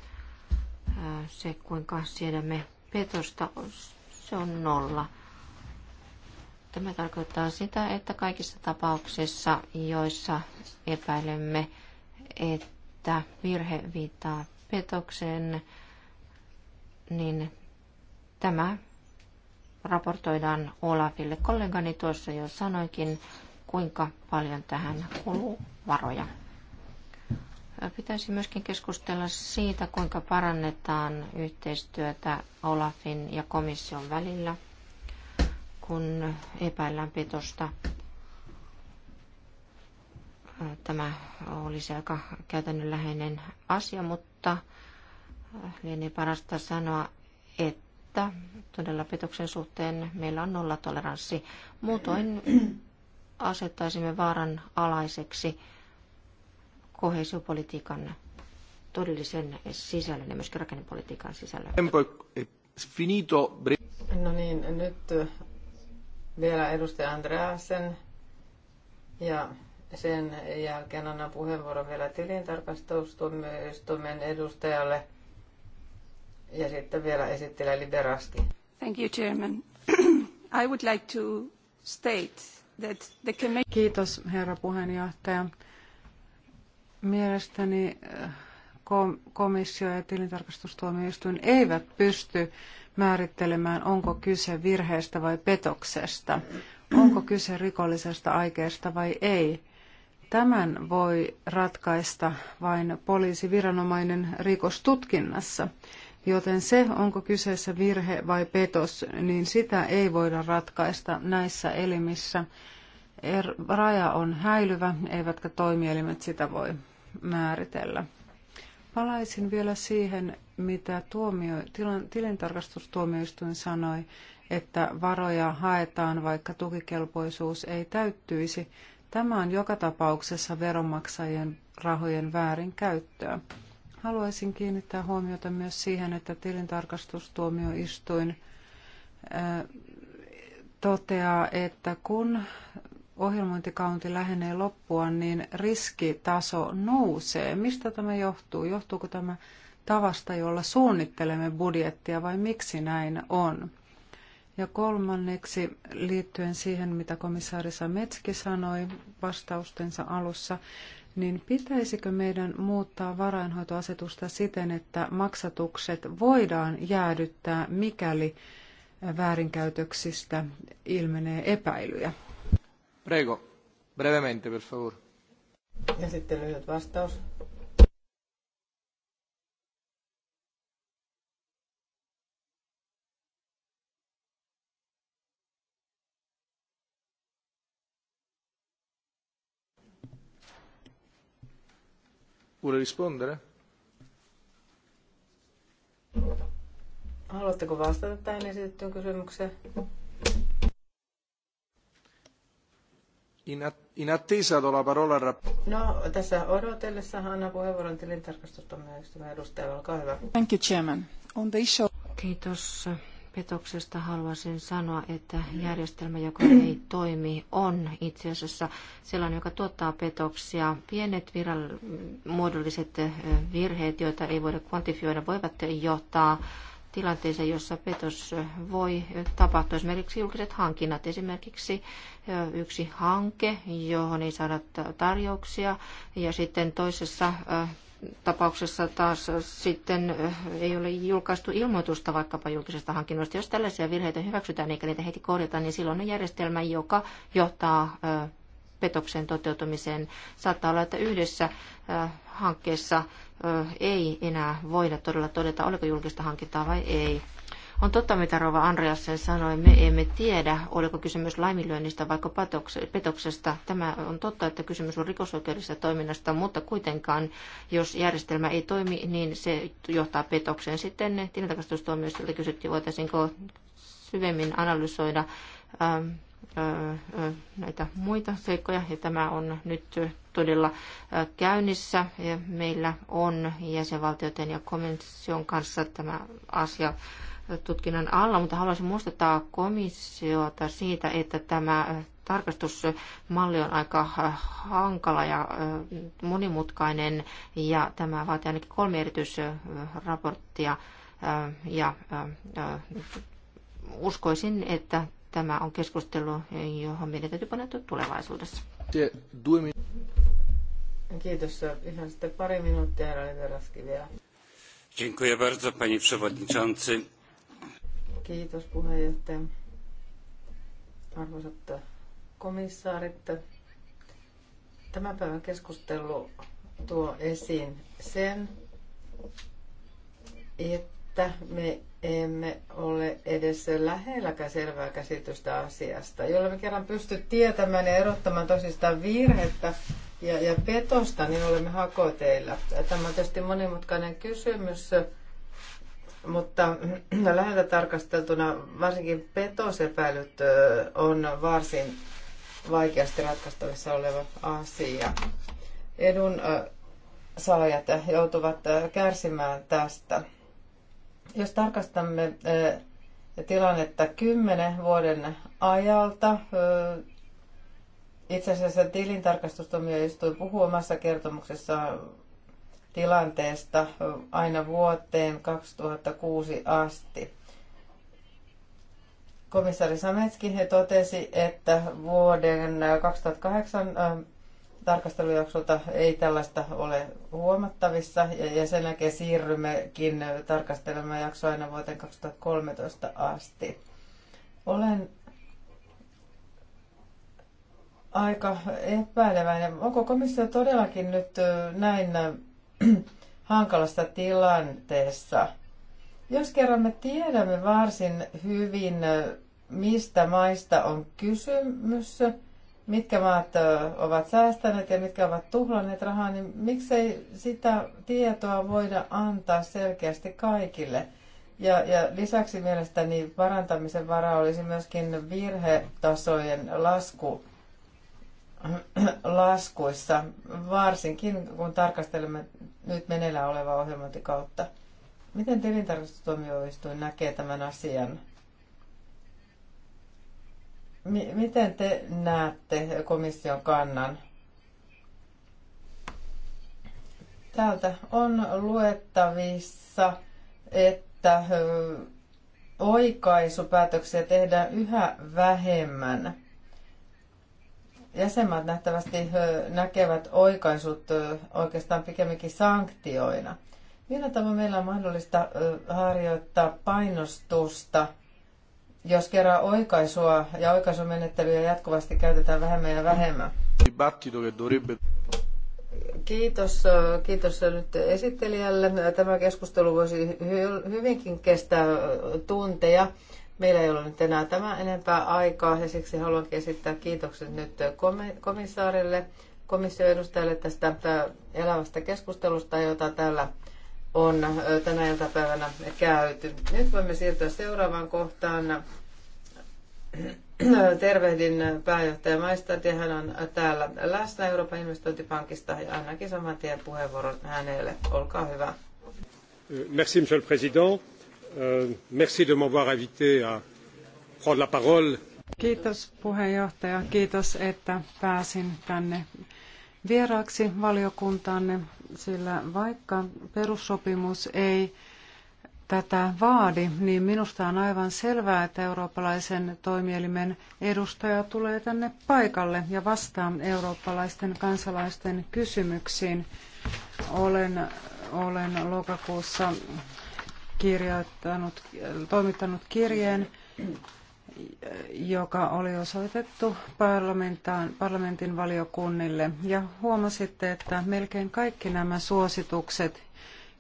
se kuinka siedämme petosta, se on nolla. Tämä tarkoittaa sitä, että kaikissa tapauksissa, joissa epäilemme, että virhe viittaa petokseen, niin tämä raportoidaan Olafille. Kollegani tuossa jo sanoikin, kuinka paljon tähän kuluu varoja. Pitäisi myöskin keskustella siitä, kuinka parannetaan yhteistyötä Olafin ja komission välillä, kun epäillään petosta. Tämä olisi aika käytännönläheinen asia, mutta lienee parasta sanoa, että todella petoksen suhteen meillä on nollatoleranssi. Muutoin asettaisimme vaaran alaiseksi kohesiopolitiikan todellisen sisällön ja myös rakennepolitiikan sisällön. No niin, nyt vielä edustaja Andreasen ja sen jälkeen annan puheenvuoron vielä tilintarkastustuomioistuimen edustajalle ja sitten vielä esittelee liberasti. Thank you, Chairman. I would like to state that the Kiitos, herra puheenjohtaja. Mielestäni äh, komissio ja tilintarkastustuomioistuin eivät pysty määrittelemään, onko kyse virheestä vai petoksesta, onko kyse rikollisesta aikeesta vai ei. Tämän voi ratkaista vain poliisiviranomainen rikostutkinnassa, joten se, onko kyseessä virhe vai petos, niin sitä ei voida ratkaista näissä elimissä. Er, raja on häilyvä, eivätkä toimielimet sitä voi määritellä. Palaisin vielä siihen, mitä tuomio, tilan, tilintarkastustuomioistuin sanoi, että varoja haetaan, vaikka tukikelpoisuus ei täyttyisi. Tämä on joka tapauksessa veronmaksajien rahojen väärinkäyttöä. Haluaisin kiinnittää huomiota myös siihen, että tilintarkastustuomioistuin toteaa, että kun ohjelmointikaunti lähenee loppua, niin riskitaso nousee. Mistä tämä johtuu? Johtuuko tämä tavasta, jolla suunnittelemme budjettia vai miksi näin on? Ja kolmanneksi liittyen siihen, mitä komissaari Metski sanoi vastaustensa alussa, niin pitäisikö meidän muuttaa varainhoitoasetusta siten, että maksatukset voidaan jäädyttää, mikäli väärinkäytöksistä ilmenee epäilyjä? Prego, brevemente, per favore. Ja sitten lyhyt vastaus. Vuole rispondere? Haluatteko vastata tähän esitettyyn kysymykseen? In attesa do la parola No, tässä odotellessa annan puheenvuoron tilintarkastustuomioistuimen edustajalle. Olkaa hyvä. Thank you, Chairman. On the issue... Kiitos petoksesta haluaisin sanoa, että järjestelmä, joka ei [CLEARS THROAT] toimi, on itse asiassa sellainen, joka tuottaa petoksia. Pienet viral- muodolliset eh, virheet, joita ei voida kvantifioida, voivat johtaa tilanteeseen, jossa petos voi tapahtua. Esimerkiksi julkiset hankinnat, esimerkiksi yksi hanke, johon ei saada tarjouksia, ja sitten toisessa tapauksessa taas sitten ei ole julkaistu ilmoitusta vaikkapa julkisesta hankinnoista. Jos tällaisia virheitä hyväksytään eikä niitä heti korjata, niin silloin on järjestelmä, joka johtaa petoksen toteutumiseen. Saattaa olla, että yhdessä hankkeessa ei enää voida todella todeta, oliko julkista hankintaa vai ei. On totta, mitä Rova Andreasen sanoi, me emme tiedä, oliko kysymys laiminlyönnistä vaikka petoksesta. Tämä on totta, että kysymys on rikosoikeudellisesta toiminnasta, mutta kuitenkaan, jos järjestelmä ei toimi, niin se johtaa petokseen. Sitten tilintarkastustuomioistuilta kysyttiin, voitaisiinko syvemmin analysoida ähm, näitä muita seikkoja. Ja tämä on nyt todella käynnissä. Ja meillä on jäsenvaltioiden ja komission kanssa tämä asia tutkinnan alla, mutta haluaisin muistuttaa komissiota siitä, että tämä tarkastusmalli on aika hankala ja monimutkainen ja tämä vaatii ainakin kolme erityisraporttia ja uskoisin, että tämä on keskustelu, johon meidän täytyy paneutua tulevaisuudessa. Kiitos. Ihan sitten pari minuuttia, herra vielä. Dziękuję bardzo, pani przewodniczący. Kiitos puheenjohtaja. Arvoisat komissaarit, tämän päivän keskustelu tuo esiin sen, että me emme ole edes lähelläkään selvää käsitystä asiasta, jolla me kerran pysty tietämään ja erottamaan tosistaan virhettä ja, ja petosta, niin olemme hakoteilla. Tämä on tietysti monimutkainen kysymys, mutta [CLEARS THROAT] läheltä tarkasteltuna varsinkin petosepäilyt on varsin vaikeasti ratkaistavissa oleva asia. Edun saajat joutuvat kärsimään tästä. Jos tarkastamme tilannetta kymmenen vuoden ajalta, itse asiassa tilintarkastustuomioistuin puhuu omassa kertomuksessaan tilanteesta aina vuoteen 2006 asti. Komissaari Sametski totesi, että vuoden 2008 tarkastelujaksolta ei tällaista ole huomattavissa ja sen jälkeen siirrymmekin tarkastelemaan jaksoa aina vuoteen 2013 asti. Olen aika epäileväinen. Onko komissio todellakin nyt näin [CLEARS THROAT] hankalassa tilanteessa? Jos kerran me tiedämme varsin hyvin, mistä maista on kysymys, mitkä maat ovat säästäneet ja mitkä ovat tuhlanneet rahaa, niin miksei sitä tietoa voida antaa selkeästi kaikille. Ja, ja lisäksi mielestäni parantamisen varaa olisi myöskin virhetasojen lasku [CLEARS THROAT] laskuissa, varsinkin kun tarkastelemme nyt meneillään olevaa ohjelmointikautta. Miten tilintarkastustuomioistuin näkee tämän asian? miten te näette komission kannan? Täältä on luettavissa, että oikaisupäätöksiä tehdään yhä vähemmän. Jäsenmaat nähtävästi näkevät oikaisut oikeastaan pikemminkin sanktioina. Millä tavalla meillä on mahdollista harjoittaa painostusta – jos kerran oikaisua ja oikaisumenettelyjä jatkuvasti käytetään vähemmän ja vähemmän. Kiitos, kiitos nyt esittelijälle. Tämä keskustelu voisi hyvinkin kestää tunteja. Meillä ei ole nyt enää tämä enempää aikaa ja siksi haluankin esittää kiitokset nyt komissaarille, komission edustajalle tästä elävästä keskustelusta, jota täällä on tänä iltapäivänä käyty. Nyt voimme siirtyä seuraavaan kohtaan. [CLEARS THROAT] Tervehdin pääjohtaja ja Hän on täällä läsnä Euroopan investointipankista ja ainakin saman tien puheenvuoron hänelle. Olkaa hyvä. Merci, monsieur le président. Euh, merci de m'avoir invité à prendre la parole. Kiitos puheenjohtaja. Kiitos, että pääsin tänne vieraaksi valiokuntaanne sillä vaikka perussopimus ei tätä vaadi, niin minusta on aivan selvää, että eurooppalaisen toimielimen edustaja tulee tänne paikalle ja vastaa eurooppalaisten kansalaisten kysymyksiin. Olen, olen lokakuussa kirjoittanut, toimittanut kirjeen joka oli osoitettu parlamentin valiokunnille. Ja huomasitte, että melkein kaikki nämä suositukset,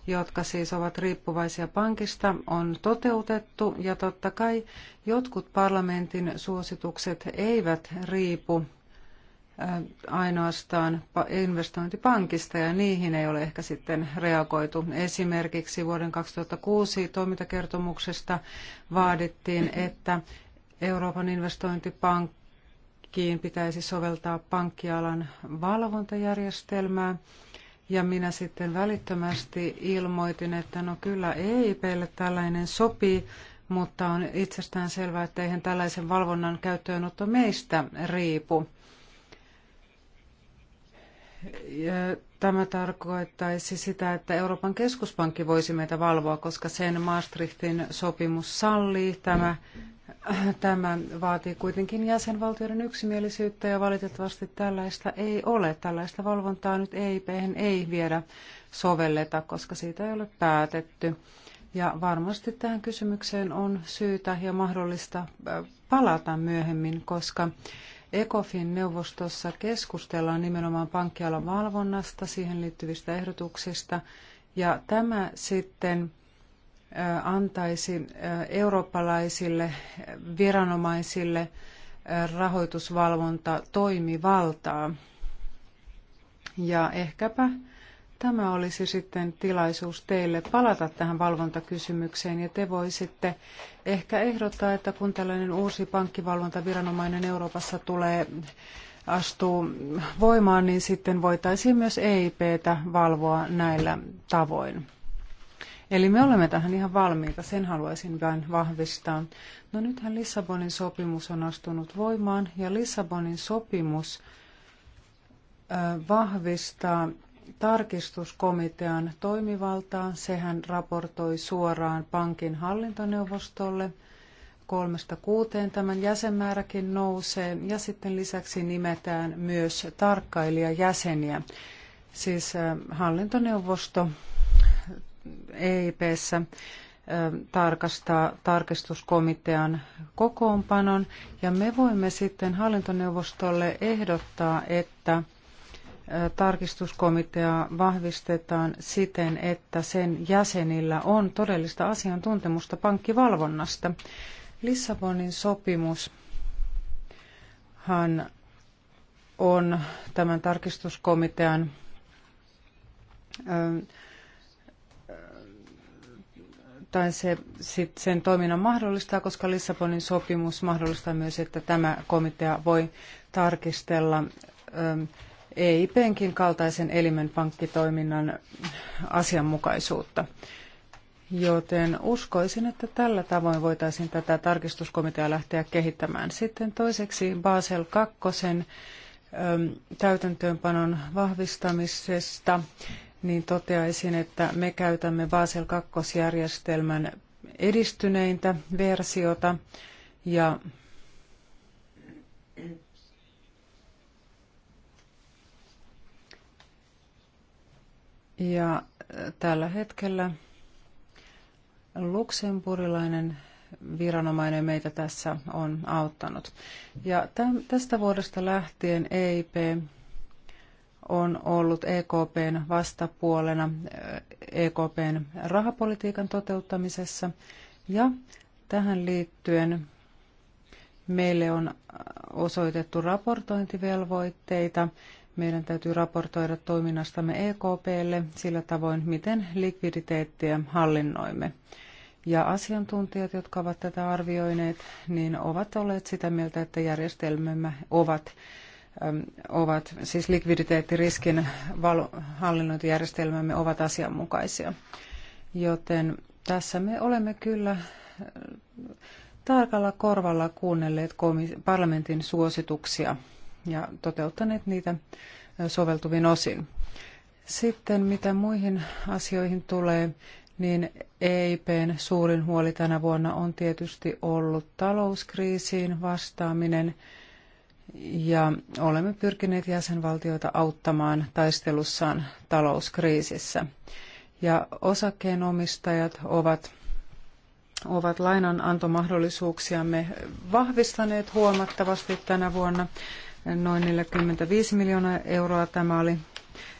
jotka siis ovat riippuvaisia pankista, on toteutettu. Ja totta kai jotkut parlamentin suositukset eivät riipu ainoastaan investointipankista ja niihin ei ole ehkä sitten reagoitu. Esimerkiksi vuoden 2006 toimintakertomuksesta vaadittiin, että Euroopan investointipankkiin pitäisi soveltaa pankkialan valvontajärjestelmää. Ja minä sitten välittömästi ilmoitin, että no kyllä EIPlle tällainen sopii, mutta on itsestään selvää, että eihän tällaisen valvonnan käyttöönotto meistä riipu. Tämä tarkoittaisi sitä, että Euroopan keskuspankki voisi meitä valvoa, koska sen Maastrichtin sopimus sallii. Tämä Tämä vaatii kuitenkin jäsenvaltioiden yksimielisyyttä ja valitettavasti tällaista ei ole. Tällaista valvontaa nyt EIP ei vielä sovelleta, koska siitä ei ole päätetty. Ja varmasti tähän kysymykseen on syytä ja mahdollista palata myöhemmin, koska ECOFIN neuvostossa keskustellaan nimenomaan pankkialan valvonnasta, siihen liittyvistä ehdotuksista. Ja tämä sitten antaisi eurooppalaisille viranomaisille rahoitusvalvonta toimivaltaa. Ja ehkäpä tämä olisi sitten tilaisuus teille palata tähän valvontakysymykseen ja te voisitte ehkä ehdottaa, että kun tällainen uusi pankkivalvontaviranomainen Euroopassa tulee astuu voimaan, niin sitten voitaisiin myös EIPtä valvoa näillä tavoin. Eli me olemme tähän ihan valmiita, sen haluaisin vain vahvistaa. No nythän Lissabonin sopimus on astunut voimaan ja Lissabonin sopimus vahvistaa tarkistuskomitean toimivaltaa. Sehän raportoi suoraan pankin hallintoneuvostolle kolmesta kuuteen tämän jäsenmääräkin nousee ja sitten lisäksi nimetään myös tarkkailijajäseniä. Siis hallintoneuvosto EIPssä tarkastaa tarkistuskomitean kokoonpanon ja me voimme sitten hallintoneuvostolle ehdottaa, että tarkistuskomiteaa vahvistetaan siten, että sen jäsenillä on todellista asiantuntemusta pankkivalvonnasta. Lissabonin sopimushan on tämän tarkistuskomitean osittain se sit sen toiminnan mahdollistaa, koska Lissabonin sopimus mahdollistaa myös, että tämä komitea voi tarkistella ähm, EIPnkin kaltaisen elimen pankkitoiminnan asianmukaisuutta. Joten uskoisin, että tällä tavoin voitaisiin tätä tarkistuskomiteaa lähteä kehittämään. Sitten toiseksi Basel II ähm, täytäntöönpanon vahvistamisesta niin toteaisin, että me käytämme Basel 2-järjestelmän edistyneintä versiota ja Ja äh, tällä hetkellä luksemburilainen viranomainen meitä tässä on auttanut. Ja tästä vuodesta lähtien EIP on ollut EKPn vastapuolena EKPn eh, e rahapolitiikan toteuttamisessa. Ja tähän liittyen meille on eh, osoitettu raportointivelvoitteita. Meidän täytyy raportoida toiminnastamme EKPlle sillä tavoin, miten likviditeettiä hallinnoimme. Ja asiantuntijat, jotka ovat tätä arvioineet, niin ovat olleet sitä mieltä, että järjestelmämme ovat ovat, siis likviditeettiriskin hallinnointijärjestelmämme ovat asianmukaisia. Joten tässä me olemme kyllä äh, tarkalla korvalla kuunnelleet parlamentin suosituksia ja toteuttaneet niitä äh, soveltuvin osin. Sitten mitä muihin asioihin tulee, niin EIPn suurin huoli tänä vuonna on tietysti ollut talouskriisiin vastaaminen – ja olemme pyrkineet jäsenvaltioita auttamaan taistelussaan talouskriisissä. Ja osakkeenomistajat ovat, ovat lainanantomahdollisuuksiamme vahvistaneet huomattavasti tänä vuonna noin 45 miljoonaa euroa tämä oli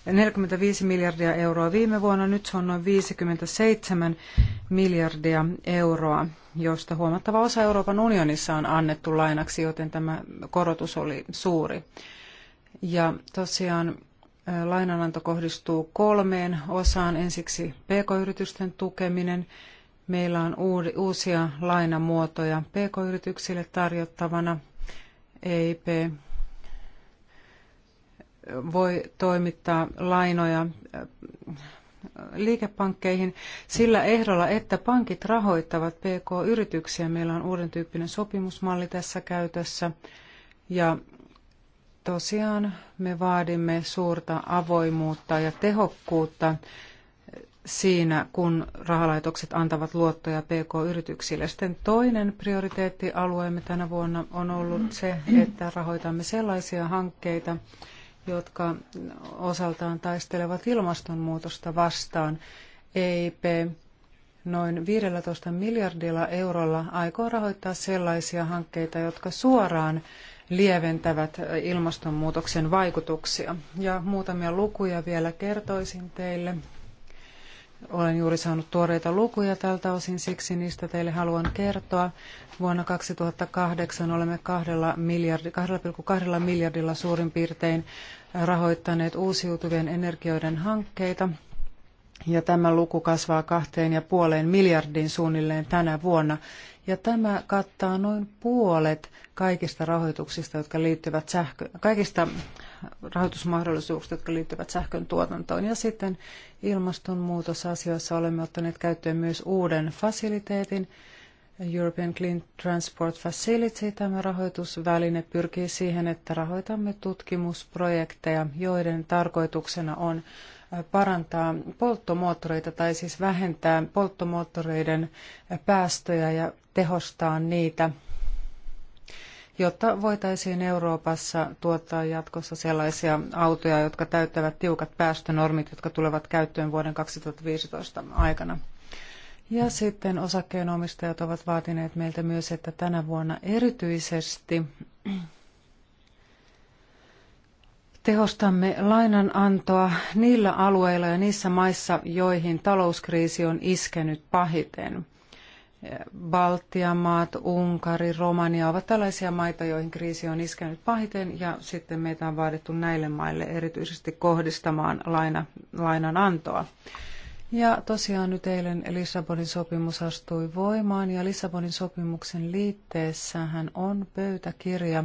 45 miljardia euroa viime vuonna, nyt se on noin 57 miljardia euroa, josta huomattava osa Euroopan unionissa on annettu lainaksi, joten tämä korotus oli suuri. Ja tosiaan lainananto kohdistuu kolmeen osaan. Ensiksi pk-yritysten tukeminen. Meillä on uusia lainamuotoja pk-yrityksille tarjottavana. EIP voi toimittaa lainoja äh, liikepankkeihin sillä ehdolla, että pankit rahoittavat PK-yrityksiä. Meillä on uuden tyyppinen sopimusmalli tässä käytössä ja tosiaan me vaadimme suurta avoimuutta ja tehokkuutta siinä, kun rahalaitokset antavat luottoja PK-yrityksille. Sitten toinen prioriteettialueemme tänä vuonna on ollut se, että rahoitamme sellaisia hankkeita, jotka osaltaan taistelevat ilmastonmuutosta vastaan. EIP noin 15 miljardilla eurolla aikoo rahoittaa sellaisia hankkeita, jotka suoraan lieventävät ilmastonmuutoksen vaikutuksia. Ja muutamia lukuja vielä kertoisin teille olen juuri saanut tuoreita lukuja tältä osin, siksi niistä teille haluan kertoa. Vuonna 2008 olemme 2,2 miljardi, miljardilla suurin piirtein rahoittaneet uusiutuvien energioiden hankkeita. Ja tämä luku kasvaa kahteen ja puoleen miljardiin suunnilleen tänä vuonna. Ja tämä kattaa noin puolet kaikista rahoituksista, jotka liittyvät sähkö, kaikista rahoitusmahdollisuukset, jotka liittyvät sähkön tuotantoon. Ja sitten ilmastonmuutosasioissa olemme ottaneet käyttöön myös uuden fasiliteetin, European Clean Transport Facility. Tämä rahoitusväline pyrkii siihen, että rahoitamme tutkimusprojekteja, joiden tarkoituksena on parantaa polttomoottoreita tai siis vähentää polttomoottoreiden päästöjä ja tehostaa niitä – jotta voitaisiin Euroopassa tuottaa jatkossa sellaisia autoja, jotka täyttävät tiukat päästönormit, jotka tulevat käyttöön vuoden 2015 aikana. Ja sitten osakkeenomistajat ovat vaatineet meiltä myös, että tänä vuonna erityisesti tehostamme lainanantoa niillä alueilla ja niissä maissa, joihin talouskriisi on iskenyt pahiten. Baltian maat, Unkari, Romania ovat tällaisia maita, joihin kriisi on iskenyt pahiten ja sitten meitä on vaadittu näille maille erityisesti kohdistamaan laina, lainanantoa. Ja tosiaan nyt eilen Lissabonin sopimus astui voimaan ja Lissabonin sopimuksen liitteessähän on pöytäkirja,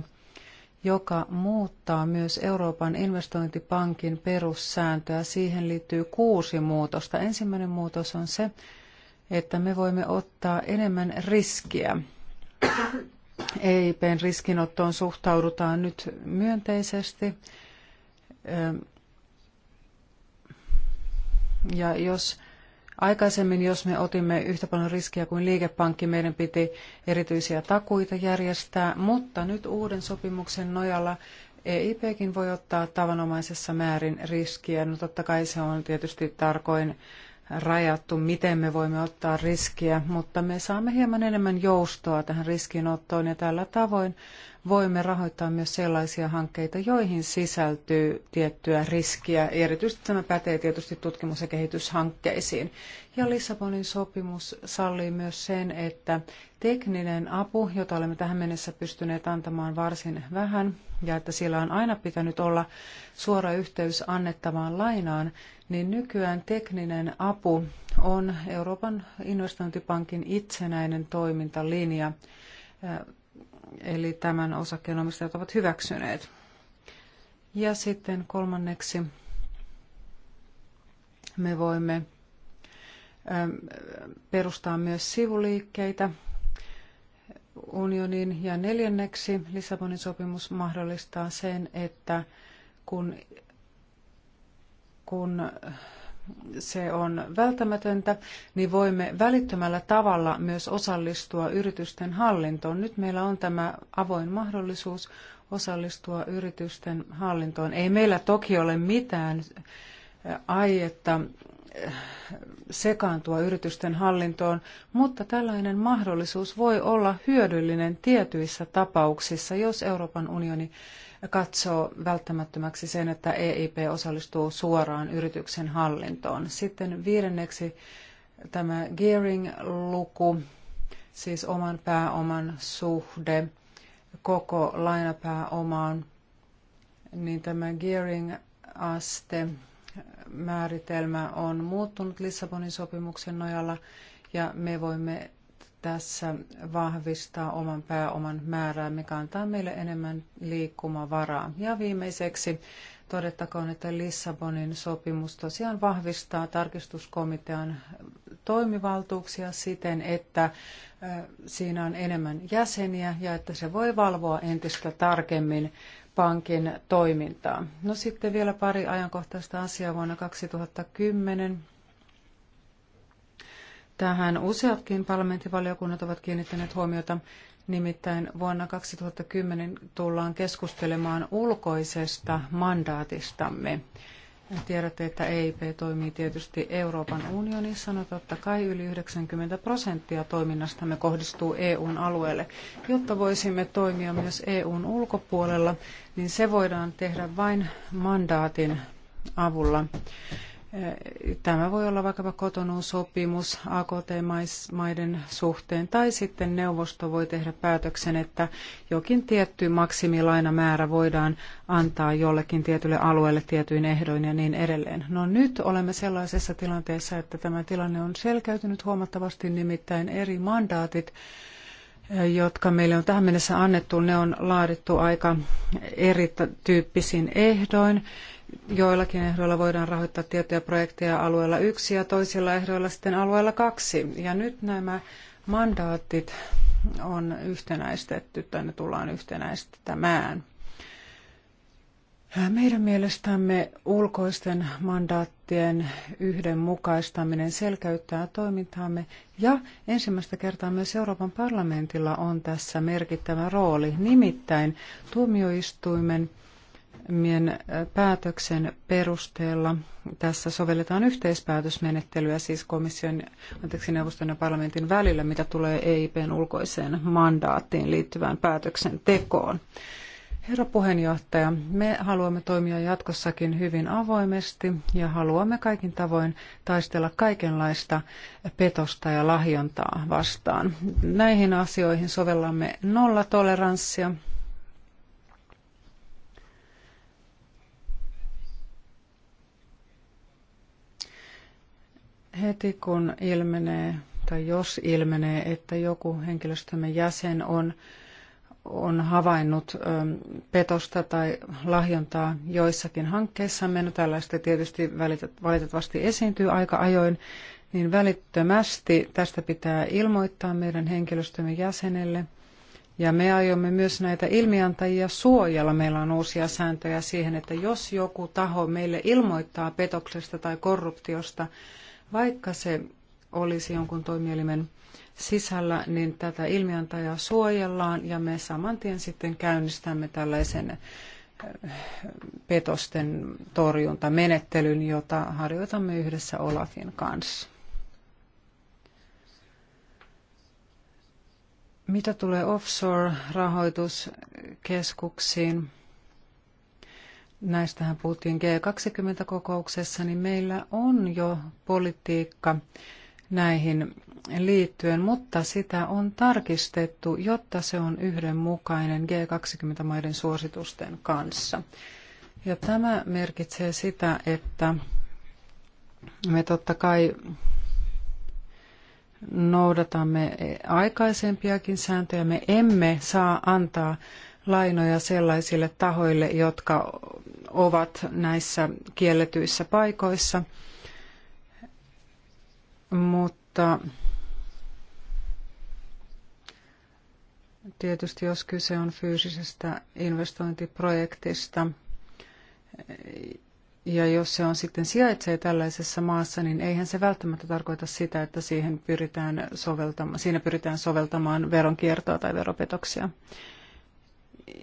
joka muuttaa myös Euroopan investointipankin perussääntöä. Siihen liittyy kuusi muutosta. Ensimmäinen muutos on se, että me voimme ottaa enemmän riskiä. EIPn riskinottoon suhtaudutaan nyt myönteisesti. Ja jos aikaisemmin, jos me otimme yhtä paljon riskiä kuin liikepankki, meidän piti erityisiä takuita järjestää, mutta nyt uuden sopimuksen nojalla EIPkin voi ottaa tavanomaisessa määrin riskiä. No totta kai se on tietysti tarkoin rajattu, miten me voimme ottaa riskiä, mutta me saamme hieman enemmän joustoa tähän riskinottoon ja tällä tavoin voimme rahoittaa myös sellaisia hankkeita, joihin sisältyy tiettyä riskiä. Erityisesti tämä pätee tietysti tutkimus- ja kehityshankkeisiin. Ja Lissabonin sopimus sallii myös sen, että tekninen apu, jota olemme tähän mennessä pystyneet antamaan varsin vähän, ja että sillä on aina pitänyt olla suora yhteys annettavaan lainaan, niin nykyään tekninen apu on Euroopan investointipankin itsenäinen toimintalinja eli tämän osakkeenomistajat ovat hyväksyneet. Ja sitten kolmanneksi me voimme ähm, perustaa myös sivuliikkeitä unionin ja neljänneksi Lissabonin sopimus mahdollistaa sen, että kun, kun se on välttämätöntä, niin voimme välittömällä tavalla myös osallistua yritysten hallintoon. Nyt meillä on tämä avoin mahdollisuus osallistua yritysten hallintoon. Ei meillä toki ole mitään äh, aietta äh, sekaantua yritysten hallintoon, mutta tällainen mahdollisuus voi olla hyödyllinen tietyissä tapauksissa, jos Euroopan unioni katsoo välttämättömäksi sen, että EIP osallistuu suoraan yrityksen hallintoon. Sitten viidenneksi tämä gearing-luku, siis oman pääoman suhde koko lainapääomaan, niin tämä gearing-aste määritelmä on muuttunut Lissabonin sopimuksen nojalla ja me voimme tässä vahvistaa oman pääoman määrää, mikä antaa meille enemmän liikkumavaraa. Ja viimeiseksi todettakoon, että Lissabonin sopimus tosiaan vahvistaa tarkistuskomitean toimivaltuuksia siten, että siinä on enemmän jäseniä ja että se voi valvoa entistä tarkemmin pankin toimintaa. No sitten vielä pari ajankohtaista asiaa vuonna 2010 Tähän useatkin parlamenttivaliokunnat ovat kiinnittäneet huomiota. Nimittäin vuonna 2010 tullaan keskustelemaan ulkoisesta mandaatistamme. Tiedätte, että EIP toimii tietysti Euroopan unionissa, no totta kai yli 90 prosenttia toiminnastamme kohdistuu EUn alueelle. Jotta voisimme toimia myös EUn ulkopuolella, niin se voidaan tehdä vain mandaatin avulla. Tämä voi olla vaikkapa sopimus AKT-maiden suhteen, tai sitten neuvosto voi tehdä päätöksen, että jokin tietty maksimilainamäärä voidaan antaa jollekin tietylle alueelle tietyin ehdoin ja niin edelleen. No nyt olemme sellaisessa tilanteessa, että tämä tilanne on selkäytynyt huomattavasti, nimittäin eri mandaatit jotka meille on tähän mennessä annettu, ne on laadittu aika erityyppisin ehdoin joillakin ehdoilla voidaan rahoittaa tiettyjä projekteja alueella yksi ja toisilla ehdoilla sitten alueella kaksi. Ja nyt nämä mandaatit on yhtenäistetty tai ne tullaan yhtenäistämään. Meidän mielestämme ulkoisten mandaattien yhdenmukaistaminen selkeyttää toimintaamme ja ensimmäistä kertaa myös Euroopan parlamentilla on tässä merkittävä rooli, nimittäin tuomioistuimen tuomioistuimien päätöksen perusteella. Tässä sovelletaan yhteispäätösmenettelyä siis komission, anteeksi, neuvoston ja parlamentin välillä, mitä tulee EIPn ulkoiseen mandaattiin liittyvään päätöksentekoon. Herra puheenjohtaja, me haluamme toimia jatkossakin hyvin avoimesti ja haluamme kaikin tavoin taistella kaikenlaista petosta ja lahjontaa vastaan. Näihin asioihin sovellamme nollatoleranssia Heti kun ilmenee tai jos ilmenee, että joku henkilöstömme jäsen on, on havainnut petosta tai lahjontaa joissakin hankkeissamme, no tällaista tietysti valitettavasti esiintyy aika ajoin, niin välittömästi tästä pitää ilmoittaa meidän henkilöstömme jäsenelle. Ja me aiomme myös näitä ilmiantajia suojella. Meillä on uusia sääntöjä siihen, että jos joku taho meille ilmoittaa petoksesta tai korruptiosta, vaikka se olisi jonkun toimielimen sisällä, niin tätä ilmiantajaa suojellaan ja me saman tien sitten käynnistämme tällaisen äh, petosten torjuntamenettelyn, jota harjoitamme yhdessä Olafin kanssa. Mitä tulee offshore-rahoituskeskuksiin, näistähän puhuttiin G20-kokouksessa, niin meillä on jo politiikka näihin liittyen, mutta sitä on tarkistettu, jotta se on yhdenmukainen G20-maiden suositusten kanssa. Ja tämä merkitsee sitä, että me totta kai noudatamme aikaisempiakin sääntöjä. Me emme saa antaa lainoja sellaisille tahoille, jotka ovat näissä kielletyissä paikoissa. Mutta tietysti jos kyse on fyysisestä investointiprojektista ja jos se on sitten sijaitsee tällaisessa maassa, niin eihän se välttämättä tarkoita sitä, että siihen pyritään soveltamaan, siinä pyritään soveltamaan veronkiertoa tai veropetoksia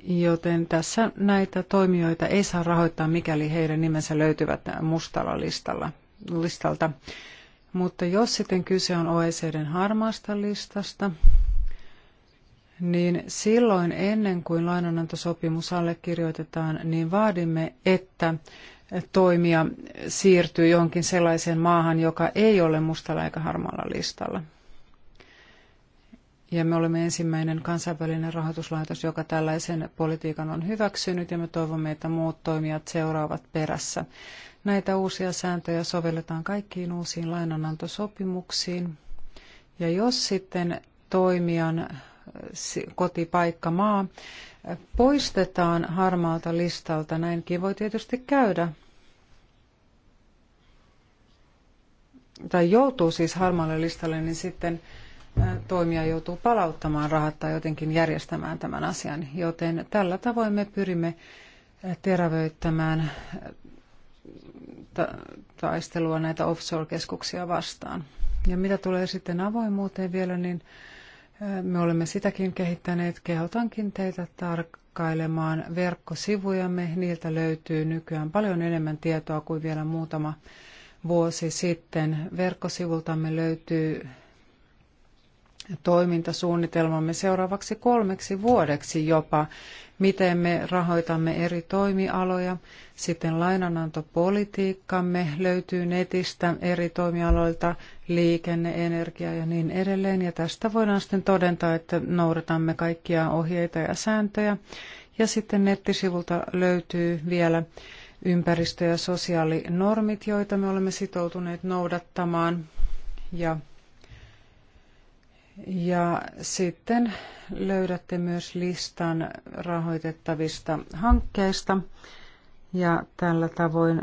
joten tässä näitä toimijoita ei saa rahoittaa, mikäli heidän nimensä löytyvät mustalla listalla, listalta. Mutta jos sitten kyse on OECDn harmaasta listasta, niin silloin ennen kuin lainanantosopimus allekirjoitetaan, niin vaadimme, että toimija siirtyy jonkin sellaiseen maahan, joka ei ole mustalla eikä harmaalla listalla. Ja me olemme ensimmäinen kansainvälinen rahoituslaitos, joka tällaisen politiikan on hyväksynyt ja me toivomme, että muut toimijat seuraavat perässä. Näitä uusia sääntöjä sovelletaan kaikkiin uusiin lainanantosopimuksiin. Ja jos sitten toimijan kotipaikka maa poistetaan harmaalta listalta, näinkin voi tietysti käydä. Tai joutuu siis harmaalle listalle, niin sitten toimija joutuu palauttamaan rahat tai jotenkin järjestämään tämän asian. Joten tällä tavoin me pyrimme terävöittämään taistelua näitä offshore-keskuksia vastaan. Ja mitä tulee sitten avoimuuteen vielä, niin me olemme sitäkin kehittäneet. Kehotankin teitä tarkkailemaan verkkosivujamme. Niiltä löytyy nykyään paljon enemmän tietoa kuin vielä muutama vuosi sitten. Verkkosivultamme löytyy toimintasuunnitelmamme seuraavaksi kolmeksi vuodeksi jopa, miten me rahoitamme eri toimialoja. Sitten lainanantopolitiikkamme löytyy netistä eri toimialoilta, liikenne, energia ja niin edelleen. Ja tästä voidaan sitten todentaa, että noudatamme kaikkia ohjeita ja sääntöjä. Ja sitten nettisivulta löytyy vielä ympäristö- ja sosiaalinormit, joita me olemme sitoutuneet noudattamaan. Ja ja sitten löydätte myös listan rahoitettavista hankkeista. Ja tällä tavoin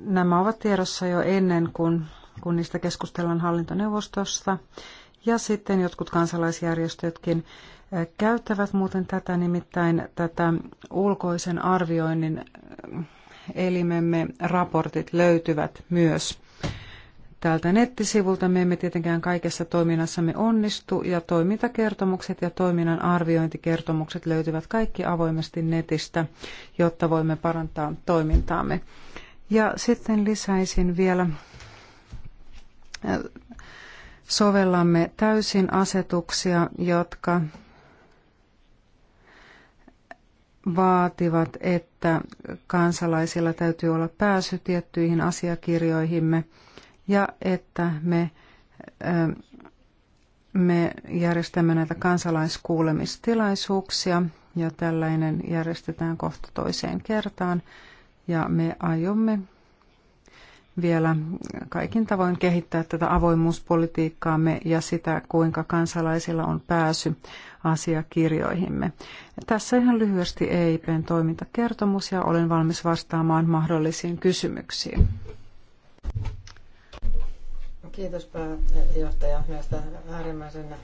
nämä ovat tiedossa jo ennen kuin kun niistä keskustellaan hallintoneuvostossa. Ja sitten jotkut kansalaisjärjestötkin eh, käyttävät muuten tätä, nimittäin tätä ulkoisen arvioinnin eh, elimemme raportit löytyvät myös täältä nettisivulta. Me emme tietenkään kaikessa toiminnassamme onnistu ja toimintakertomukset ja toiminnan arviointikertomukset löytyvät kaikki avoimesti netistä, jotta voimme parantaa toimintaamme. Ja sitten lisäisin vielä äh, sovellamme täysin asetuksia, jotka vaativat, että kansalaisilla täytyy olla pääsy tiettyihin asiakirjoihimme – ja että me, me järjestämme näitä kansalaiskuulemistilaisuuksia ja tällainen järjestetään kohta toiseen kertaan ja me aiomme vielä kaikin tavoin kehittää tätä avoimuuspolitiikkaamme ja sitä, kuinka kansalaisilla on pääsy asiakirjoihimme. Tässä ihan lyhyesti EIPn toimintakertomus ja olen valmis vastaamaan mahdollisiin kysymyksiin. Kiitos pääjohtaja näistä äärimmäisen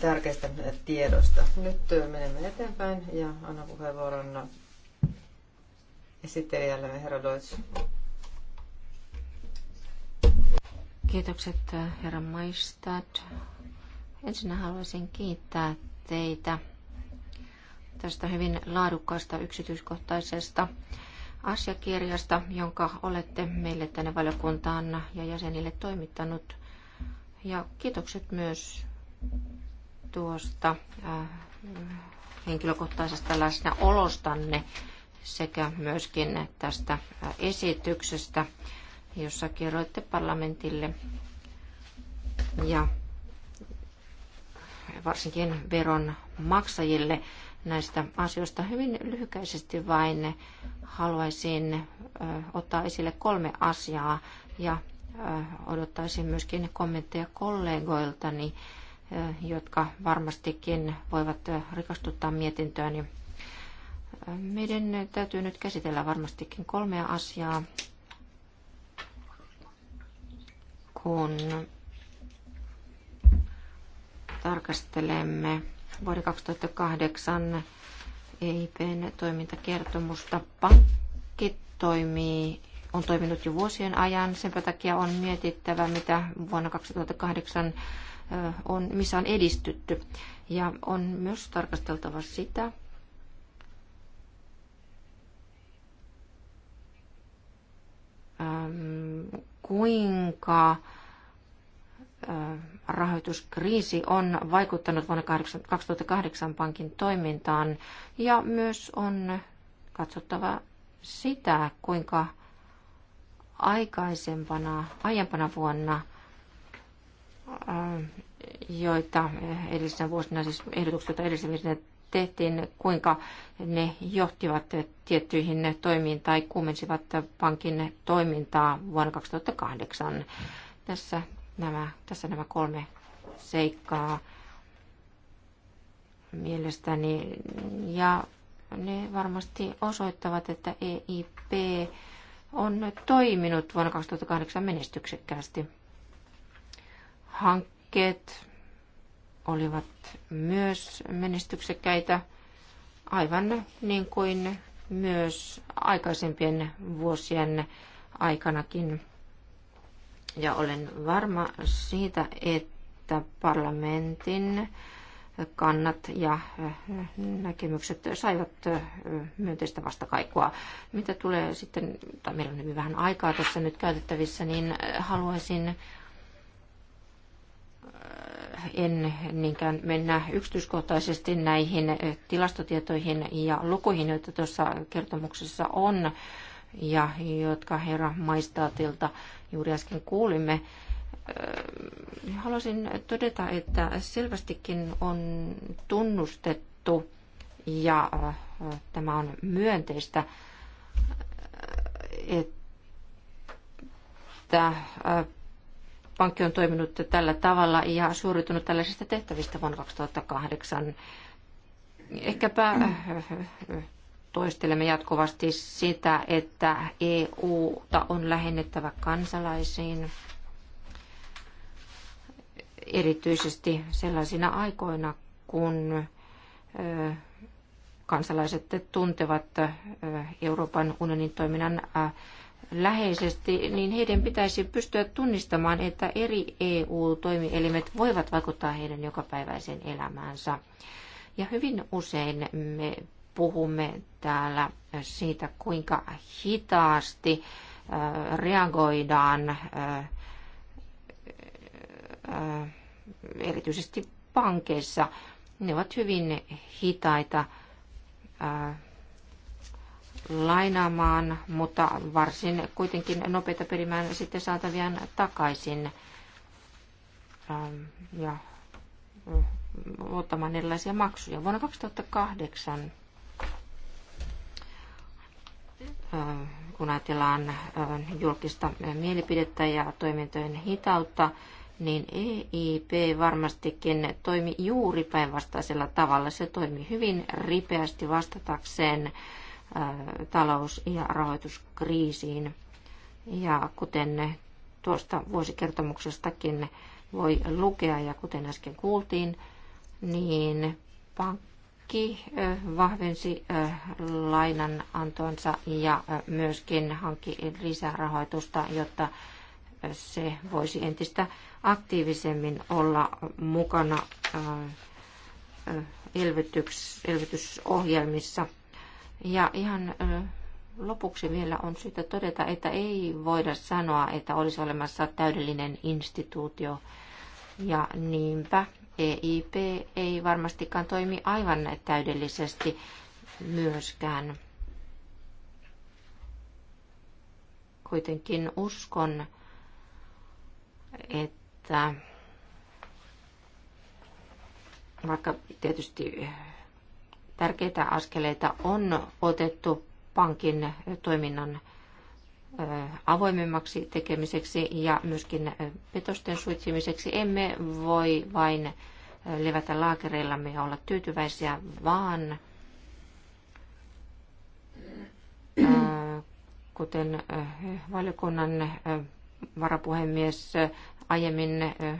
tärkeistä tiedosta. Nyt menemme eteenpäin ja annan puheenvuoron esittelijälle herra Deutsch. Kiitokset herra Maistad. Ensinnä haluaisin kiittää teitä tästä hyvin laadukkaasta yksityiskohtaisesta asiakirjasta, jonka olette meille tänne valiokuntaan ja jäsenille toimittanut. Ja kiitokset myös tuosta äh, henkilökohtaisesta läsnäolostanne sekä myöskin tästä äh, esityksestä, jossa kerroitte parlamentille ja varsinkin veron maksajille näistä asioista. Hyvin lyhykäisesti vain haluaisin ottaa esille kolme asiaa ja odottaisin myöskin kommentteja kollegoiltani, jotka varmastikin voivat rikastuttaa mietintöäni. Meidän täytyy nyt käsitellä varmastikin kolmea asiaa, kun tarkastelemme vuoden 2008 EIPn toimintakertomusta. Pankki toimii, on toiminut jo vuosien ajan, sen takia on mietittävä, mitä vuonna 2008 on, missä on edistytty. Ja on myös tarkasteltava sitä, kuinka rahoituskriisi on vaikuttanut vuonna 2008 pankin toimintaan ja myös on katsottava sitä, kuinka aikaisempana, aiempana vuonna, äh, joita edellisenä vuosina, siis ehdotukset, joita edellisenä tehtiin, kuinka ne johtivat tiettyihin toimiin tai kuumensivat pankin toimintaa vuonna 2008. Tässä Nämä, tässä nämä kolme seikkaa mielestäni. Ja ne varmasti osoittavat, että EIP on toiminut vuonna 2008 menestyksekkäästi. Hankkeet olivat myös menestyksekkäitä, aivan niin kuin myös aikaisempien vuosien aikanakin. Ja olen varma siitä, että parlamentin kannat ja äh, näkemykset saivat äh, myönteistä vastakaikua. Mitä tulee sitten, tai meillä on hyvin vähän aikaa tässä nyt käytettävissä, niin äh, haluaisin en niinkään mennä yksityiskohtaisesti näihin tilastotietoihin ja lukuihin, joita tuossa kertomuksessa on ja jotka herra maistaatilta juuri äsken kuulimme. Haluaisin todeta, että selvästikin on tunnustettu ja tämä on myönteistä, että pankki on toiminut tällä tavalla ja suoritunut tällaisista tehtävistä vuonna 2008. Ehkäpä toistelemme jatkuvasti sitä, että EUta on lähennettävä kansalaisiin, erityisesti sellaisina aikoina, kun kansalaiset tuntevat Euroopan unionin toiminnan läheisesti, niin heidän pitäisi pystyä tunnistamaan, että eri EU-toimielimet voivat vaikuttaa heidän jokapäiväiseen elämäänsä. Ja hyvin usein me puhumme täällä siitä, kuinka hitaasti reagoidaan erityisesti pankeissa. Ne ovat hyvin hitaita lainaamaan, mutta varsin kuitenkin nopeita perimään sitten saataviaan takaisin ja ottamaan erilaisia maksuja. Vuonna 2008 kun ajatellaan julkista mielipidettä ja toimintojen hitautta, niin EIP varmastikin toimi juuri päinvastaisella tavalla. Se toimi hyvin ripeästi vastatakseen talous- ja rahoituskriisiin. Ja kuten tuosta vuosikertomuksestakin voi lukea ja kuten äsken kuultiin, niin pankki Turkki vahvensi lainanantonsa ja myöskin hankki lisärahoitusta, jotta se voisi entistä aktiivisemmin olla mukana elvytysohjelmissa. Ja ihan lopuksi vielä on syytä todeta, että ei voida sanoa, että olisi olemassa täydellinen instituutio. Ja niinpä EIP ei varmastikaan toimi aivan täydellisesti myöskään. Kuitenkin uskon, että vaikka tietysti tärkeitä askeleita on otettu pankin toiminnan avoimemmaksi tekemiseksi ja myöskin petosten suitsimiseksi. Emme voi vain levätä laakereillamme ja olla tyytyväisiä, vaan kuten valiokunnan varapuhemies aiemmin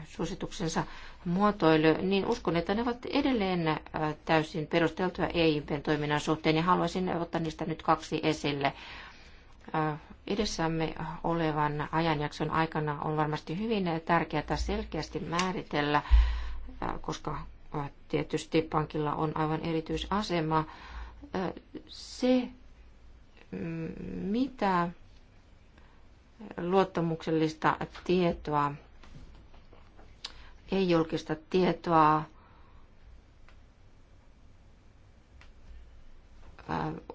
suosituksensa muotoilu, niin uskon, että ne ovat edelleen täysin perusteltuja EIPn toiminnan suhteen ja haluaisin ottaa niistä nyt kaksi esille edessämme olevan ajanjakson aikana on varmasti hyvin tärkeää selkeästi määritellä, koska tietysti pankilla on aivan erityisasema, se mm, mitä luottamuksellista tietoa, ei julkista tietoa,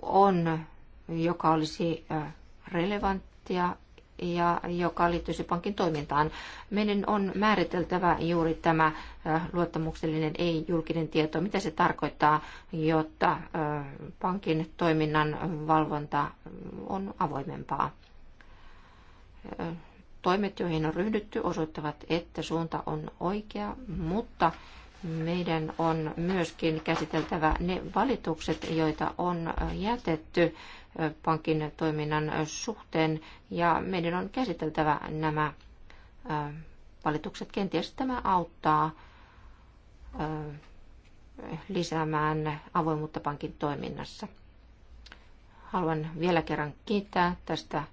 on joka olisi relevanttia ja joka liittyisi pankin toimintaan. Meidän on määriteltävä juuri tämä luottamuksellinen ei-julkinen tieto, mitä se tarkoittaa, jotta pankin toiminnan valvonta on avoimempaa. Toimet, joihin on ryhdytty, osoittavat, että suunta on oikea, mutta meidän on myöskin käsiteltävä ne valitukset, joita on jätetty pankin toiminnan suhteen ja meidän on käsiteltävä nämä valitukset. Kenties tämä auttaa lisäämään avoimuutta pankin toiminnassa. Haluan vielä kerran kiittää tästä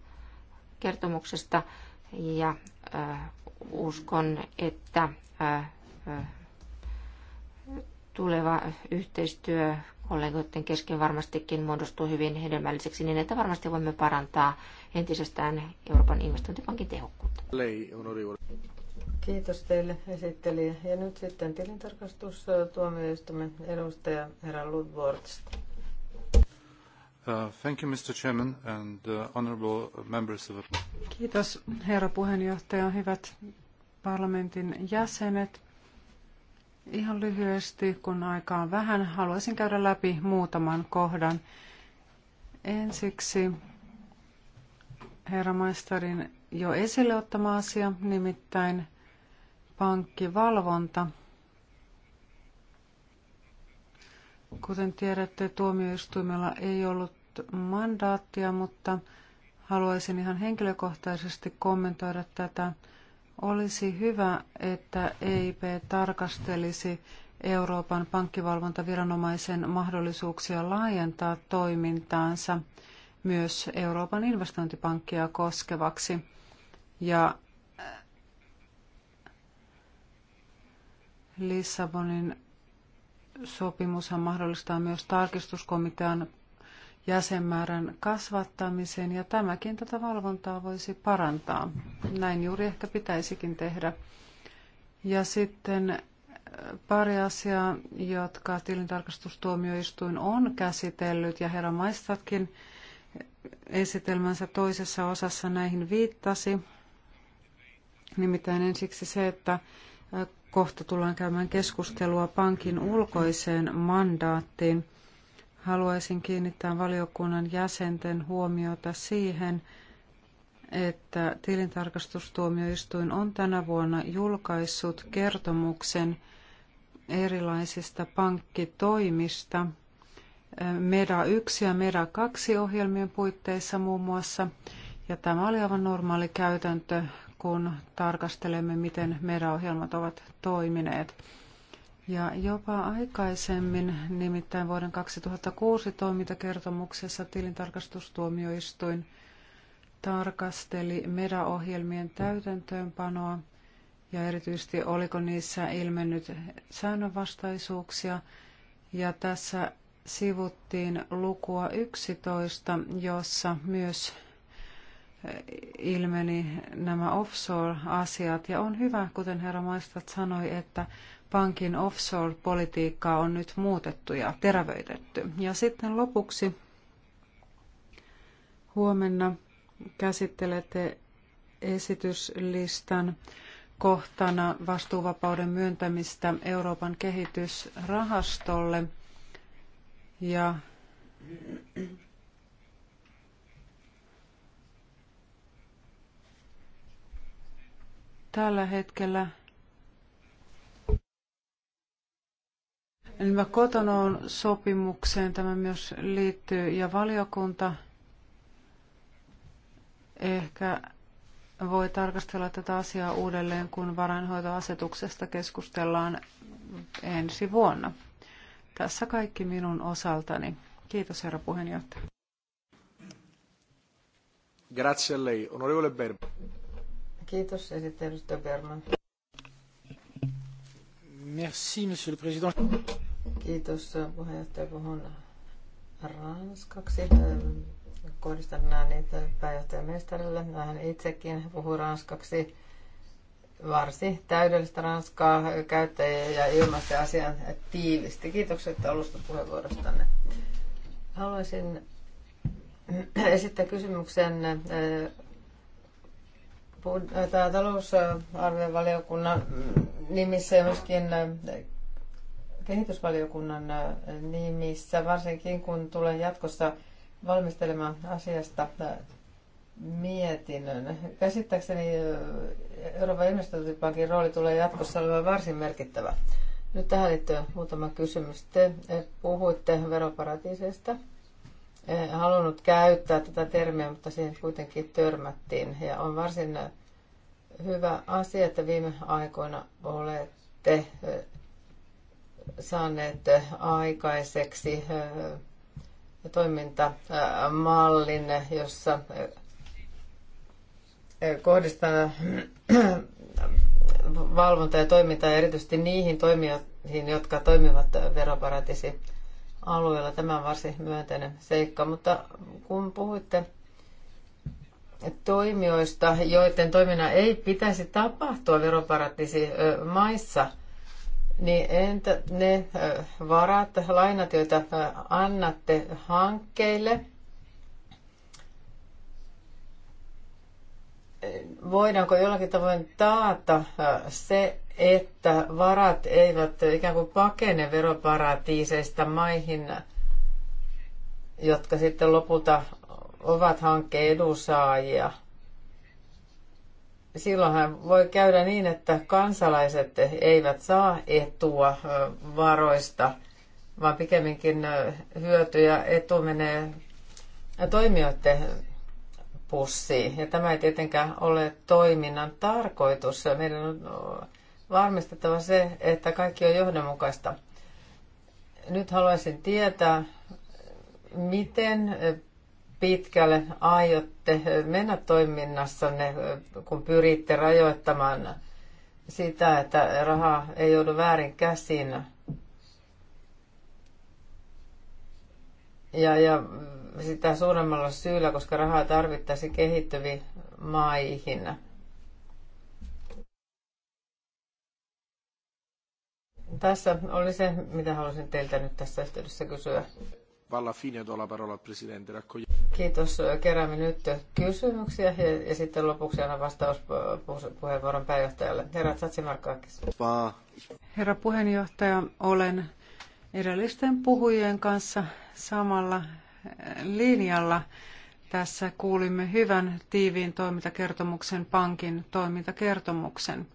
kertomuksesta ja uskon, että tuleva yhteistyö kollegoiden kesken varmastikin muodostuu hyvin hedelmälliseksi niin, että varmasti voimme parantaa entisestään Euroopan investointipankin tehokkuutta. Kiitos teille esittelijä. Ja nyt sitten tilintarkastus tuomioistuimen edustaja herra Ludvortista. Uh, thank you, Mr. Chairman and uh, honorable members of... Kiitos herra puheenjohtaja, hyvät parlamentin jäsenet. Ihan lyhyesti, kun aikaa on vähän, haluaisin käydä läpi muutaman kohdan. Ensiksi herra jo esille ottama asia, nimittäin pankkivalvonta. Kuten tiedätte, tuomioistuimella ei ollut mandaattia, mutta haluaisin ihan henkilökohtaisesti kommentoida tätä olisi hyvä, että EIP tarkastelisi Euroopan pankkivalvontaviranomaisen mahdollisuuksia laajentaa toimintaansa myös Euroopan investointipankkia koskevaksi. Ja äh, Lissabonin sopimushan mahdollistaa myös tarkistuskomitean jäsenmäärän kasvattamiseen ja tämäkin tätä valvontaa voisi parantaa. Näin juuri ehkä pitäisikin tehdä. Ja sitten äh, pari asiaa, jotka tilintarkastustuomioistuin on käsitellyt ja herra Maistatkin esitelmänsä toisessa osassa näihin viittasi. Nimittäin ensiksi se, että äh, kohta tullaan käymään keskustelua pankin ulkoiseen mandaattiin haluaisin kiinnittää valiokunnan jäsenten huomiota siihen, että tilintarkastustuomioistuin on tänä vuonna julkaissut kertomuksen erilaisista pankkitoimista MEDA 1 ja MEDA 2 ohjelmien puitteissa muun muassa. Ja tämä oli aivan normaali käytäntö, kun tarkastelemme, miten MEDA-ohjelmat ovat toimineet ja jopa aikaisemmin, nimittäin vuoden 2006 toimintakertomuksessa tilintarkastustuomioistuin tarkasteli MEDA-ohjelmien täytäntöönpanoa ja erityisesti oliko niissä ilmennyt säännönvastaisuuksia. Ja tässä sivuttiin lukua 11, jossa myös e, ilmeni nämä offshore-asiat. Ja on hyvä, kuten herra Maistat sanoi, että pankin offshore-politiikkaa on nyt muutettu ja terävöitetty. Ja sitten lopuksi huomenna käsittelette esityslistan kohtana vastuuvapauden myöntämistä Euroopan kehitysrahastolle. Ja tällä hetkellä Tämä kotonoon sopimukseen tämä myös liittyy ja valiokunta ehkä voi tarkastella tätä asiaa uudelleen, kun varainhoitoasetuksesta keskustellaan ensi vuonna. Tässä kaikki minun osaltani. Kiitos herra puheenjohtaja. Grazie a lei. Onorevole Berman. Kiitos esittelystä Berman. Merci, monsieur le président. Kiitos puheenjohtaja. Puhun ranskaksi. Kohdistan äänet pääjohtajamestarille. Hän itsekin puhuu ranskaksi. Varsin täydellistä ranskaa käyttäjä ja ilmaista asian tiivisti. Kiitokset alusta puheenvuorostanne. Haluaisin [CLEARS THROAT] esittää kysymyksen talousarviovaliokunnan nimissä ja myöskin kehitysvaliokunnan nimissä, varsinkin kun tulen jatkossa valmistelemaan asiasta mietinnön. Käsittääkseni Euroopan investointipankin rooli tulee jatkossa olemaan varsin merkittävä. Nyt tähän liittyy muutama kysymys. Te puhuitte veroparatiiseista. Eh, halunnut käyttää tätä termiä, mutta siihen kuitenkin törmättiin. Ja on varsin eh, hyvä asia, että viime aikoina olette eh, saaneet aikaiseksi toimintamallin, jossa kohdistaa valvonta ja toimintaa erityisesti niihin toimijoihin, jotka toimivat veroparatisi alueella. Tämä on varsin myönteinen seikka, mutta kun puhuitte toimijoista, joiden toiminnan ei pitäisi tapahtua veroparatiisi maissa, niin entä ne varat, lainat, joita annatte hankkeille – voidaanko jollakin tavoin taata äh, se, että varat eivät ikään kuin pakene veroparatiiseista maihin, jotka sitten lopulta ovat hankkeen edunsaajia. Silloinhan voi käydä niin, että kansalaiset eivät saa etua äh, varoista, vaan pikemminkin äh, hyöty ja etu menee toimijoiden pussi. Ja tämä ei tietenkään ole toiminnan tarkoitus. Meidän on varmistettava se, että kaikki on johdonmukaista. Nyt haluaisin tietää, miten pitkälle aiotte mennä toiminnassanne, kun pyritte rajoittamaan sitä, että raha ei joudu väärin käsiin. Ja, ja sitä suuremmalla syyllä, koska rahaa tarvittaisiin kehittyviin maihin. Tässä oli se, mitä halusin teiltä nyt tässä yhteydessä kysyä. Valla fine do la parola presidente. Kiitos. Keräämme nyt kysymyksiä ja, ja sitten lopuksi annan vastauspuheenvuoron pääjohtajalle. Herra Tsatsimarkakis. Herra puheenjohtaja, olen edellisten puhujien kanssa samalla linjalla. Tässä kuulimme hyvän tiiviin toimintakertomuksen, pankin toimintakertomuksen.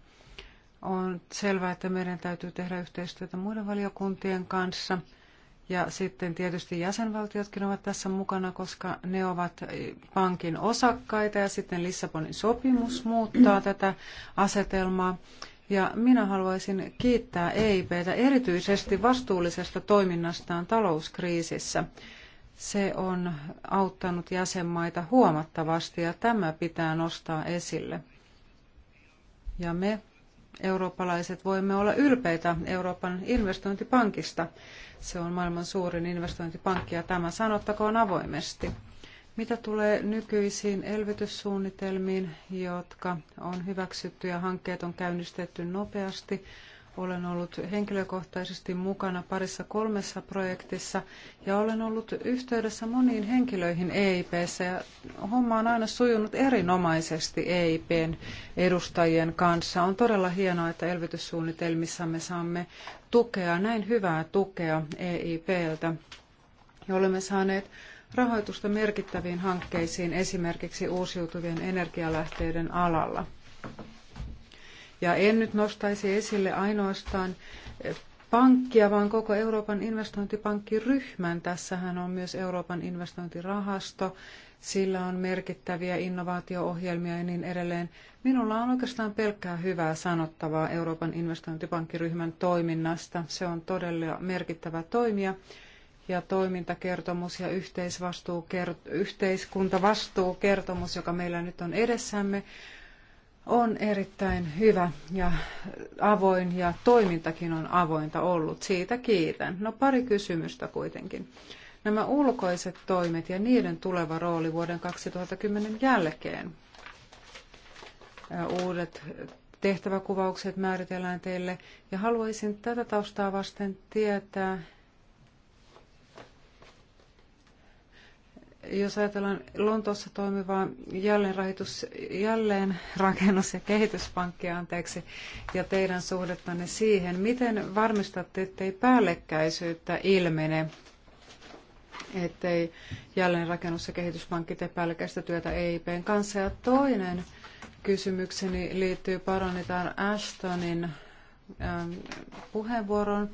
On selvää, että meidän täytyy tehdä yhteistyötä muiden valiokuntien kanssa. Ja sitten tietysti jäsenvaltiotkin ovat tässä mukana, koska ne ovat pankin osakkaita ja sitten Lissabonin sopimus muuttaa [CLEARS THROAT] tätä asetelmaa. Ja minä haluaisin kiittää EIPtä erityisesti vastuullisesta toiminnastaan talouskriisissä. Se on auttanut jäsenmaita huomattavasti ja tämä pitää nostaa esille. Ja me eurooppalaiset voimme olla ylpeitä Euroopan investointipankista. Se on maailman suurin investointipankki ja tämä sanottakoon avoimesti. Mitä tulee nykyisiin elvytyssuunnitelmiin, jotka on hyväksytty ja hankkeet on käynnistetty nopeasti, olen ollut henkilökohtaisesti mukana parissa kolmessa projektissa ja olen ollut yhteydessä moniin henkilöihin EIPssä ja homma on aina sujunut erinomaisesti EIPn edustajien kanssa. On todella hienoa, että elvytyssuunnitelmissamme saamme tukea, näin hyvää tukea EIPltä. Ja olemme saaneet rahoitusta merkittäviin hankkeisiin esimerkiksi uusiutuvien energialähteiden alalla. Ja en nyt nostaisi esille ainoastaan pankkia, vaan koko Euroopan investointipankkiryhmän. Tässähän on myös Euroopan investointirahasto, sillä on merkittäviä innovaatio-ohjelmia ja niin edelleen. Minulla on oikeastaan pelkkää hyvää sanottavaa Euroopan investointipankkiryhmän toiminnasta. Se on todella merkittävä toimija ja toimintakertomus ja yhteisvastuukert- yhteiskuntavastuukertomus, joka meillä nyt on edessämme, on erittäin hyvä ja avoin ja toimintakin on avointa ollut. Siitä kiitän. No pari kysymystä kuitenkin. Nämä ulkoiset toimet ja niiden tuleva rooli vuoden 2010 jälkeen. Uudet tehtäväkuvaukset määritellään teille ja haluaisin tätä taustaa vasten tietää, jos ajatellaan Lontoossa toimivaa jälleenrahoitus, jälleenrakennus- ja kehityspankkia, anteeksi, ja teidän suhdettanne siihen, miten varmistatte, ettei päällekkäisyyttä ilmene, ettei jälleenrakennus- ja kehityspankki tee päällekkäistä työtä EIPn kanssa? Ja toinen kysymykseni liittyy paronitaan Ashtonin ähm, puheenvuoroon.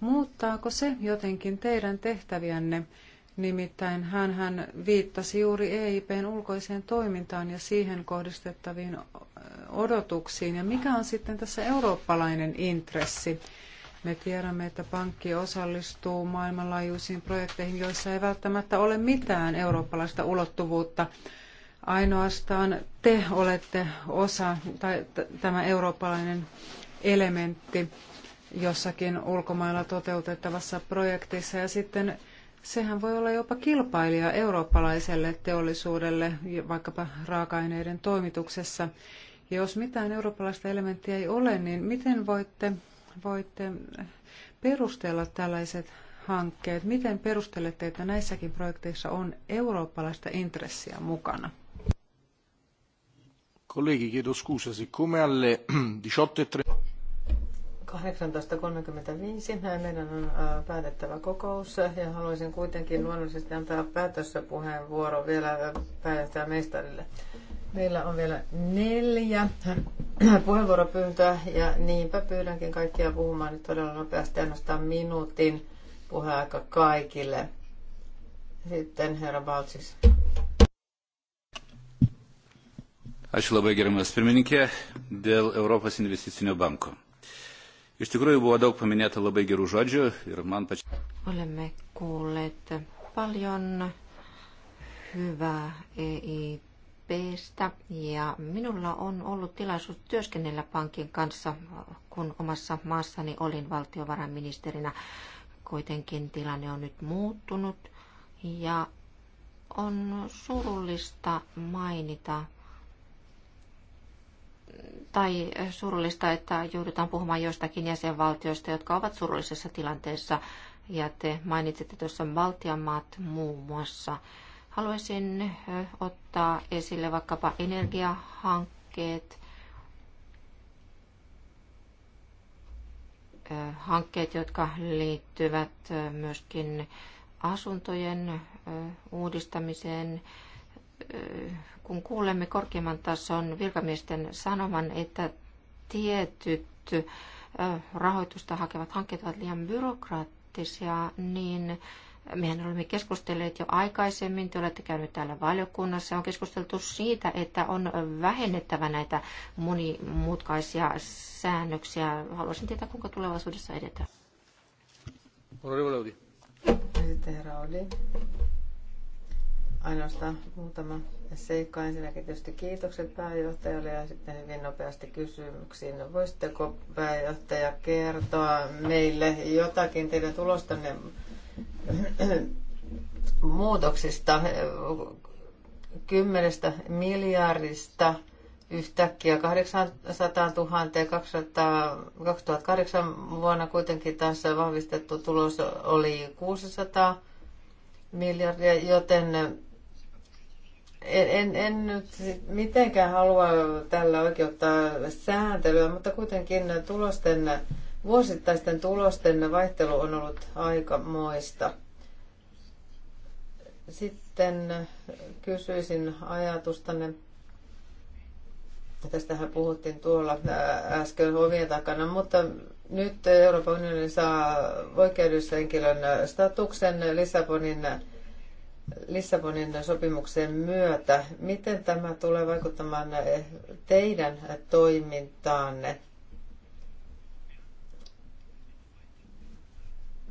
Muuttaako se jotenkin teidän tehtäviänne? Nimittäin hän, hän viittasi juuri EIPn ulkoiseen toimintaan ja siihen kohdistettaviin odotuksiin. Ja mikä on sitten tässä eurooppalainen intressi? Me tiedämme, että pankki osallistuu maailmanlaajuisiin projekteihin, joissa ei välttämättä ole mitään eurooppalaista ulottuvuutta. Ainoastaan te olette osa, tai tämä eurooppalainen elementti jossakin ulkomailla toteutettavassa projektissa. Ja sitten Sehän voi olla jopa kilpailija eurooppalaiselle teollisuudelle, vaikkapa raaka-aineiden toimituksessa. Ja jos mitään eurooppalaista elementtiä ei ole, niin miten voitte, voitte perustella tällaiset hankkeet? Miten perustelette, että näissäkin projekteissa on eurooppalaista intressiä mukana? Colleghi, chiedo scusa, siccome alle 18.30... [CLEARS THROAT] 18.35. Näin meidän on päätettävä kokous ja haluaisin kuitenkin luonnollisesti antaa päätössä puheenvuoro vielä pääjohtaja Meistarille. Meillä on vielä neljä puheenvuoropyyntöä ja niinpä pyydänkin kaikkia puhumaan nyt todella nopeasti ainoastaan minuutin puheaika kaikille. Sitten herra Baltsis. Ačiū labai gerimas pirmininkė dėl Europos investicinio banko. Iš tikrųjų buvo daug paminėta labai gerų žodžių ir man pačiai. Olemme kuulleet paljon hyvää EIPstä ja minulla on ollut tilaisuus työskennellä pankin kanssa, kun omassa maassani olin valtiovarainministerinä. Kuitenkin tilanne on nyt muuttunut ja on surullista mainita tai surullista, että joudutaan puhumaan joistakin jäsenvaltioista, jotka ovat surullisessa tilanteessa. Ja te mainitsitte tuossa Baltian maat muun muassa. Haluaisin ottaa esille vaikkapa energiahankkeet, hankkeet, jotka liittyvät myöskin asuntojen uudistamiseen, kun kuulemme korkeimman tason virkamiesten sanoman, että tietyt rahoitusta hakevat hankkeet ovat liian byrokraattisia, niin mehän olemme keskustelleet jo aikaisemmin, te olette käyneet täällä valiokunnassa, on keskusteltu siitä, että on vähennettävä näitä monimutkaisia säännöksiä. Haluaisin tietää, kuinka tulevaisuudessa edetään. Herra Oli ainoastaan muutama seikka. Ensinnäkin tietysti kiitokset pääjohtajalle ja sitten hyvin nopeasti kysymyksiin. Voisitteko pääjohtaja kertoa meille jotakin teidän tulostanne muutoksista? Kymmenestä miljardista yhtäkkiä 800 000 ja 2008 vuonna kuitenkin tässä vahvistettu tulos oli 600 miljardia, joten en, en, en nyt mitenkään halua tällä oikeuttaa sääntelyä, mutta kuitenkin tulosten, vuosittaisten tulosten vaihtelu on ollut aika moista. Sitten kysyisin ajatustanne, tästähän puhuttiin tuolla äsken ovien takana, mutta nyt Euroopan unioni saa oikeudushenkilön statuksen Lissabonin Lissabonin sopimuksen myötä. Miten tämä tulee vaikuttamaan teidän toimintaanne?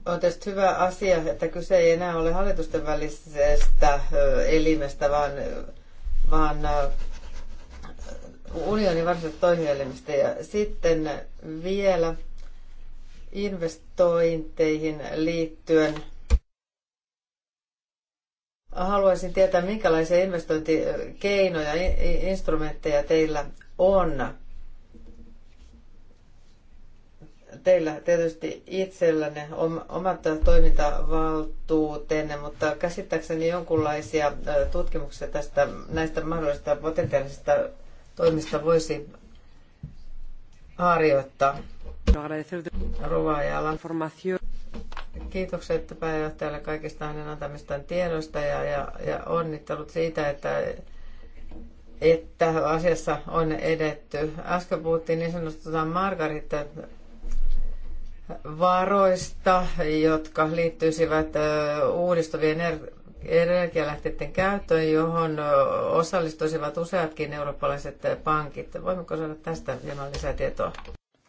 On tietysti hyvä asia, että kyse ei enää ole hallitusten välisestä elimestä, vaan, vaan unionin varsinaisesta toimielimestä Ja sitten vielä investointeihin liittyen – Haluaisin tietää, minkälaisia investointikeinoja, instrumentteja teillä on. Teillä tietysti itsellänne omat toimintavaltuutenne, mutta käsittääkseni jonkunlaisia tutkimuksia tästä, näistä mahdollisista potentiaalisista toimista voisi harjoittaa. Rovaajalla. Kiitokset pääjohtajalle kaikista hänen antamistaan tiedosta ja, ja, ja onnittelut siitä, että, että asiassa on edetty. Äsken puhuttiin niin sanotusta Margarita varoista, jotka liittyisivät uudistuvien er-, energialähteiden käyttöön, johon osallistuisivat useatkin eurooppalaiset pankit. Voimmeko saada tästä hieman tietoa?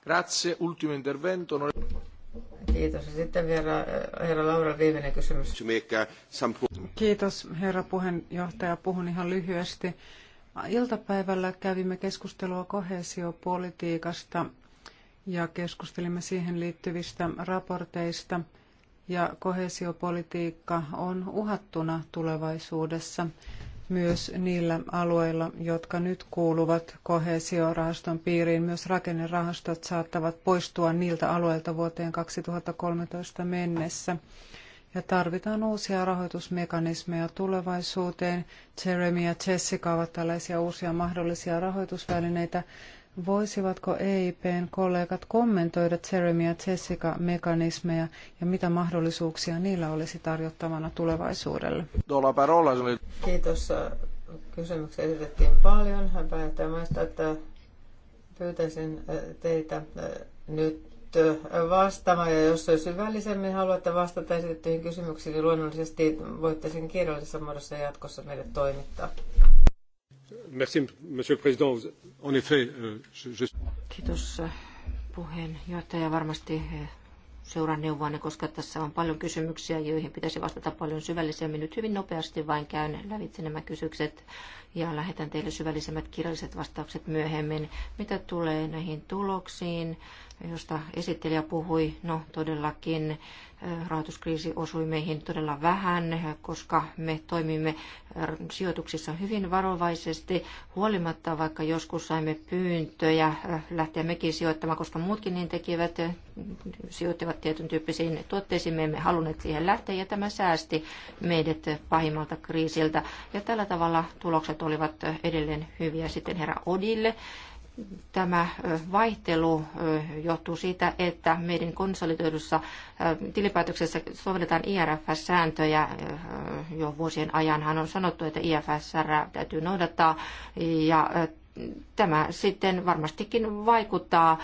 Grazie. Ultimo intervento. Kiitos. Ja sitten herra, äh, herra Laura, viimeinen kysymys. Uh, Kiitos herra puheenjohtaja. Puhun ihan lyhyesti. Iltapäivällä kävimme keskustelua kohesiopolitiikasta ja keskustelimme siihen liittyvistä raporteista. Ja kohesiopolitiikka on uhattuna tulevaisuudessa myös niillä alueilla, jotka nyt kuuluvat kohesiorahaston piiriin. Myös rakennerahastot saattavat poistua niiltä alueilta vuoteen 2013 mennessä. Ja tarvitaan uusia rahoitusmekanismeja tulevaisuuteen. Jeremy ja Jessica ovat tällaisia uusia mahdollisia rahoitusvälineitä, Voisivatko EIPn kollegat kommentoida Jeremy ja Jessica-mekanismeja ja mitä mahdollisuuksia niillä olisi tarjottavana tulevaisuudelle? Kiitos. Kysymyksiä esitettiin paljon. Hän päättää maista, että pyytäisin teitä nyt vastaamaan. Ja jos syvällisemmin haluatte vastata esitettyihin kysymyksiin, niin luonnollisesti voitte sen kirjallisessa muodossa jatkossa meille toimittaa. Euh, Kiitos äh, puheenjohtaja. Varmasti äh, seuraan neuvoanne, koska tässä on paljon kysymyksiä, joihin pitäisi vastata paljon syvällisemmin. Nyt hyvin nopeasti vain käyn lävitse nämä kysymykset ja lähetän teille syvällisemmät kirjalliset vastaukset myöhemmin. Mitä tulee näihin tuloksiin, josta esittelijä puhui, no todellakin rahoituskriisi osui meihin todella vähän, koska me toimimme sijoituksissa hyvin varovaisesti, huolimatta vaikka joskus saimme pyyntöjä lähteä mekin sijoittamaan, koska muutkin niin tekivät, sijoittivat tietyn tyyppisiin tuotteisiin, me emme halunneet siihen lähteä ja tämä säästi meidät pahimmalta kriisiltä. Ja tällä tavalla tulokset tulokset olivat edelleen hyviä. Sitten herra Odille tämä vaihtelu johtuu siitä, että meidän konsolidoidussa tilipäätöksessä sovelletaan IRFS-sääntöjä. Jo vuosien ajanhan on sanottu, että IFSR täytyy noudattaa ja tämä sitten varmastikin vaikuttaa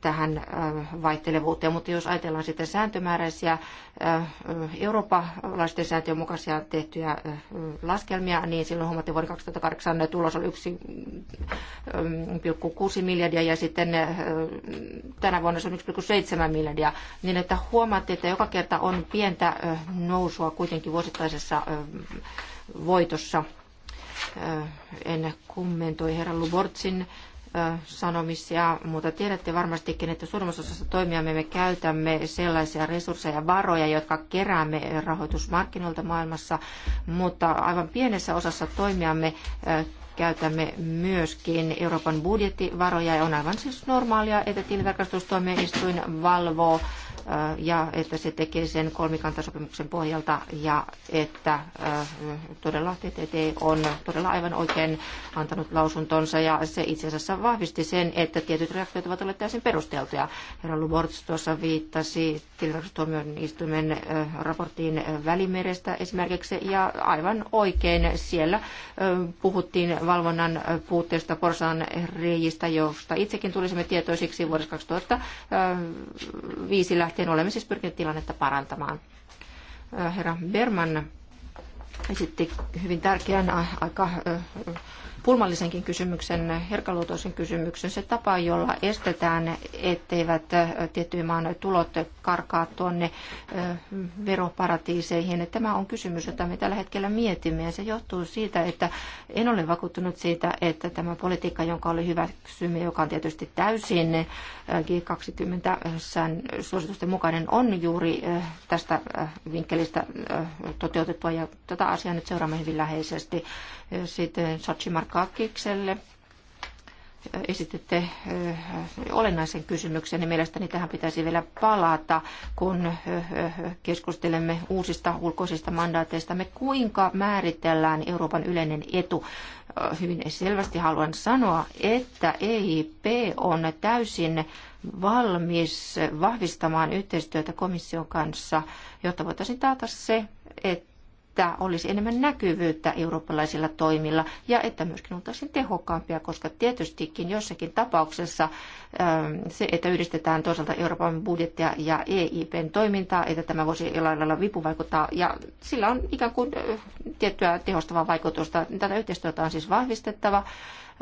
tähän äh, vaihtelevuuteen, mutta jos ajatellaan sitten sääntömääräisiä äh, eurooppalaisten sääntöjen mukaisia tehtyjä äh, laskelmia, niin silloin huomattiin vuoden 2008 tulos oli 1,6 mm, miljardia ja sitten tänä vuonna se on 1,7 miljardia, niin että huomaatte, että joka kerta on pientä nousua kuitenkin vuosittaisessa voitossa en kommentoi herra Lubortsin sanomisia, mutta tiedätte varmastikin, että suurimmassa osassa toimiamme me käytämme sellaisia resursseja ja varoja, jotka keräämme rahoitusmarkkinoilta maailmassa, mutta aivan pienessä osassa toimiamme käytämme myöskin Euroopan budjettivaroja ja on aivan siis normaalia, että tilintarkastustuomioistuin valvoo ja että se tekee sen kolmikantasopimuksen pohjalta ja että todella TTT on todella aivan oikein antanut lausuntonsa ja se itse asiassa vahvisti sen, että tietyt reaktiot ovat olleet täysin perusteltuja. Herra Lubortz tuossa viittasi tilintarkastustuomioistuimen raporttiin Välimerestä esimerkiksi ja aivan oikein siellä puhuttiin valvonnan puutteesta Porsan reijistä, josta itsekin tulisimme tietoisiksi vuodesta 2005 lähtien lähtien olemme siis pyrkineet tilannetta parantamaan. Herra Berman esitti hyvin tärkeän aika pulmallisenkin kysymyksen, herkaluotoisen kysymyksen, se tapa, jolla estetään, etteivät tiettyjen maan tulot karkaa tuonne veroparatiiseihin. Tämä on kysymys, jota me tällä hetkellä mietimme ja se johtuu siitä, että en ole vakuuttunut siitä, että tämä politiikka, jonka oli hyväksymme, joka on tietysti täysin G20-suositusten mukainen, on juuri tästä vinkkelistä toteutettua ja tätä asiaa nyt seuraamme hyvin läheisesti. Sitten Sachi Markakikselle esititte olennaisen kysymyksen, niin mielestäni tähän pitäisi vielä palata, kun keskustelemme uusista ulkoisista mandaateista. Me kuinka määritellään Euroopan yleinen etu? Hyvin selvästi haluan sanoa, että EIP on täysin valmis vahvistamaan yhteistyötä komission kanssa, jotta voitaisiin taata se, että että olisi enemmän näkyvyyttä eurooppalaisilla toimilla ja että myöskin oltaisiin tehokkaampia, koska tietystikin jossakin tapauksessa ähm, se, että yhdistetään toisaalta Euroopan budjettia ja EIPn toimintaa, että tämä voisi jollain lailla vipuvaikuttaa ja sillä on ikään kuin äh, tiettyä tehostavaa vaikutusta. Tätä yhteistyötä on siis vahvistettava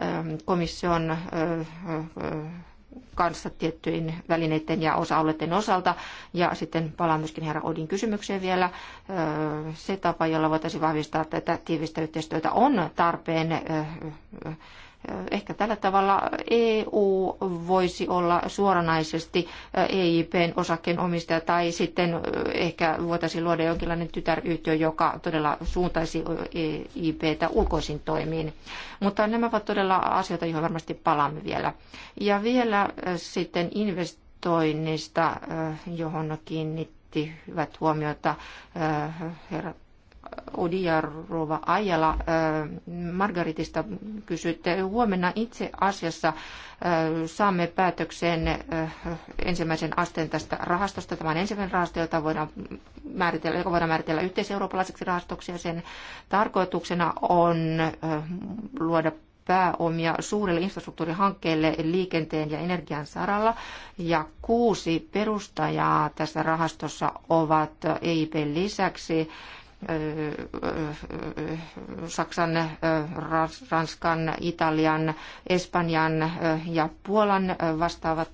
ähm, komission äh, äh, kanssa tiettyjen välineiden ja osa-alueiden osalta. Ja sitten palaan myöskin herra Odin kysymykseen vielä. Se tapa, jolla voitaisiin vahvistaa tätä tiivistä yhteistyötä, on tarpeen Eh, ehkä tällä tavalla EU voisi olla suoranaisesti EIPn eh, e osakkeenomistaja tai sitten eh, ehkä voitaisiin luoda jonkinlainen tytäryhtiö, joka todella suuntaisi EIPtä ulkoisin toimiin. Mutta nämä ovat todella asioita, joihin varmasti palaamme vielä. Ja vielä sitten investoinnista, johon kiinnitti hyvät huomiota herra Odi Rova Ajala, Margaritista kysyitte. Huomenna itse asiassa saamme päätökseen ensimmäisen asteen tästä rahastosta. Tämä on ensimmäinen rahasto, jota voidaan määritellä, joka voidaan määritellä yhteiseurooppalaiseksi rahastoksi. Ja sen tarkoituksena on luoda pääomia suurille infrastruktuurihankkeille liikenteen ja energian saralla. Ja kuusi perustajaa tässä rahastossa ovat EIP lisäksi Saksan, Ranskan, Italian, Espanjan ja Puolan vastaavat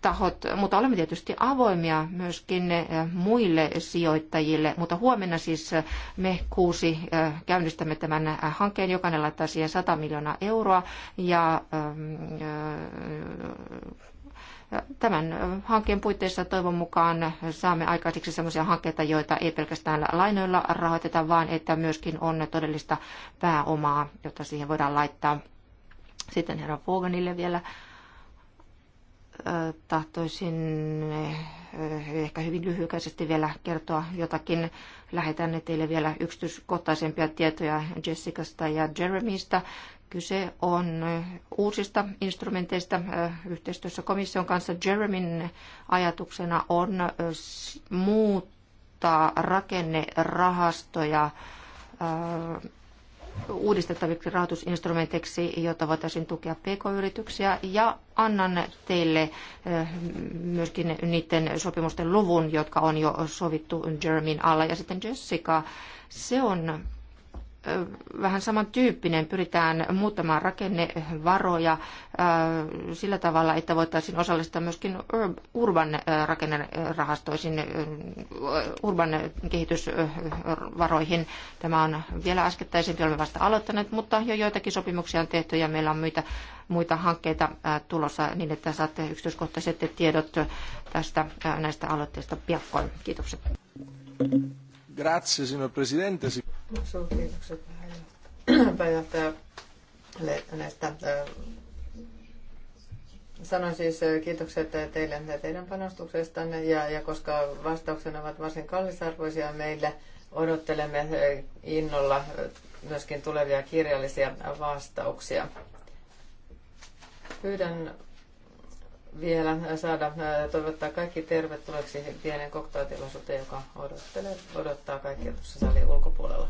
tahot, mutta olemme tietysti avoimia myöskin muille sijoittajille. Mutta huomenna siis me kuusi käynnistämme tämän hankkeen, jokainen laittaa siihen 100 miljoonaa euroa ja Tämän hankkeen puitteissa toivon mukaan saamme aikaiseksi sellaisia hankkeita, joita ei pelkästään lainoilla rahoiteta, vaan että myöskin on todellista pääomaa, jota siihen voidaan laittaa. Sitten herra Foganille vielä tahtoisin ehkä hyvin lyhykäisesti vielä kertoa jotakin. Lähetän teille vielä yksityiskohtaisempia tietoja Jessicasta ja Jeremystä. Kyse on uusista instrumenteista yhteistyössä komission kanssa. Jeremin ajatuksena on muuttaa rakennerahastoja uudistettaviksi rahoitusinstrumenteiksi, jota voitaisiin tukea pk-yrityksiä. Ja annan teille myöskin niiden sopimusten luvun, jotka on jo sovittu Jeremin alla. Ja sitten Jessica, se on vähän samantyyppinen. Pyritään muuttamaan rakennevaroja sillä tavalla, että voitaisiin osallistaa myöskin urban rakennerahastoisiin, urban kehitysvaroihin. Tämä on vielä äskettäisempi, olemme vasta aloittaneet, mutta jo joitakin sopimuksia on tehty ja meillä on muita, muita hankkeita tulossa niin, että saatte yksityiskohtaiset tiedot tästä, näistä aloitteista piakkoin. Kiitokset. Grazie, signor Presidente kiitokset [CLEARS THROAT] pääjohtajalle näistä. Sanon siis kiitokset teille teidän panostuksestanne ja, ja koska vastauksena ovat varsin kallisarvoisia meille, odottelemme innolla myöskin tulevia kirjallisia vastauksia. Pyydän vielä saada toivottaa kaikki tervetulleeksi pienen koktailtilaisuuteen, joka odottelee, odottaa kaikkia tuossa salin ulkopuolella.